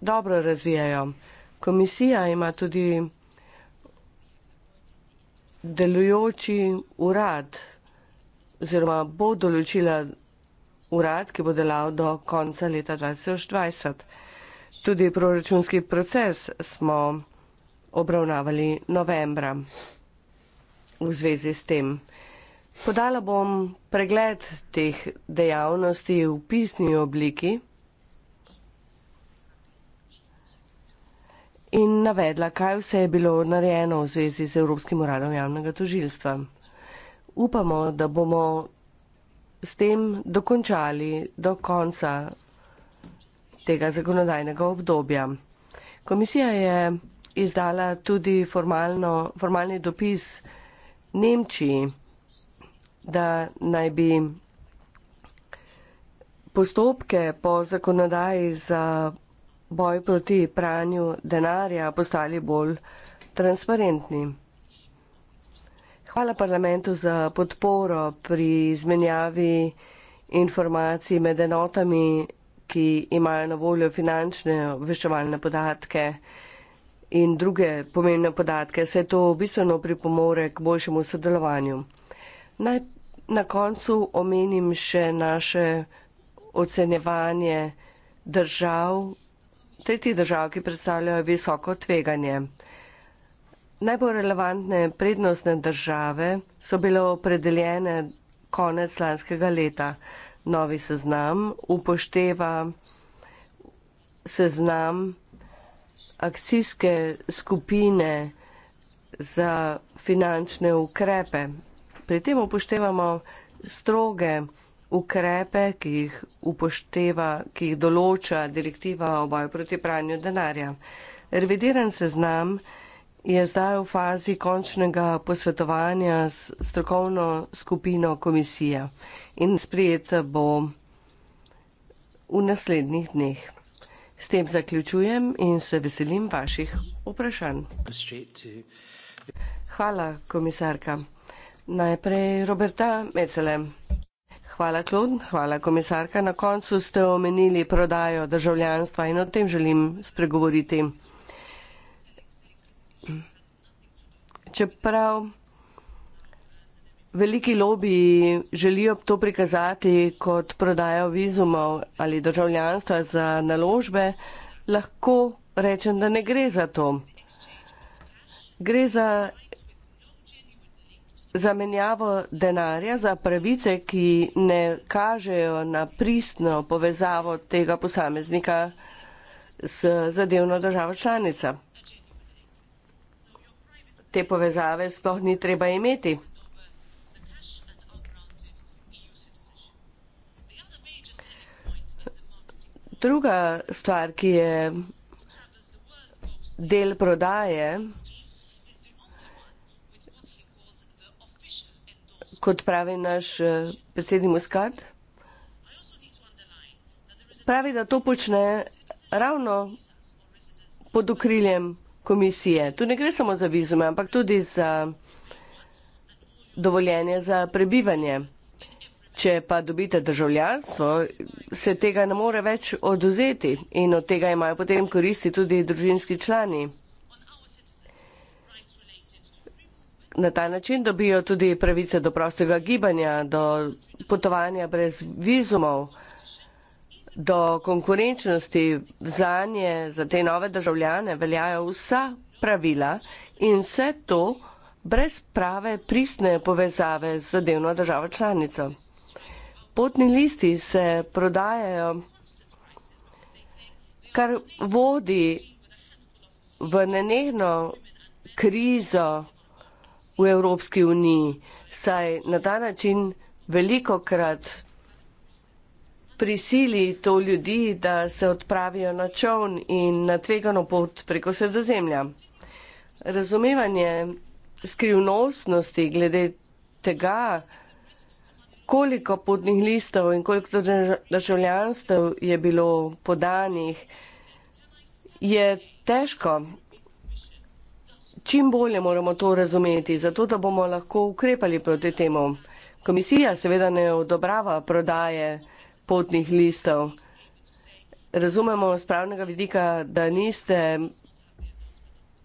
dobro razvijajo. Komisija ima tudi delujoči urad oziroma bo določila urad, ki bo delal do konca leta 2020. Tudi proračunski proces smo obravnavali novembra v zvezi s tem. Podala bom pregled teh dejavnosti v pisni obliki in navedla, kaj vse je bilo narejeno v zvezi z Evropskim uradom javnega tožilstva. Upamo, da bomo s tem dokončali do konca tega zakonodajnega obdobja. Komisija je izdala tudi formalno, formalni dopis Nemčiji, da naj bi postopke po zakonodaji za boj proti pranju denarja postali bolj transparentni. Hvala parlamentu za podporo pri izmenjavi informacij med enotami, ki imajo na voljo finančne obveščevalne podatke in druge pomembne podatke. Se je to bistveno pripomore k boljšemu sodelovanju. Naj na koncu omenim še naše ocenjevanje držav, tretjih držav, ki predstavljajo visoko tveganje. Najbolj relevantne prednostne države so bile opredeljene konec lanskega leta. Novi seznam upošteva seznam akcijske skupine za finančne ukrepe. Pri tem upoštevamo stroge ukrepe, ki jih upošteva, ki jih določa direktiva o boju proti pranju denarja. Revideran seznam je zdaj v fazi končnega posvetovanja s strokovno skupino komisije in sprijeta bo v naslednjih dneh. S tem zaključujem in se veselim vaših vprašanj. Hvala, komisarka. Najprej Roberta Mecele. Hvala, Klod, hvala, komisarka. Na koncu ste omenili prodajo državljanstva in o tem želim spregovoriti. čeprav veliki lobiji želijo to prikazati kot prodajo vizumov ali državljanstva za naložbe, lahko rečem, da ne gre za to. Gre za zamenjavo denarja za pravice, ki ne kažejo na pristno povezavo tega posameznika z zadevno državo članica te povezave sploh ni treba imeti. Druga stvar, ki je del prodaje, kot pravi naš eh, predsednik Muscat, pravi, da to počne ravno pod okriljem komisije. Tu ne gre samo za vizume, ampak tudi za dovoljenje za prebivanje. Če pa dobite državljanstvo, se tega ne more več oduzeti in od tega imajo potem koristi tudi družinski člani. Na ta način dobijo tudi pravice do prostega gibanja, do potovanja brez vizumov do konkurenčnosti za nje, za te nove državljane, veljajo vsa pravila in vse to brez prave pristne povezave z zadevno državo članico. Potni listi se prodajajo, kar vodi v nenehno krizo v Evropski uniji, saj na ta način veliko krat prisili to ljudi, da se odpravijo na čovn in na tvegano pot preko sredozemlja. Razumevanje skrivnostnosti glede tega, koliko potnih listov in koliko državljanstv je bilo podanih, je težko. Čim bolje moramo to razumeti, zato da bomo lahko ukrepali proti temu. Komisija seveda ne odobrava prodaje potnih listov. Razumemo z pravnega vidika, da niste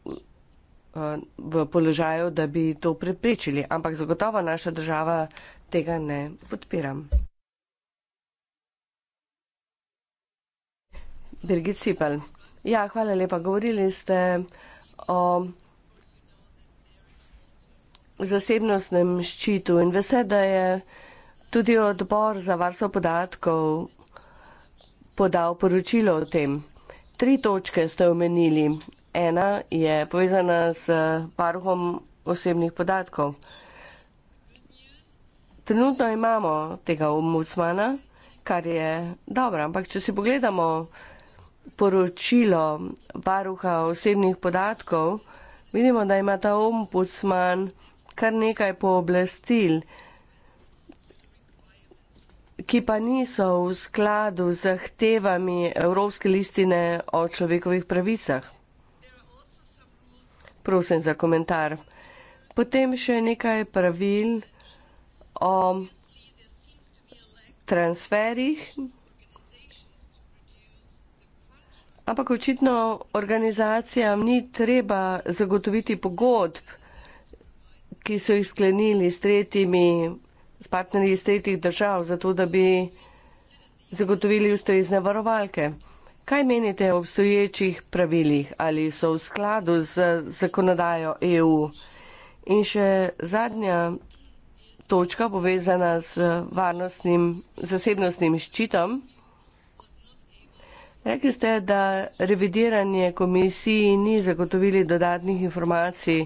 eh, v položaju, da bi to preprečili, ampak zagotovo naša država tega ne podpira. Birgit Cipel. Ja, hvala lepa. Govorili ste o zasebnostnem ščitu in veste, da je Tudi odbor za varstvo podatkov podal poročilo o tem. Tri točke ste omenili. Ena je povezana z varuhom osebnih podatkov. Trenutno imamo tega ombudsmana, kar je dobro, ampak če si pogledamo poročilo varuha osebnih podatkov, vidimo, da ima ta ombudsman kar nekaj pooblastil ki pa niso v skladu z zahtevami Evropske listine o človekovih pravicah. Prosim za komentar. Potem še nekaj pravil o transferih. Ampak očitno organizacijam ni treba zagotoviti pogodb, ki so jih sklenili s tretjimi s partnerji iz tretjih držav, zato da bi zagotovili ustrezne varovalke. Kaj menite o obstoječih pravilih, ali so v skladu z zakonodajo EU? In še zadnja točka povezana z varnostnim zasebnostnim ščitom. Rekli ste, da revidiranje komisiji ni zagotovili dodatnih informacij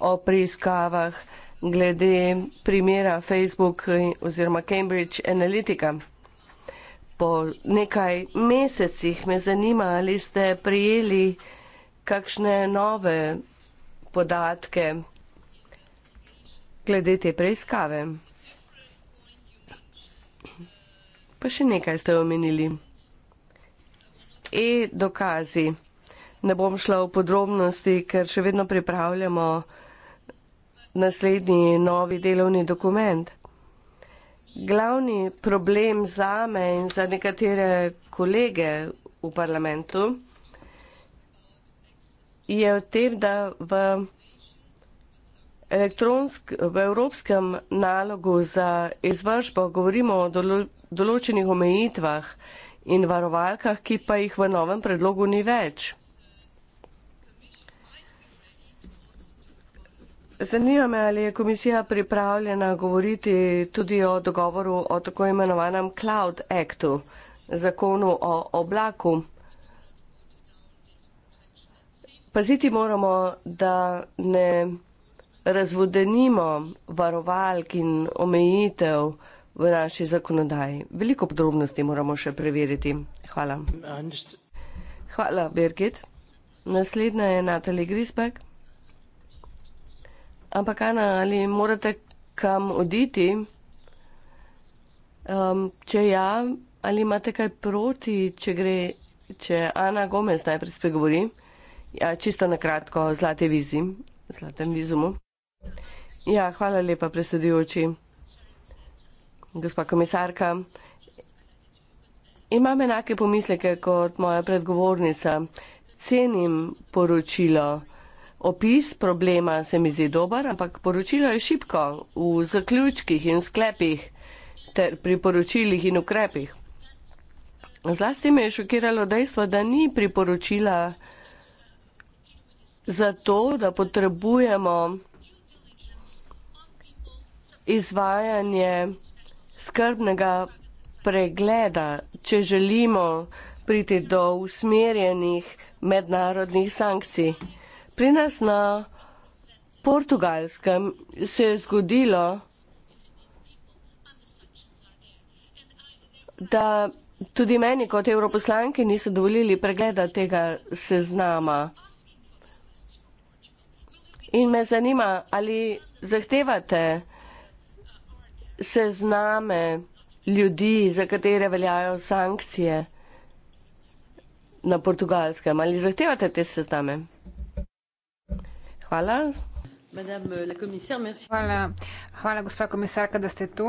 o preiskavah glede primera Facebook oziroma Cambridge Analytica. Po nekaj mesecih me zanima, ali ste prijeli kakšne nove podatke glede te preiskave. Pa še nekaj ste omenili. E-dokazi. Ne bom šla v podrobnosti, ker še vedno pripravljamo naslednji novi delovni dokument. Glavni problem za me in za nekatere kolege v parlamentu je v tem, da v, v evropskem nalogu za izvršbo govorimo o določenih omejitvah in varovalkah, ki pa jih v novem predlogu ni več. Zanima me, ali je komisija pripravljena govoriti tudi o dogovoru o tako imenovanem Cloud Actu, zakonu o oblaku. Paziti moramo, da ne razvodenimo varovalk in omejitev v naši zakonodaji. Veliko podrobnosti moramo še preveriti. Hvala. Hvala, Birgit. Naslednja je Natalie Grisbeck. Ampak, Ana, ali morate kam oditi? Um, če ja, ali imate kaj proti, če gre, če Ana Gomez najprej spregovori, ja, čisto na kratko, zlate vizi, zlatem vizumu. Ja, hvala lepa, predsedujoči. Gospa komisarka, imam enake pomisleke kot moja predgovornica. Cenim poročilo. Opis problema se mi zdi dober, ampak poročilo je šipko v zaključkih in sklepih ter priporočilih in ukrepih. Zlasti me je šokiralo dejstvo, da ni priporočila za to, da potrebujemo izvajanje skrbnega pregleda, če želimo priti do usmerjenih mednarodnih sankcij. Pri nas na portugalskem se je zgodilo, da tudi meni kot evroposlanki niso dovolili pregleda tega seznama. In me zanima, ali zahtevate sezname ljudi, za katere veljajo sankcije na portugalskem, ali zahtevate te sezname? Hvala. Hvala. Hvala, gospa komisarka, da ste tu.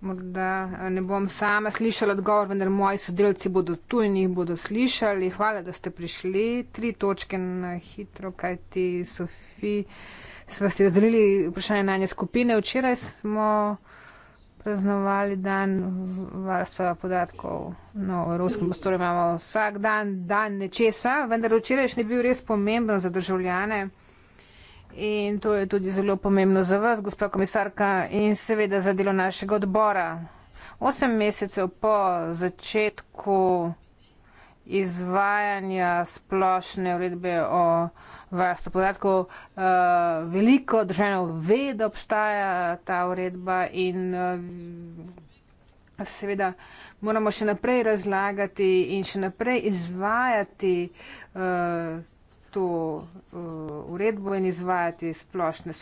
Morda eh, ne bom sama slišala odgovor, vendar moji sodelci bodo tu in jih bodo slišali. Hvala, da ste prišli. Tri točke na hitro, kaj ti, Sofi, sva si razdelili vprašanje na nje skupine. Včeraj smo praznovali dan varstva podatkov. No, v ruskem mm. prostoru imamo vsak dan, dan nečesa, vendar včerajšnji je bil res pomemben za državljane. In to je tudi zelo pomembno za vas, gospa komisarka, in seveda za delo našega odbora. Osem mesecev po začetku izvajanja splošne uredbe o vrsto podatkov. Eh, veliko državljanov ve, da obstaja ta uredba in eh, seveda moramo še naprej razlagati in še naprej izvajati eh, to uredbo in izvajati splošne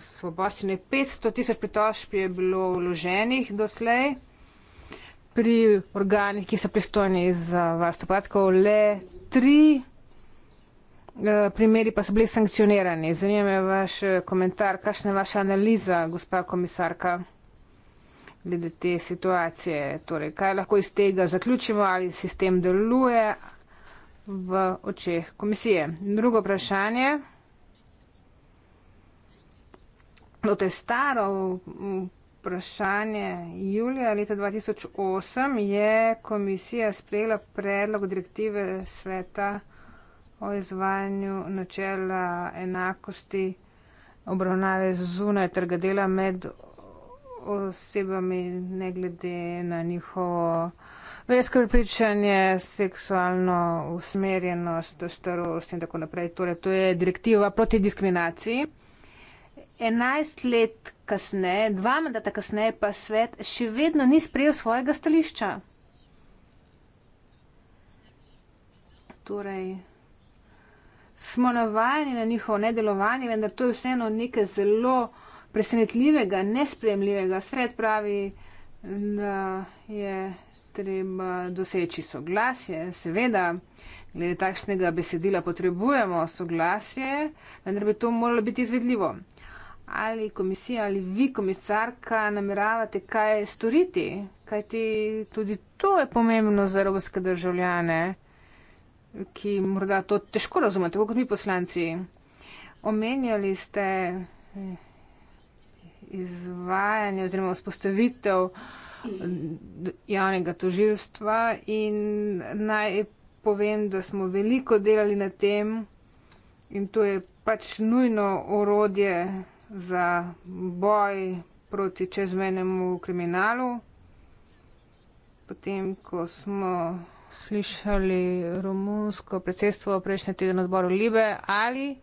svoboščine. 500 tisoč pritožb je bilo vloženih doslej pri organih, ki so pristojni za varstvo podatkov, le tri Eh, primeri pa so bili sankcionirani. Zanima me vaš eh, komentar, kakšna je vaša analiza, gospa komisarka, glede te situacije. Torej, kaj lahko iz tega zaključimo, ali sistem deluje v očeh komisije. Drugo vprašanje. No, to je staro vprašanje. Julija leta 2008 je komisija sprejela predlog direktive sveta o izvajanju načela enakosti obravnave zunaj trga dela med osebami, ne glede na njihovo versko pripričanje, seksualno usmerjenost, starost in tako naprej. Torej, to je direktiva proti diskriminaciji. 11 let kasneje, dva mandata kasneje, pa svet še vedno ni sprejel svojega stališča. Torej smo navajeni na njihovo nedelovanje, vendar to je vseeno nekaj zelo presenetljivega, nespremljivega. Svet pravi, da je treba doseči soglasje. Seveda, glede takšnega besedila potrebujemo soglasje, vendar bi to moralo biti izvedljivo. Ali komisija ali vi, komisarka, nameravate kaj storiti, kajti tudi to je pomembno za evropske državljane ki morda to težko razumete, tako kot mi poslanci. Omenjali ste eh, izvajanje oziroma vzpostavitev eh, javnega toživstva in naj povem, da smo veliko delali na tem in to je pač nujno orodje za boj proti čezmenemu kriminalu. Potem, ko smo slišali romunsko predsedstvo prejšnji teden odboru Libe, ali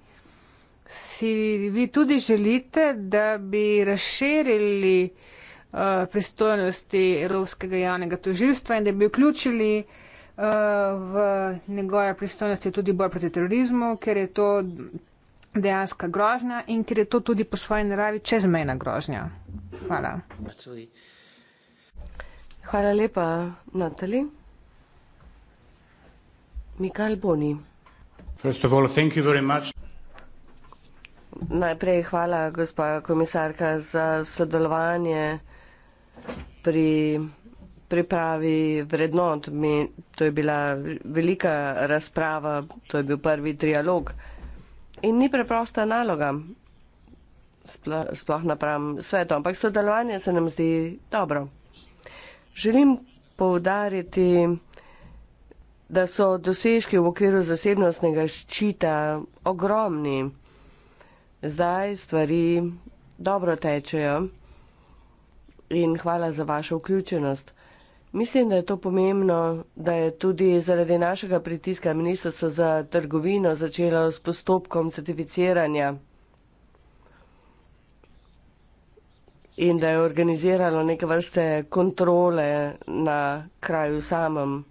si vi tudi želite, da bi razširili uh, pristojnosti Evropskega javnega tožilstva in da bi vključili uh, v njegove pristojnosti tudi boj proti terorizmu, ker je to dejanska grožnja in ker je to tudi po svoji naravi čezmejna grožnja. Hvala. Hvala lepa, Natalie. Mikael Boni. Najprej hvala, gospa komisarka, za sodelovanje pri pripravi vrednot. Mi, to je bila velika razprava, to je bil prvi trialog. In ni preprosta naloga, sploh, sploh napram svetu, ampak sodelovanje se nam zdi dobro. Želim poudariti, da so dosežki v okviru zasebnostnega ščita ogromni. Zdaj stvari dobro tečejo in hvala za vašo vključenost. Mislim, da je to pomembno, da je tudi zaradi našega pritiska Ministrstvo za trgovino začelo s postopkom certificiranja in da je organiziralo neke vrste kontrole na kraju samem.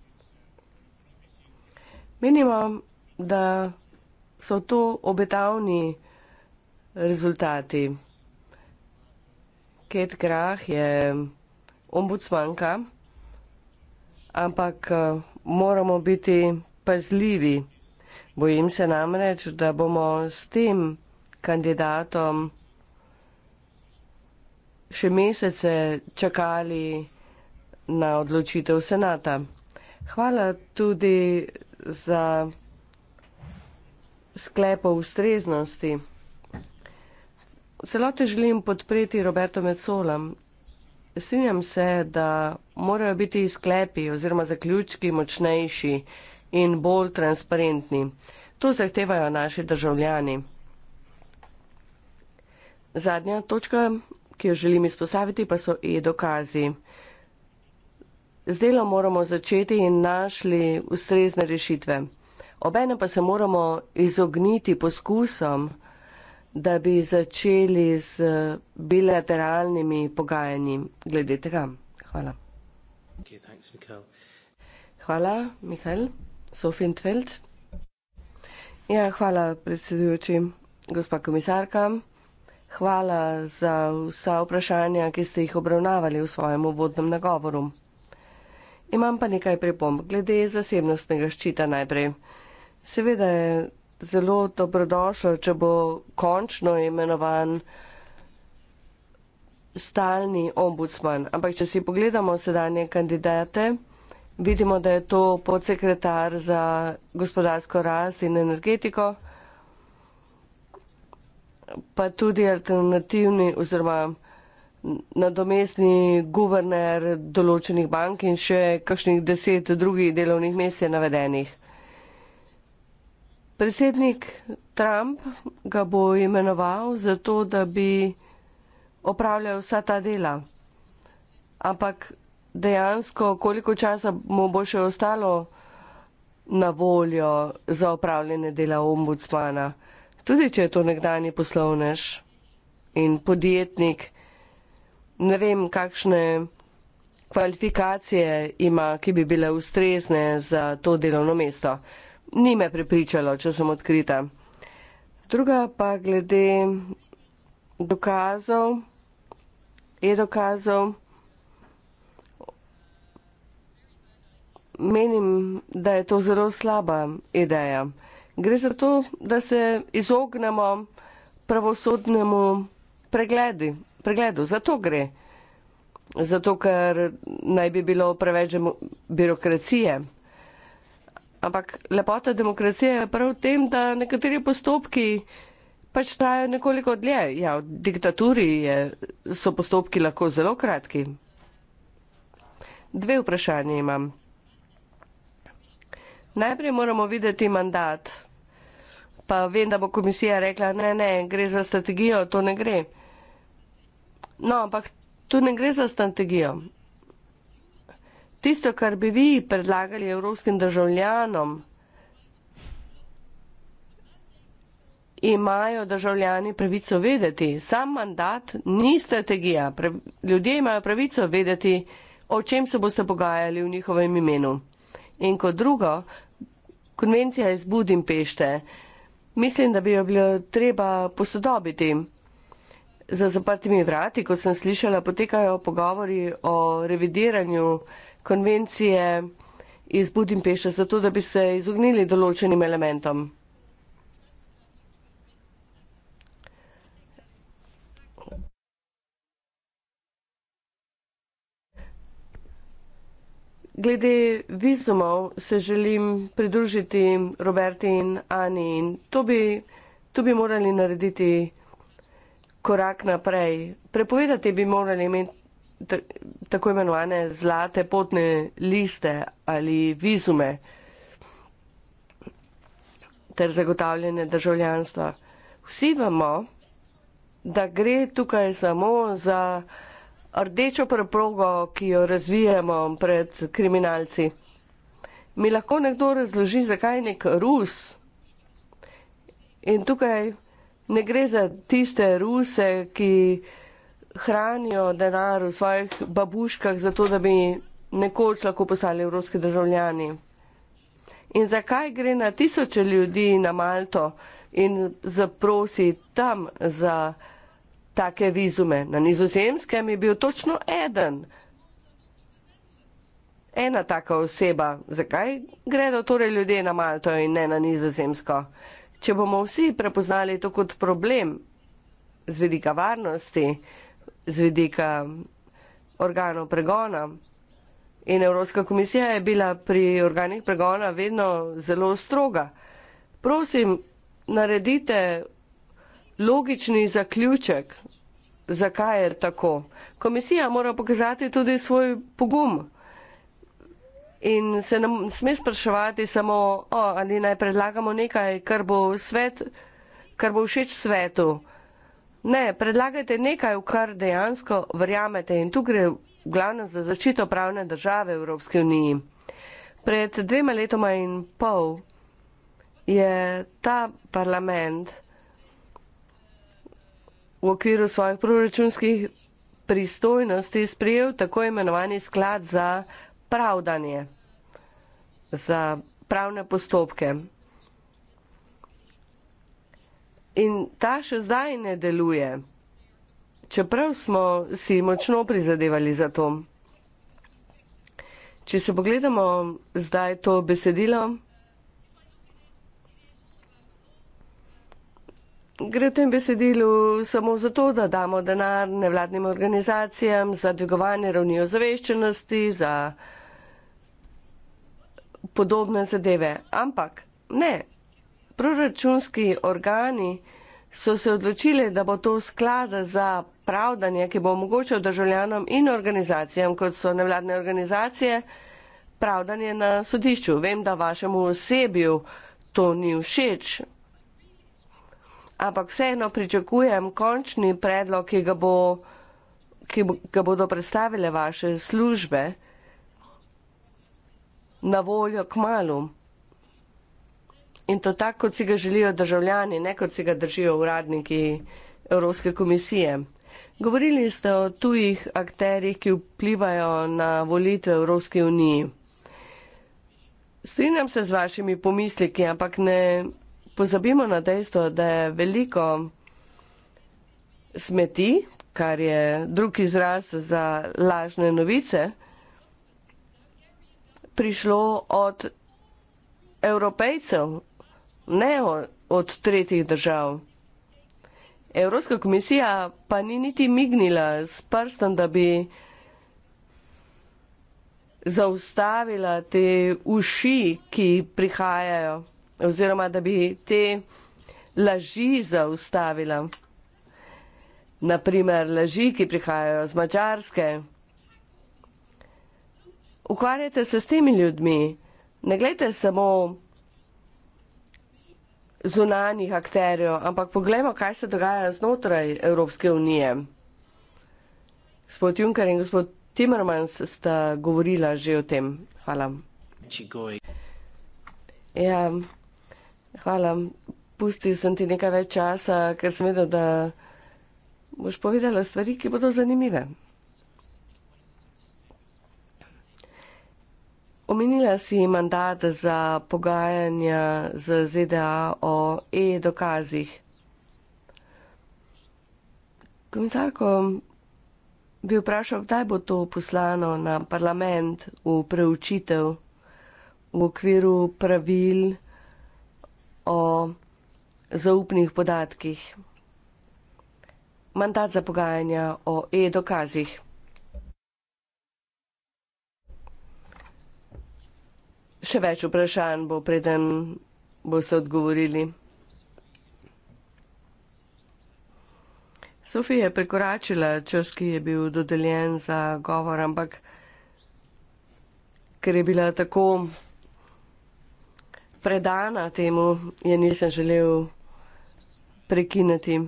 Menimo, da so to obetavni rezultati. Kate Grah je ombudsmanka, ampak eh, moramo biti pazljivi. Bojim se namreč, da bomo s tem kandidatom še mesece čakali na odločitev senata. Hvala tudi za sklepo ustreznosti. Celote želim podpreti Roberto Mecolam. Strinjam se, da morajo biti sklepi oziroma zaključki močnejši in bolj transparentni. To zahtevajo naši državljani. Zadnja točka, ki jo želim izpostaviti, pa so e-dokazi. Z delom moramo začeti in našli ustrezne rešitve. Obenem pa se moramo izogniti poskusom, da bi začeli z bilateralnimi pogajanji glede tega. Hvala. Hvala, Mihajl. Sofintveld. Ja, hvala, predsedujoči, gospa komisarka. Hvala za vsa vprašanja, ki ste jih obravnavali v svojem uvodnem nagovoru. Imam pa nekaj pripomb glede zasebnostnega ščita najprej. Seveda je zelo dobrodošel, če bo končno imenovan stalni ombudsman. Ampak, če si pogledamo sedanje kandidate, vidimo, da je to podsekretar za gospodarsko rast in energetiko, pa tudi alternativni oziroma nadomestni guverner določenih bank in še kakšnih deset drugih delovnih mest je navedenih. Predsednik Trump ga bo imenoval zato, da bi opravljal vsa ta dela. Ampak dejansko, koliko časa mu bo še ostalo na voljo za opravljene dela ombudsmana, tudi če je to nekdani poslovnež in podjetnik, ne vem, kakšne kvalifikacije ima, ki bi bile ustrezne za to delovno mesto. Ni me prepričalo, če sem odkrita. Druga pa glede dokazov, e-dokazov. Menim, da je to zelo slaba ideja. Gre za to, da se izognemo pravosodnemu pregledu pregledu. Zato gre. Zato, ker naj bi bilo preveč birokracije. Ampak lepota demokracije je prav v tem, da nekateri postopki pač trajajo nekoliko dlje. Ja, v diktaturi je, so postopki lahko zelo kratki. Dve vprašanje imam. Najprej moramo videti mandat. Pa vem, da bo komisija rekla, ne, ne, gre za strategijo, to ne gre. No, ampak tu ne gre za strategijo. Tisto, kar bi vi predlagali evropskim državljanom, imajo državljani pravico vedeti. Sam mandat ni strategija. Pre ljudje imajo pravico vedeti, o čem se boste pogajali v njihovem imenu. In kot drugo, konvencija iz Budimpešte. Mislim, da bi jo bilo treba posodobiti za zaprtimi vrati, kot sem slišala, potekajo pogovori o revidiranju konvencije iz Budimpešte, zato da bi se izognili določenim elementom. Glede vizumov se želim pridružiti Roberti in Ani in to bi, to bi morali narediti korak naprej. Prepovedati bi morali imeti tako imenovane zlate potne liste ali vizume ter zagotavljanje državljanstva. Vsi vemo, da gre tukaj samo za rdečo preprogo, ki jo razvijamo pred kriminalci. Mi lahko nekdo razloži, zakaj nek Rus in tukaj ne gre za tiste ruse, ki hranijo denar v svojih babuškah, zato da bi nekoč lahko postali evropski državljani. In zakaj gre na tisoče ljudi na Malto in zaprosi tam za take vizume? Na nizozemskem je bil točno eden. Ena taka oseba. Zakaj gredo torej ljudje na Malto in ne na nizozemsko? Če bomo vsi prepoznali to kot problem z vedika varnosti, z vedika organov pregona, in Evropska komisija je bila pri organih pregona vedno zelo stroga, prosim, naredite logični zaključek, zakaj je tako. Komisija mora pokazati tudi svoj pogum in se nam sme spraševati samo, o, ali naj predlagamo nekaj, kar bo, svet, kar bo všeč svetu. Ne, predlagajte nekaj, v kar dejansko verjamete in tu gre glavno za zaščito pravne države Evropske unije. Pred dvema letoma in pol je ta parlament v okviru svojih proračunskih pristojnosti sprejel tako imenovani sklad za pravdanje za pravne postopke. In ta še zdaj ne deluje, čeprav smo si močno prizadevali za to. Če se pogledamo zdaj to besedilo, gre v tem besedilu samo zato, da damo denar nevladnim organizacijam za dvigovanje ravni ozaveščenosti, za podobne zadeve. Ampak ne, proračunski organi so se odločili, da bo to sklad za pravdanje, ki bo omogočal državljanom in organizacijam, kot so nevladne organizacije, pravdanje na sodišču. Vem, da vašemu osebju to ni všeč. Ampak vseeno pričakujem končni predlog, ki ga, bo, ki ga bodo predstavile vaše službe na voljo k malu. In to tako, kot si ga želijo državljani, ne kot si ga držijo uradniki Evropske komisije. Govorili ste o tujih akterjih, ki vplivajo na volitve Evropske unije. Strinjam se z vašimi pomisliki, ampak ne pozabimo na dejstvo, da je veliko smeti, kar je drugi izraz za lažne novice, prišlo od evropejcev, ne od tretjih držav. Evropska komisija pa ni niti mignila s prstom, da bi zaustavila te uši, ki prihajajo, oziroma da bi te laži zaustavila. Naprimer, laži, ki prihajajo z Mačarske ukvarjate se s temi ljudmi, ne gledajte samo zunanjih akterjev, ampak poglejmo, kaj se dogaja znotraj Evropske unije. Gospod Juncker in gospod Timmermans sta govorila že o tem. Hvala. Ja, hvala. Pustil sem ti nekaj več časa, ker sem vedel, da boš povedala stvari, ki bodo zanimive. Omenila si mandat za pogajanja z ZDA o e-dokazih. Komisarko bi vprašal, kdaj bo to poslano na parlament v preučitev v okviru pravil o zaupnih podatkih. Mandat za pogajanja o e-dokazih. še več vprašanj bo, preden boste odgovorili. Sofija je prekoračila čas, ki je bil dodeljen za govor, ampak ker je bila tako predana temu, je nisem želel prekinati.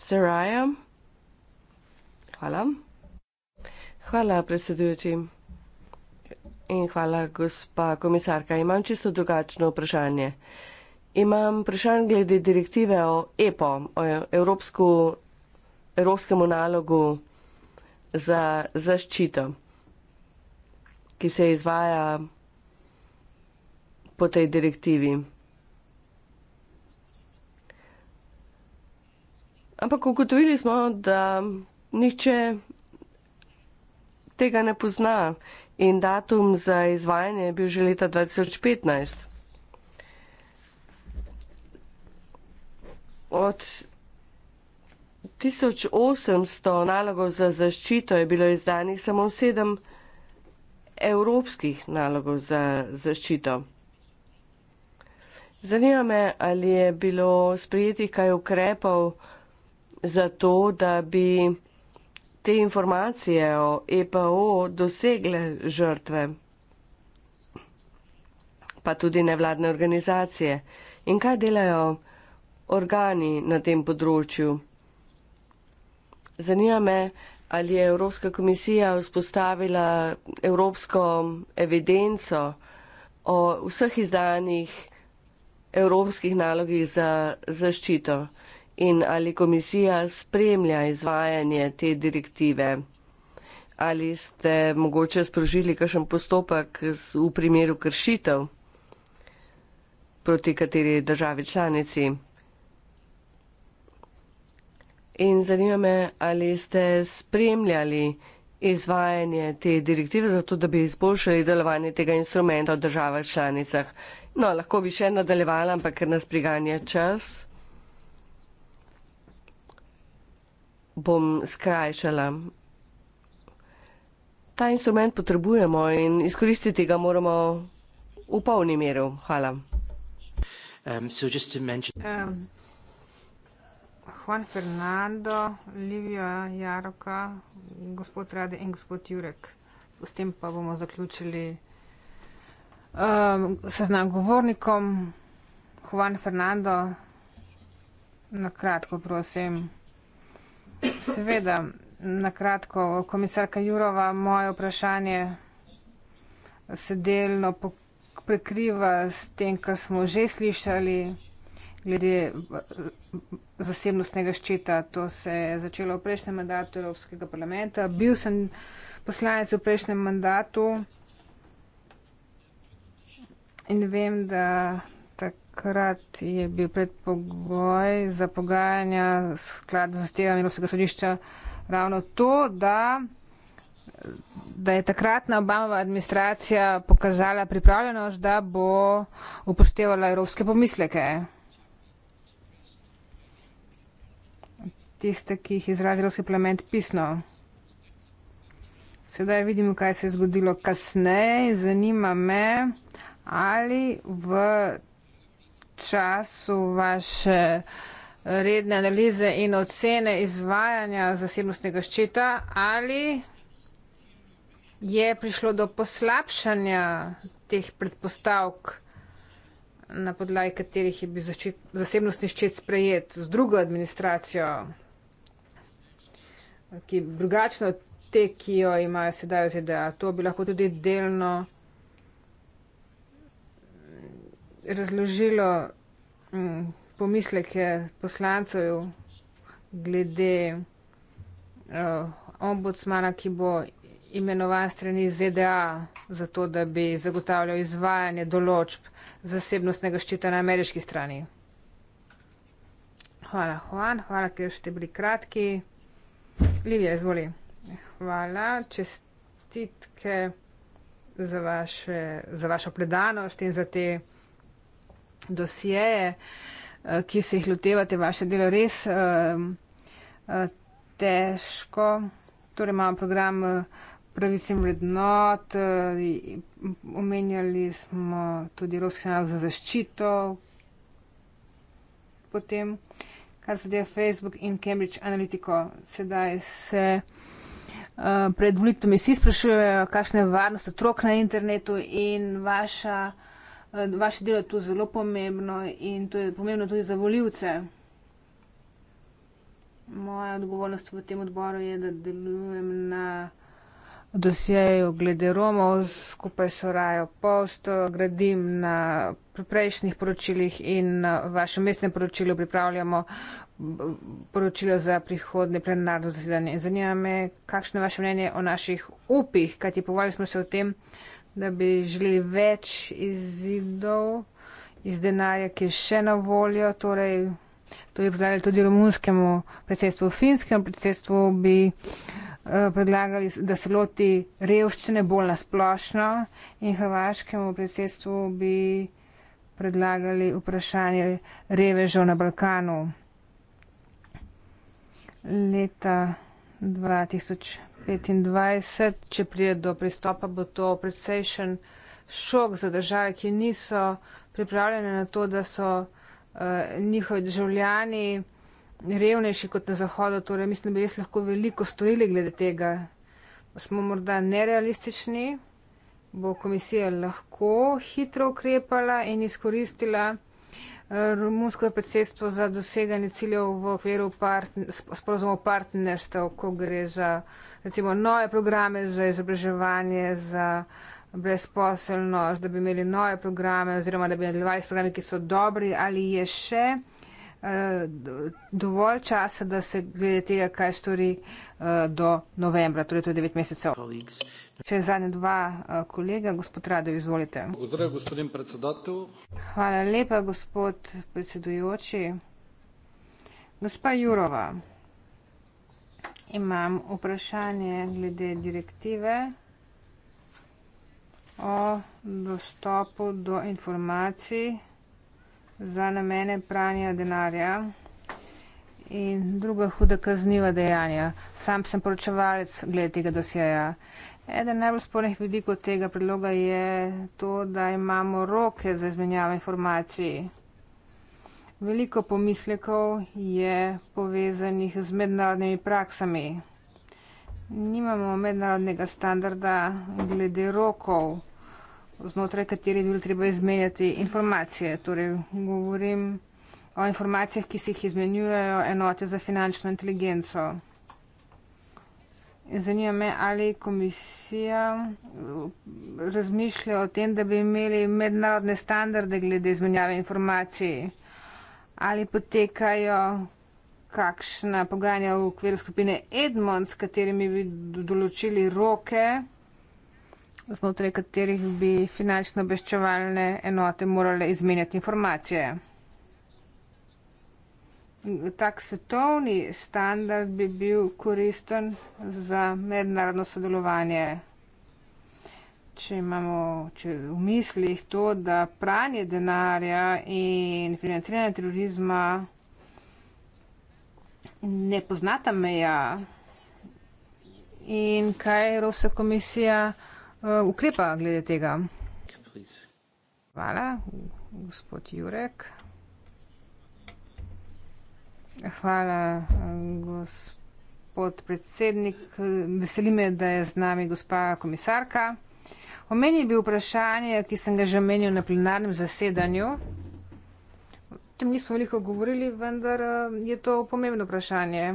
Saraja, hvala. Hvala, predsedujoči. In hvala, gospa komisarka. Imam čisto drugačno vprašanje. Imam vprašanje glede direktive o EPO, o Evropsku, Evropskem nalogu za zaščito, ki se izvaja po tej direktivi. Ampak ugotovili smo, da nihče tega ne pozna in datum za izvajanje je bil že leta 2015. Od 1800 nalogov za zaščito je bilo izdanih samo 7 evropskih nalogov za zaščito. Zanima me, ali je bilo sprijeti kaj ukrepov za to, da bi te informacije o EPO dosegle žrtve, pa tudi nevladne organizacije. In kaj delajo organi na tem področju? Zanima me, ali je Evropska komisija vzpostavila evropsko evidenco o vseh izdanih evropskih nalogih za zaščito in ali komisija spremlja izvajanje te direktive? Ali ste mogoče sprožili kakšen postopek v primeru kršitev proti kateri državi članici? In zanima me, ali ste spremljali izvajanje te direktive, zato da bi izboljšali delovanje tega instrumenta v državah članicah. No, lahko bi še nadaljevala, ampak ker nas priganja čas. bom skrajšala. Ta instrument potrebujemo in izkoristiti ga moramo v polni meri. Hvala. Um, Juan Fernando, Livija Jaroka, gospod Rade in gospod Jurek. S tem pa bomo zaključili um, seznam govornikom. Juan Fernando, na kratko prosim. Seveda, na kratko, komisarka Jurova, moje vprašanje se delno prekriva s tem, kar smo že slišali glede eh, zasebnostnega ščita. To se je začelo v prejšnjem mandatu Evropskega parlamenta. Bil sem poslanec v prejšnjem mandatu in vem, da takrat je bil predpogoj za pogajanja sklad za zahtevami Evropskega sodišča ravno to, da, da je takratna Obamova administracija pokazala pripravljenost, da bo upoštevala evropske pomisleke. Tiste, ki jih izrazi Evropski parlament pisno. Sedaj vidimo, kaj se je zgodilo kasneje. Zanima me, ali v času vaše redne analize in ocene izvajanja zasebnostnega ščita ali je prišlo do poslabšanja teh predpostavk, na podlagi katerih je bil zasebnostni ščit sprejet z drugo administracijo, ki je drugačna od te, ki jo imajo sedaj v ZDA. To bi lahko tudi delno. razložilo m, mm, pomisleke poslancev glede uh, ombudsmana, ki bo imenovan strani ZDA za to, da bi zagotavljal izvajanje določb zasebnostnega ščita na ameriški strani. Hvala, Juan, hvala, ker ste bili kratki. Livija, izvoli. Hvala, čestitke za, vaše, za vašo predanost in za te dosjeje, eh, ki se jih lotevate, vaše delo res eh, eh, težko. Torej imamo program pravic in vrednot, omenjali smo tudi Evropski nalog za zaščito, potem, kar se deje Facebook in Cambridge Analytico, sedaj se pred volitvami vsi sprašujejo, kakšna je varnost otrok na internetu in vaša Eh, vaše delo je tu zelo pomembno in to je pomembno tudi za voljivce. Moja odgovornost v tem odboru je, da delujem na dosjeju glede Romov, skupaj so rajo post, gradim na prejšnjih poročilih in vaše mestne poročilo pripravljamo poročilo za prihodne plenarno zasedanje. Zanima me, kakšno je vaše mnenje o naših upih, kajti povali smo se o tem, da bi želeli več izidov iz denarja, ki je še na voljo. Torej, to je predlagali tudi romunskemu predsedstvu, finskemu predsedstvu bi uh, predlagali, da se loti revščine bolj nasplošno in hrvaškemu predsedstvu bi predlagali vprašanje revežev na Balkanu. Leta 2000. 25, če prije do pristopa, bo to precejšen šok za države, ki niso pripravljene na to, da so uh, njihovi državljani revnejši kot na Zahodu. Torej, mislim, da bi res lahko veliko storili glede tega. Smo morda nerealistični, bo komisija lahko hitro ukrepala in izkoristila romunsko predsedstvo za doseganje ciljev v okviru sporozumov partn partnerstev, ko gre za recimo nove programe za izobraževanje, za brezposelnost, da bi imeli nove programe oziroma da bi nadaljevali s programi, ki so dobri, ali je še eh, dovolj časa, da se glede tega, kaj stori eh, do novembra, torej to je devet mesecev. Kolegi. Še zadnja dva eh, kolega, gospod Rado, izvolite. Pozdrav, gospodin predsedatelj. Hvala lepa, gospod predsedujoči. Gospa Jurova, imam vprašanje glede direktive o dostopu do informacij za namene pranja denarja in druga huda kazniva dejanja. Sam sem poročevalec glede tega dosjeja Eden najbolj spornih vidikov tega predloga je to, da imamo roke za izmenjavo informacij. Veliko pomislekov je povezanih z mednarodnimi praksami. Nimamo mednarodnega standarda glede rokov, znotraj katerih bi bilo treba izmenjati informacije. Torej, govorim o informacijah, ki se jih izmenjujejo enote za finančno inteligenco. Zanima me, ali komisija uh, razmišlja o tem, da bi imeli mednarodne standarde glede izmenjave informacij, ali potekajo kakšna pogajanja v okviru skupine Edmond, s katerimi bi določili roke, znotraj katerih bi finančno obveščevalne enote morale izmenjati informacije tak svetovni standard bi bil koristen za mednarodno sodelovanje. Če imamo če v mislih to, da pranje denarja in financiranje terorizma ne poznata meja in kaj Evropska komisija uh, ukrepa glede tega. Hvala, gospod Jurek. Hvala, gospod predsednik. Veseli me, da je z nami gospa komisarka. Omeni bi vprašanje, ki sem ga že omenil na plenarnem zasedanju. O tem nismo veliko govorili, vendar je to pomembno vprašanje.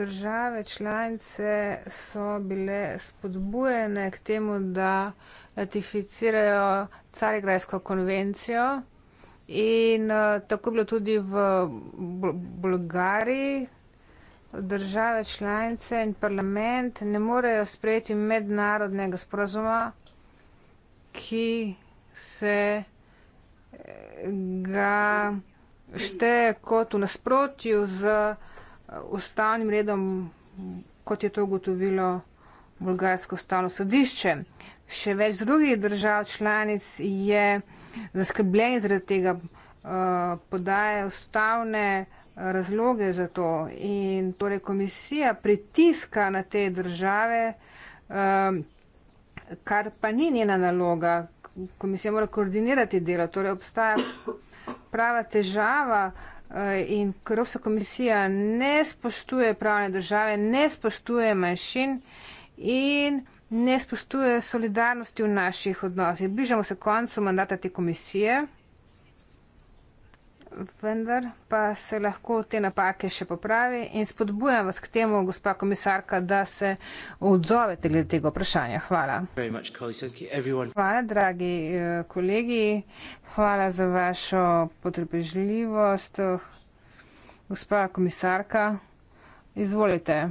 Države članice so bile spodbujene k temu, da ratificirajo Carigrajsko konvencijo In uh, tako je bilo tudi v Bl Bolgariji. Države članice in parlament ne morejo sprejeti mednarodnega sporazuma, ki se eh, ga šteje kot v nasprotju z eh, ustavnim redom, kot je to ugotovilo bolgarsko ustavno sodišče še več drugih držav članic je zaskrbljen zaradi tega, eh, podaje ustavne eh, razloge za to in torej komisija pritiska na te države, eh, kar pa ni njena naloga. Komisija mora koordinirati delo, torej obstaja prava težava in Evropska komisija ne spoštuje pravne države, ne spoštuje manjšin in ne spoštuje solidarnosti v naših odnosih. Bližamo se koncu mandata te komisije, vendar pa se lahko te napake še popravi in spodbujam vas k temu, gospa komisarka, da se odzovete glede tega vprašanja. Hvala. Hvala, dragi eh, kolegi. Hvala za vašo potrpežljivost. Gospa komisarka, izvolite.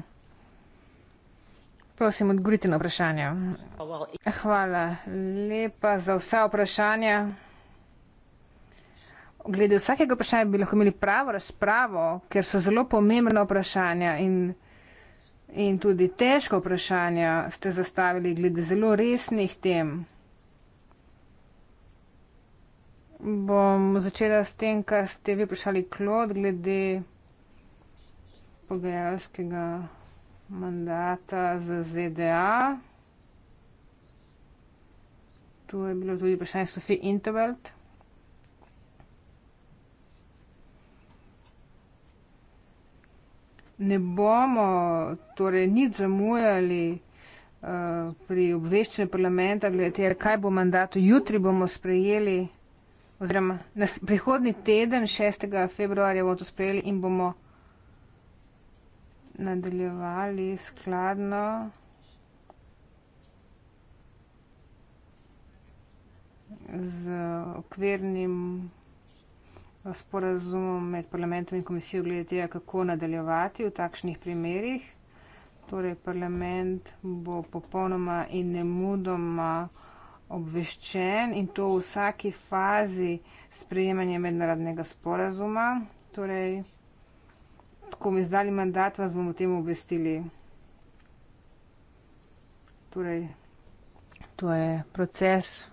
Prosim, odgovorite na vprašanje. Hvala lepa za vsa vprašanja. Glede vsakega vprašanja bi lahko imeli pravo razpravo, ker so zelo pomembna vprašanja in, in tudi težko vprašanja ste zastavili glede zelo resnih tem. Bom začela s tem, kar ste vi vprašali, Klod, glede pogajalskega mandata za ZDA. Tu je bilo tudi vprašanje Sofije Intervalt. Ne bomo torej nič zamujali uh, pri obveščanju parlamenta, glede tega, kaj bo mandato. Jutri bomo sprejeli, oziroma prihodni teden, 6. februarja, bomo to sprejeli in bomo nadaljevali skladno z okvirnim sporazumom med parlamentom in komisijo glede tega, kako nadaljevati v takšnih primerih. Torej, parlament bo popolnoma in nemudoma obveščen in to v vsaki fazi sprejemanja mednarodnega sporazuma. Torej, ko mi zdali mandat, vas bomo o tem obvestili. Torej, to je proces,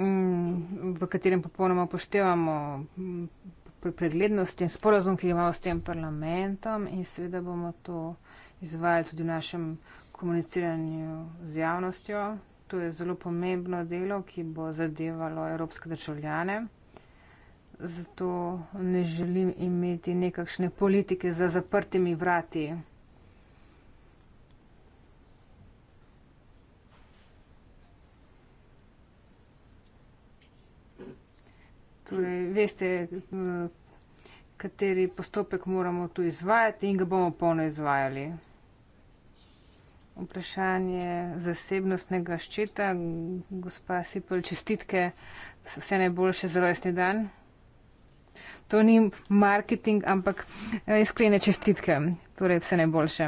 mm, v katerem popolnoma poštevamo mm, preglednost in sporozum, ki ga imamo s tem parlamentom in seveda bomo to izvajali tudi v našem komuniciranju z javnostjo. To je zelo pomembno delo, ki bo zadevalo evropske državljane zato ne želim imeti nekakšne politike za zaprtimi vrati. Torej, veste, kateri postopek moramo tu izvajati in ga bomo polno izvajali. Vprašanje zasebnostnega ščeta. Gospa Sipel, čestitke, vse najboljše za rojstni dan. To ni marketing, ampak eh, iskrene čestitke. Torej vse najboljše.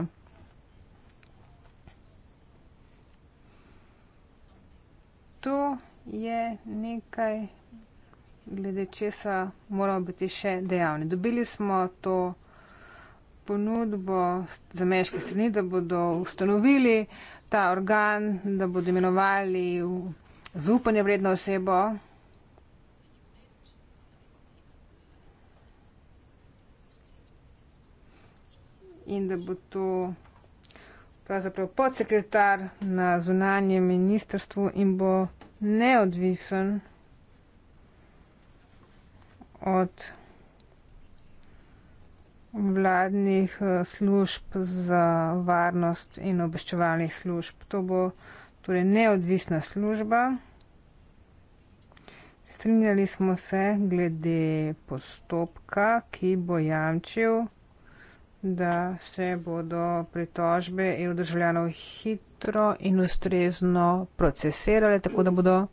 To je nekaj, glede česa moramo biti še dejavni. Dobili smo to ponudbo za meške strani, da bodo ustanovili ta organ, da bodo imenovali zaupanje vredno osebo. in da bo to pravzaprav podsekretar na zunanje ministrstvo in bo neodvisen od vladnih eh, služb za varnost in obveščevalnih služb. To bo torej neodvisna služba. Strinjali smo se glede postopka, ki bo jamčil, da se bodo pritožbe EU državljanov hitro in ustrezno procesirale, tako da bodo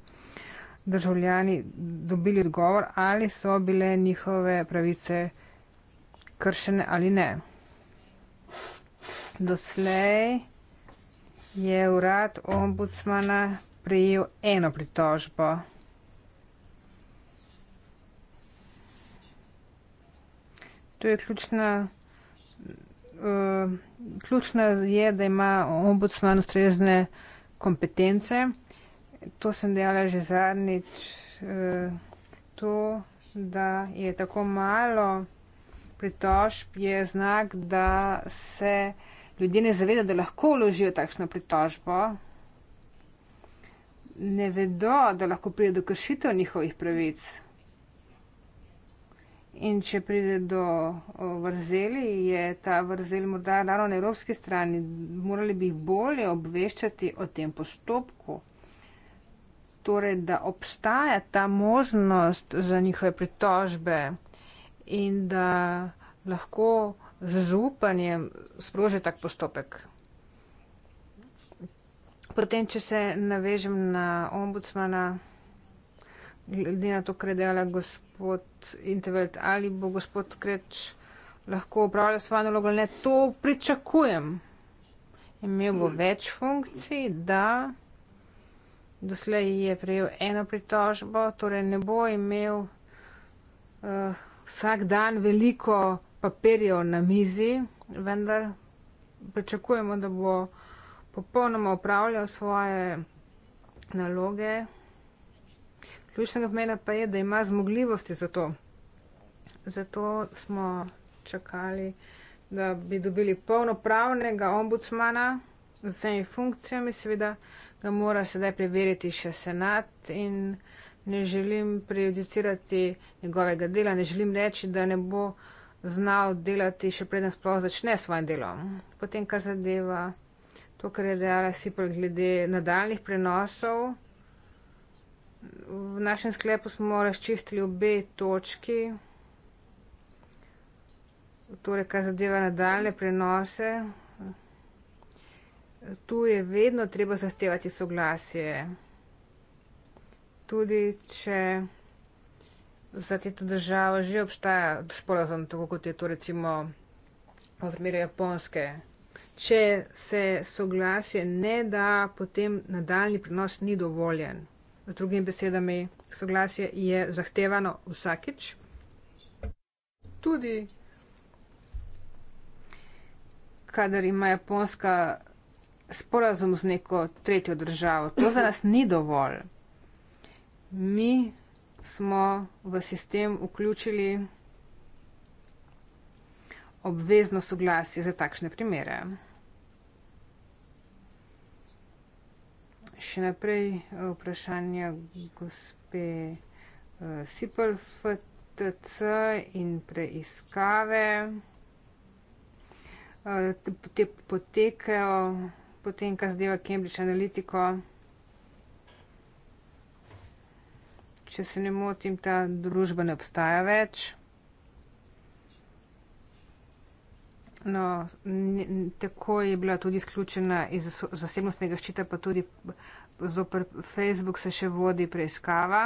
državljani dobili odgovor, ali so bile njihove pravice kršene ali ne. Doslej je urad ombudsmana prejel eno pritožbo. To je ključna uh, eh, ključna je, da ima ombudsman ustrezne kompetence. To sem dejala že zadnjič. Uh, to, da je tako malo pritožb, je znak, da se ljudje ne zavedajo, da lahko vložijo takšno pritožbo. Ne vedo, da lahko pride do kršitev njihovih pravic. In če pride do vrzeli, je ta vrzel morda ravno na evropski strani. Morali bi jih bolje obveščati o tem postopku. Torej, da obstaja ta možnost za njihove pritožbe in da lahko z zaupanjem sprožijo tak postopek. Potem, če se navežem na ombudsmana, glede na to, kar je dejala gospod gospod Intervelt, ali bo gospod Kreč lahko upravljal svojo nalogo ali ne. To pričakujem. Imel bo več funkcij, da doslej je prejel eno pritožbo, torej ne bo imel uh, vsak dan veliko papirjev na mizi, vendar pričakujemo, da bo popolnoma upravljal svoje naloge. Ključnega pomena pa je, da ima zmogljivosti za to. Zato smo čakali, da bi dobili polnopravnega ombudsmana z vsemi funkcijami, seveda ga mora sedaj preveriti še senat in ne želim prejudicirati njegovega dela, ne želim reči, da ne bo znal delati še preden sploh začne svojim delom. Potem, kar zadeva to, kar je dejala Sipel glede nadaljnih prenosov v našem sklepu smo razčistili obe točki, torej kar zadeva nadaljne prenose. Tu je vedno treba zahtevati soglasje. Tudi če za to državo že obstaja sporazum, tako kot je to recimo v primeru Japonske. Če se soglasje ne da, potem nadaljni prenos ni dovoljen z drugimi besedami, soglasje je zahtevano vsakič. Tudi, kadar ima Japonska sporazum z neko tretjo državo, to za nas ni dovolj. Mi smo v sistem vključili obvezno soglasje za takšne primere. še naprej eh, vprašanja gospe uh, eh, Sipel FTC in preiskave. Eh, te potekajo potem, kar zdaj v Cambridge Analytico. Če se ne motim, ta družba ne obstaja več. No, tako je bila tudi izključena iz zasebnostnega ščita, pa tudi zoper Facebook se še vodi preiskava.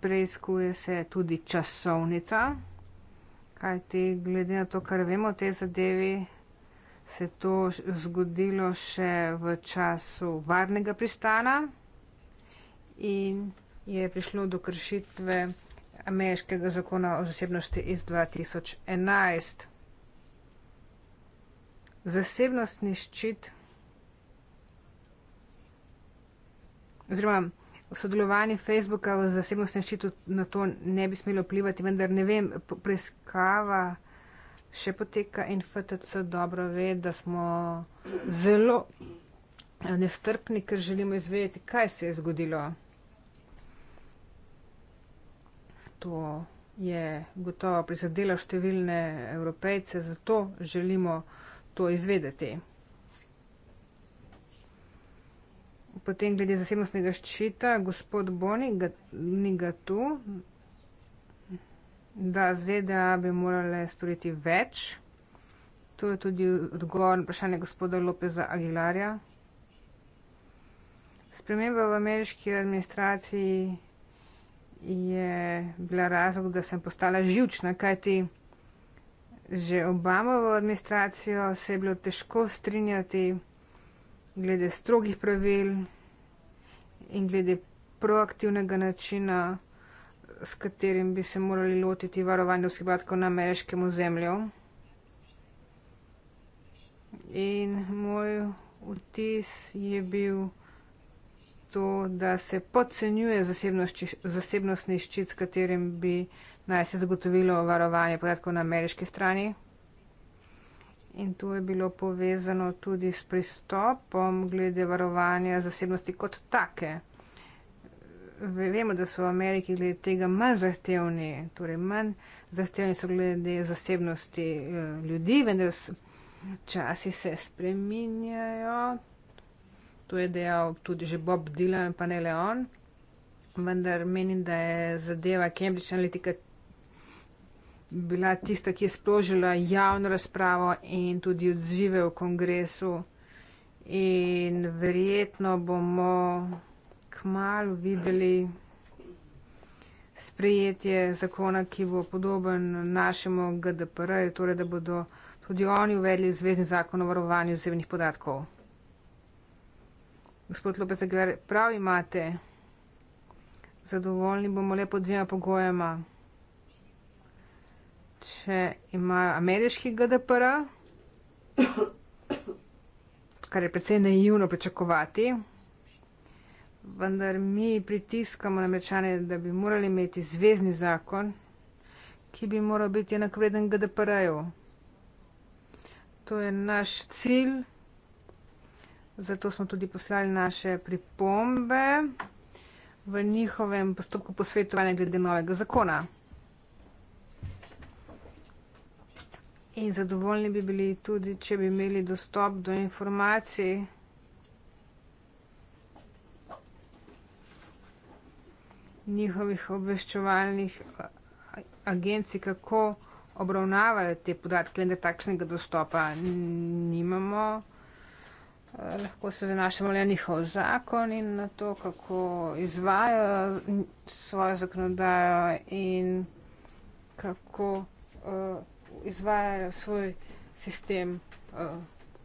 Preiskuje se tudi časovnica, kajti glede na to, kar vemo o tej zadevi, se je to zgodilo še v času varnega pristana in je prišlo do kršitve ameriškega zakona o zasebnosti iz 2011. Zasebnostni ščit oziroma sodelovanje Facebooka v zasebnostnem ščitu na to ne bi smelo vplivati, vendar ne vem, preiskava še poteka in FTC dobro ve, da smo zelo nestrpni, ker želimo izvedeti, kaj se je zgodilo. To je gotovo prizadelo številne evropejce, zato želimo to izvedeti. Potem glede zasebnostnega ščita, gospod Boni, ga, ni ga tu, da ZDA bi morale storiti več. To je tudi odgovor na vprašanje gospoda Lopeza Aguilarja. Sprememba v ameriški administraciji je bila razlog, da sem postala živčna, kajti že Obamovo administracijo se je bilo težko strinjati glede strogih pravil in glede proaktivnega načina, s katerim bi se morali lotiti varovanja vseh podatkov na ameriškem ozemlju. In moj vtis je bil, to, da se podcenjuje zasebnostni ščit, s katerim bi naj se zagotovilo varovanje podatkov na ameriški strani. In to je bilo povezano tudi s pristopom glede varovanja zasebnosti kot take. Vemo, da so v Ameriki glede tega manj zahtevni, torej manj zahtevni so glede zasebnosti eh, ljudi, vendar časi se spreminjajo, To je dejal tudi že Bob Dylan, pa ne le on. Vendar menim, da je zadeva Cambridge Analytica bila tista, ki je sprožila javno razpravo in tudi odzive v kongresu. In verjetno bomo kmalo videli sprejetje zakona, ki bo podoben našemu GDPR, torej da bodo tudi oni uvedli zvezni zakon o varovanju osebnih podatkov. Gospod Lopez Aguilar, prav imate, zadovoljni bomo le pod dvema pogojema. Če imajo ameriški GDPR, kar je predvsej naivno pričakovati, vendar mi pritiskamo na mečane, da bi morali imeti zvezdni zakon, ki bi moral biti enakovreden GDPR-ju. To je naš cilj zato smo tudi poslali naše pripombe v njihovem postopku posvetovanja glede novega zakona. In zadovoljni bi bili tudi, če bi imeli dostop do informacij, njihovih obveščevalnih agencij, kako obravnavajo te podatke, vendar takšnega dostopa nimamo. Eh, lahko se zanašamo le na njihov zakon in na to, kako izvajo svojo zakonodajo in kako uh, izvajajo svoj sistem uh,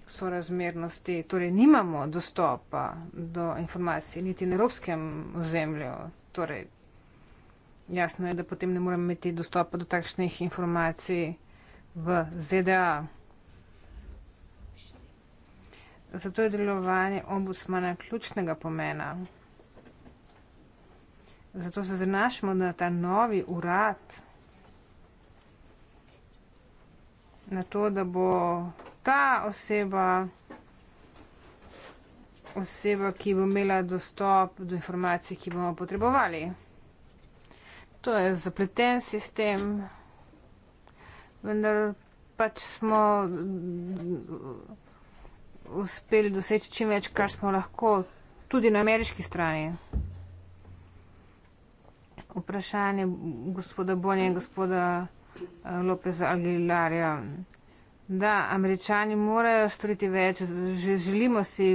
sorazmernosti. Torej, nimamo dostopa do informacij niti na evropskem ozemlju. Torej, jasno je, da potem ne moremo imeti dostopa do takšnih informacij v ZDA. Zato je delovanje ombudsmana ključnega pomena. Zato se zanašamo na ta novi urad, na to, da bo ta oseba, oseba, ki bo imela dostop do informacij, ki bomo potrebovali. To je zapleten sistem, vendar pač smo uspeli doseči čim več, kar smo lahko tudi na ameriški strani. Vprašanje gospoda Bonja in gospoda eh, Lopeza Aguilarja. Da, američani morajo storiti več, želimo si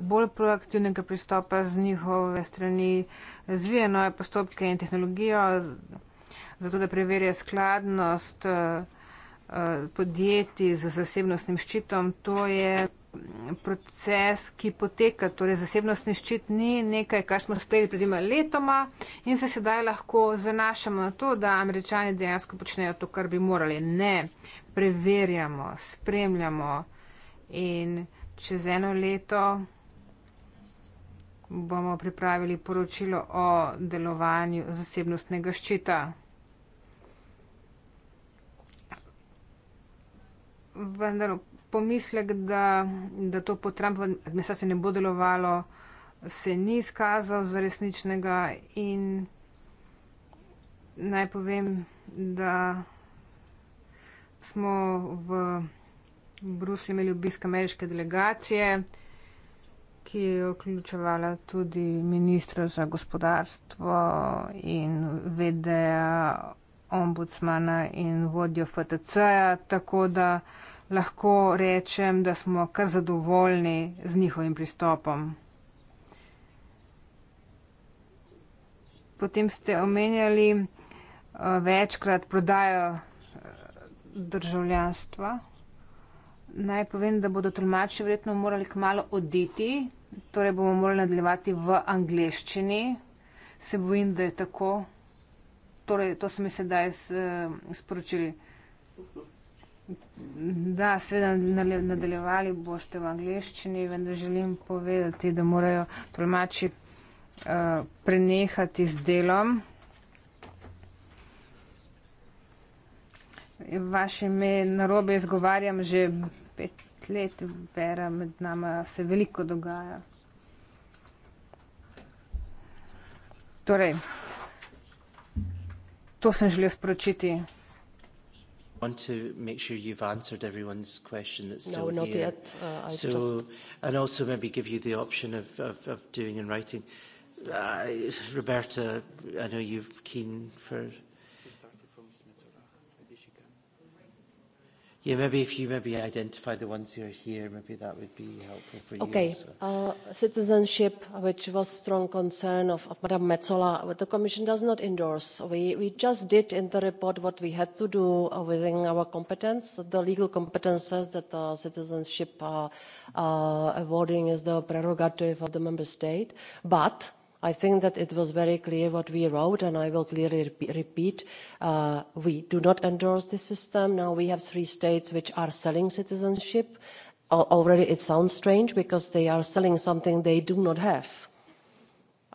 bolj proaktivnega pristopa z njihove strani, razvijajo nove postopke in tehnologijo, zato da preverijo skladnost eh, eh, podjetij z zasebnostnim ščitom. To je proces, ki poteka. Torej, zasebnostni ščit ni nekaj, kar smo sprejeli pred dvima letoma in se sedaj lahko zanašamo na to, da američani dejansko počnejo to, kar bi morali. Ne, preverjamo, spremljamo in čez eno leto bomo pripravili poročilo o delovanju zasebnostnega ščita. Vendar pomislek, da, da to po Trumpu administraciji ne bo delovalo, se ni izkazal za resničnega in naj povem, da smo v Bruslju imeli obisk ameriške delegacije, ki je vključevala tudi ministra za gospodarstvo in vedeja ombudsmana in vodjo FTC-ja, tako da lahko rečem, da smo kar zadovoljni z njihovim pristopom. Potem ste omenjali eh, večkrat prodajo eh, državljanstva. Naj povem, da bodo tolmači verjetno morali kmalo oditi, torej bomo morali nadaljevati v angleščini. Se bojim, da je tako. Torej, to so mi sedaj eh, sporočili. Da, seveda nadaljevali boste v angliščini, vendar želim povedati, da morajo tolmači uh, prenehati z delom. Vaše ime narobe izgovarjam že pet let, vera med nama se veliko dogaja. Torej, to sem želel sporočiti want to make sure you've answered everyone's question that's no, still here. No, not here. yet. Uh, I so, just... And also maybe give you the option of, of, of doing in writing. Uh, Roberta, I know you're keen for... Yeah, maybe if you maybe identify the ones who are here, maybe that would be helpful for okay. you. Okay, well. uh, citizenship, which was strong concern of, of Madame Metzola, but the Commission does not endorse. We we just did in the report what we had to do uh, within our competence, the legal competences that uh, citizenship uh, uh, awarding is the prerogative of the member state, but i think that it was very clear what we wrote and i will clearly repeat uh, we do not endorse this system. now we have three states which are selling citizenship. already it sounds strange because they are selling something they do not have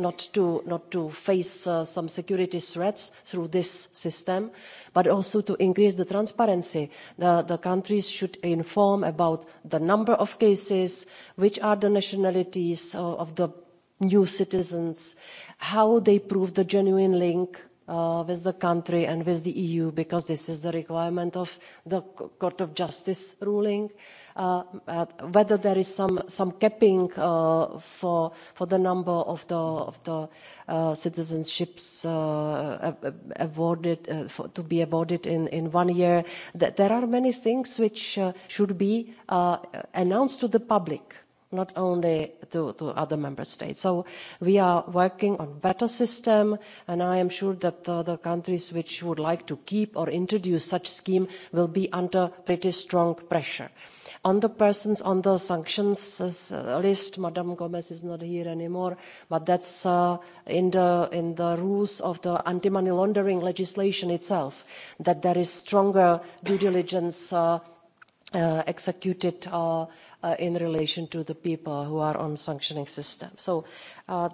not to face uh, some security threats through this system but also to increase the transparency the countries should inform about the number of cases which are the nationalities uh, of the new citizens how they prove the genuine link uh, with the country and with the eu because this is the requirement of the court of justice ruling and Uh, uh, whether there is some capping uh, for the number of citizenships to be awarded in one year. there are many things which should be announced to the public not only to other member states. so we are working on a better system and i am sure that the countries which would like to keep or introduce such a scheme will be under pretty strong pressure on the persons on the sanctions uh, list madam gomes is not here anymore but that's uh, in the rules of the anti money laundering legislation itself that there is stronger due diligence uh, executed in relation to the people who are on the sanctioning system. so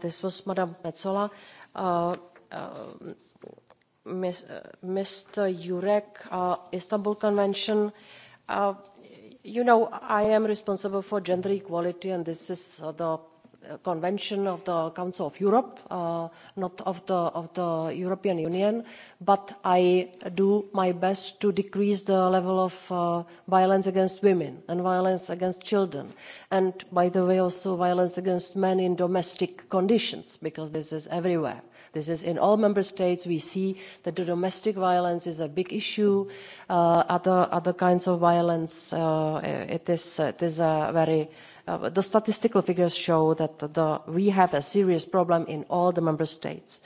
this was madam metsola. mr um, jurek istanbul convention you know i am responsible for gender equality and this is uh, the uh, convention of the council of europe uh, not of the european union but i do my best to decrease the level of violence against women and violence against children and by the way also violence against men in domestic conditions because this is everywhere this is in all member states we see that domestic violence is a big issue uh, other kinds of violence uh, it is a very uh, the statistical figures show that we have a serious problem in all the member states.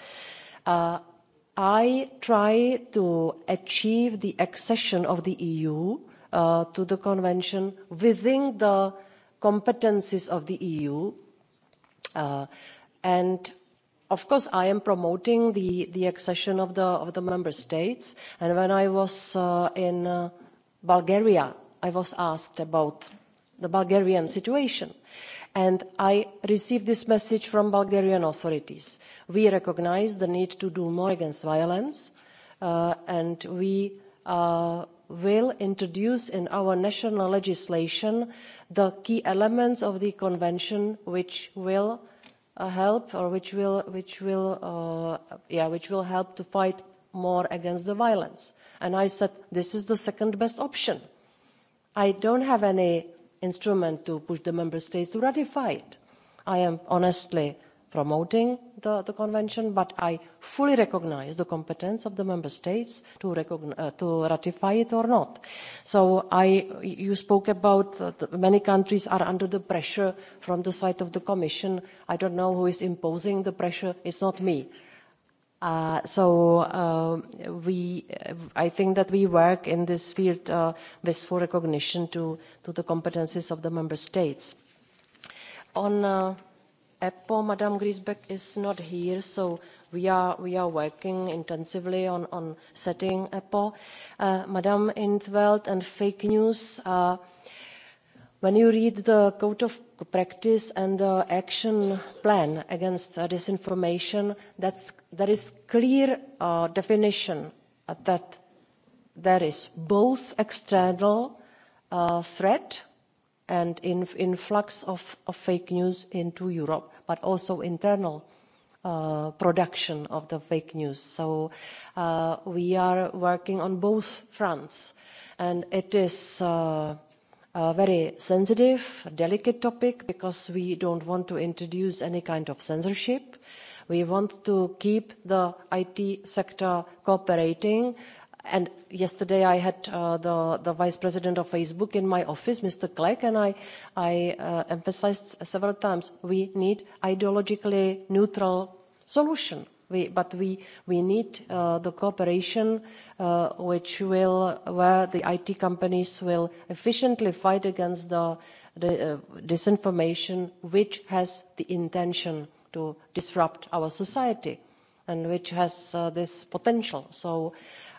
i try to achieve the accession of the eu to the convention within the competences of the eu and of course i am promoting the accession of the member states and when i was uh, in uh, bulgaria i was asked about the bulgarian situation and i received this message from bulgarian authorities we recognise the need to do more against violence uh, and we will introduce in our national legislation the key elements of the convention which will help uh, which will help to fight more against the violence and i said this is the second best option. i don't have any instrument to push the member states to ratify it. i am honestly promoting the convention but i fully recognise the competence of the member states to uh, ratify it or not. you spoke about many countries being under pressure from the side of the commission. i don't know who is imposing the pressure it's not me. Uh, so uh, i think that we work in this field with full recognition of the competences of the member states epo ms griesbeck is not here so we are working intensively on setting epo. Uh, ms in 't veld and fake news uh, when you read the code of practice and the action plan against uh, disinformation there is a clear definition that there is both external threat and an influx of fake news into europe but also internal uh, production of the fake news. so uh, we are working on both fronts and it is uh, a very sensitive delicate topic because we don't want to introduce any kind of censorship. we want to keep the it sector cooperating and yesterday i had uh, the vice president of facebook in my office mr clegg and i uh, emphasised several times that we need an ideologically neutral solution but we need uh, the cooperation where the it companies will efficiently fight against the disinformation which has the intention to disrupt our society and which has this potential. so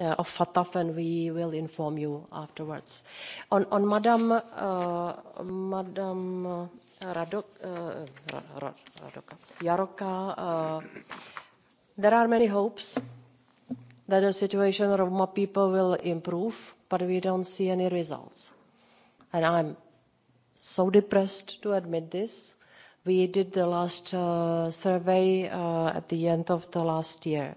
Uh, of fatf and we will inform you afterwards. on madam jrka uh, uh, there are many hopes that the situation of roma people will improve but we don't see any results and i'm so depressed to admit this. we did the last survey at the end of last year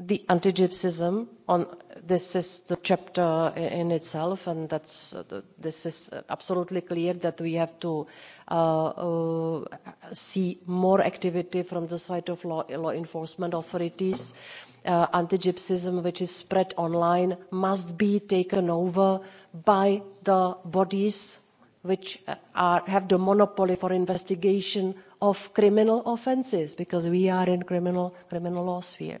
the anti gypsyism this is the chapter in itself and that's uh, this is uh, absolutely clear that we have to uh, see more activity from the side of law law enforcement authorities uh, anti gypsyism which is spread online must be taken over by the bodies which are have the monopoly for investigation of criminal offences because we are in criminal criminal law sphere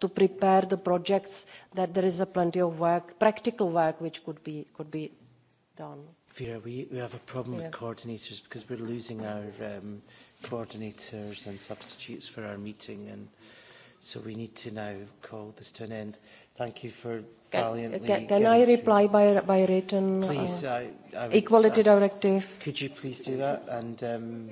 to prepare the projects that there is plenty of work practical work which could be could be done. Vera, we, we have a problem yeah. with coordinators because we're losing our um, coordinators and substitutes for our meeting and so we need to now call this to an end. Thank you for valiantly. Can, can, can I reply by, by written? Uh, please, uh, I, I would Equality ask, directive. Could you please do that? And um,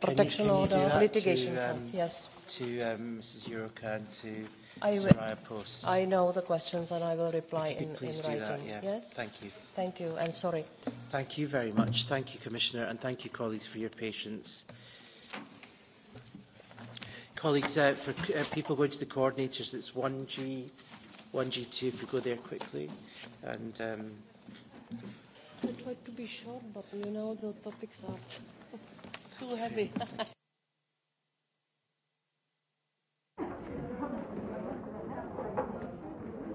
protection order, can you, can you do that litigation. To, um, yes to um, Mrs. Yurok and to Zariah Post. I know the questions and I will reply in, please in do writing. That, yeah. Yes? Thank you. Thank you and sorry. Thank you very much. Thank you, Commissioner, and thank you, colleagues, for your patience. Colleagues, uh, for uh, people going to the coordinators, it's 1G, 1G2, if we go there quickly. And um, I tried to be short, but you know the topics are [LAUGHS] too heavy.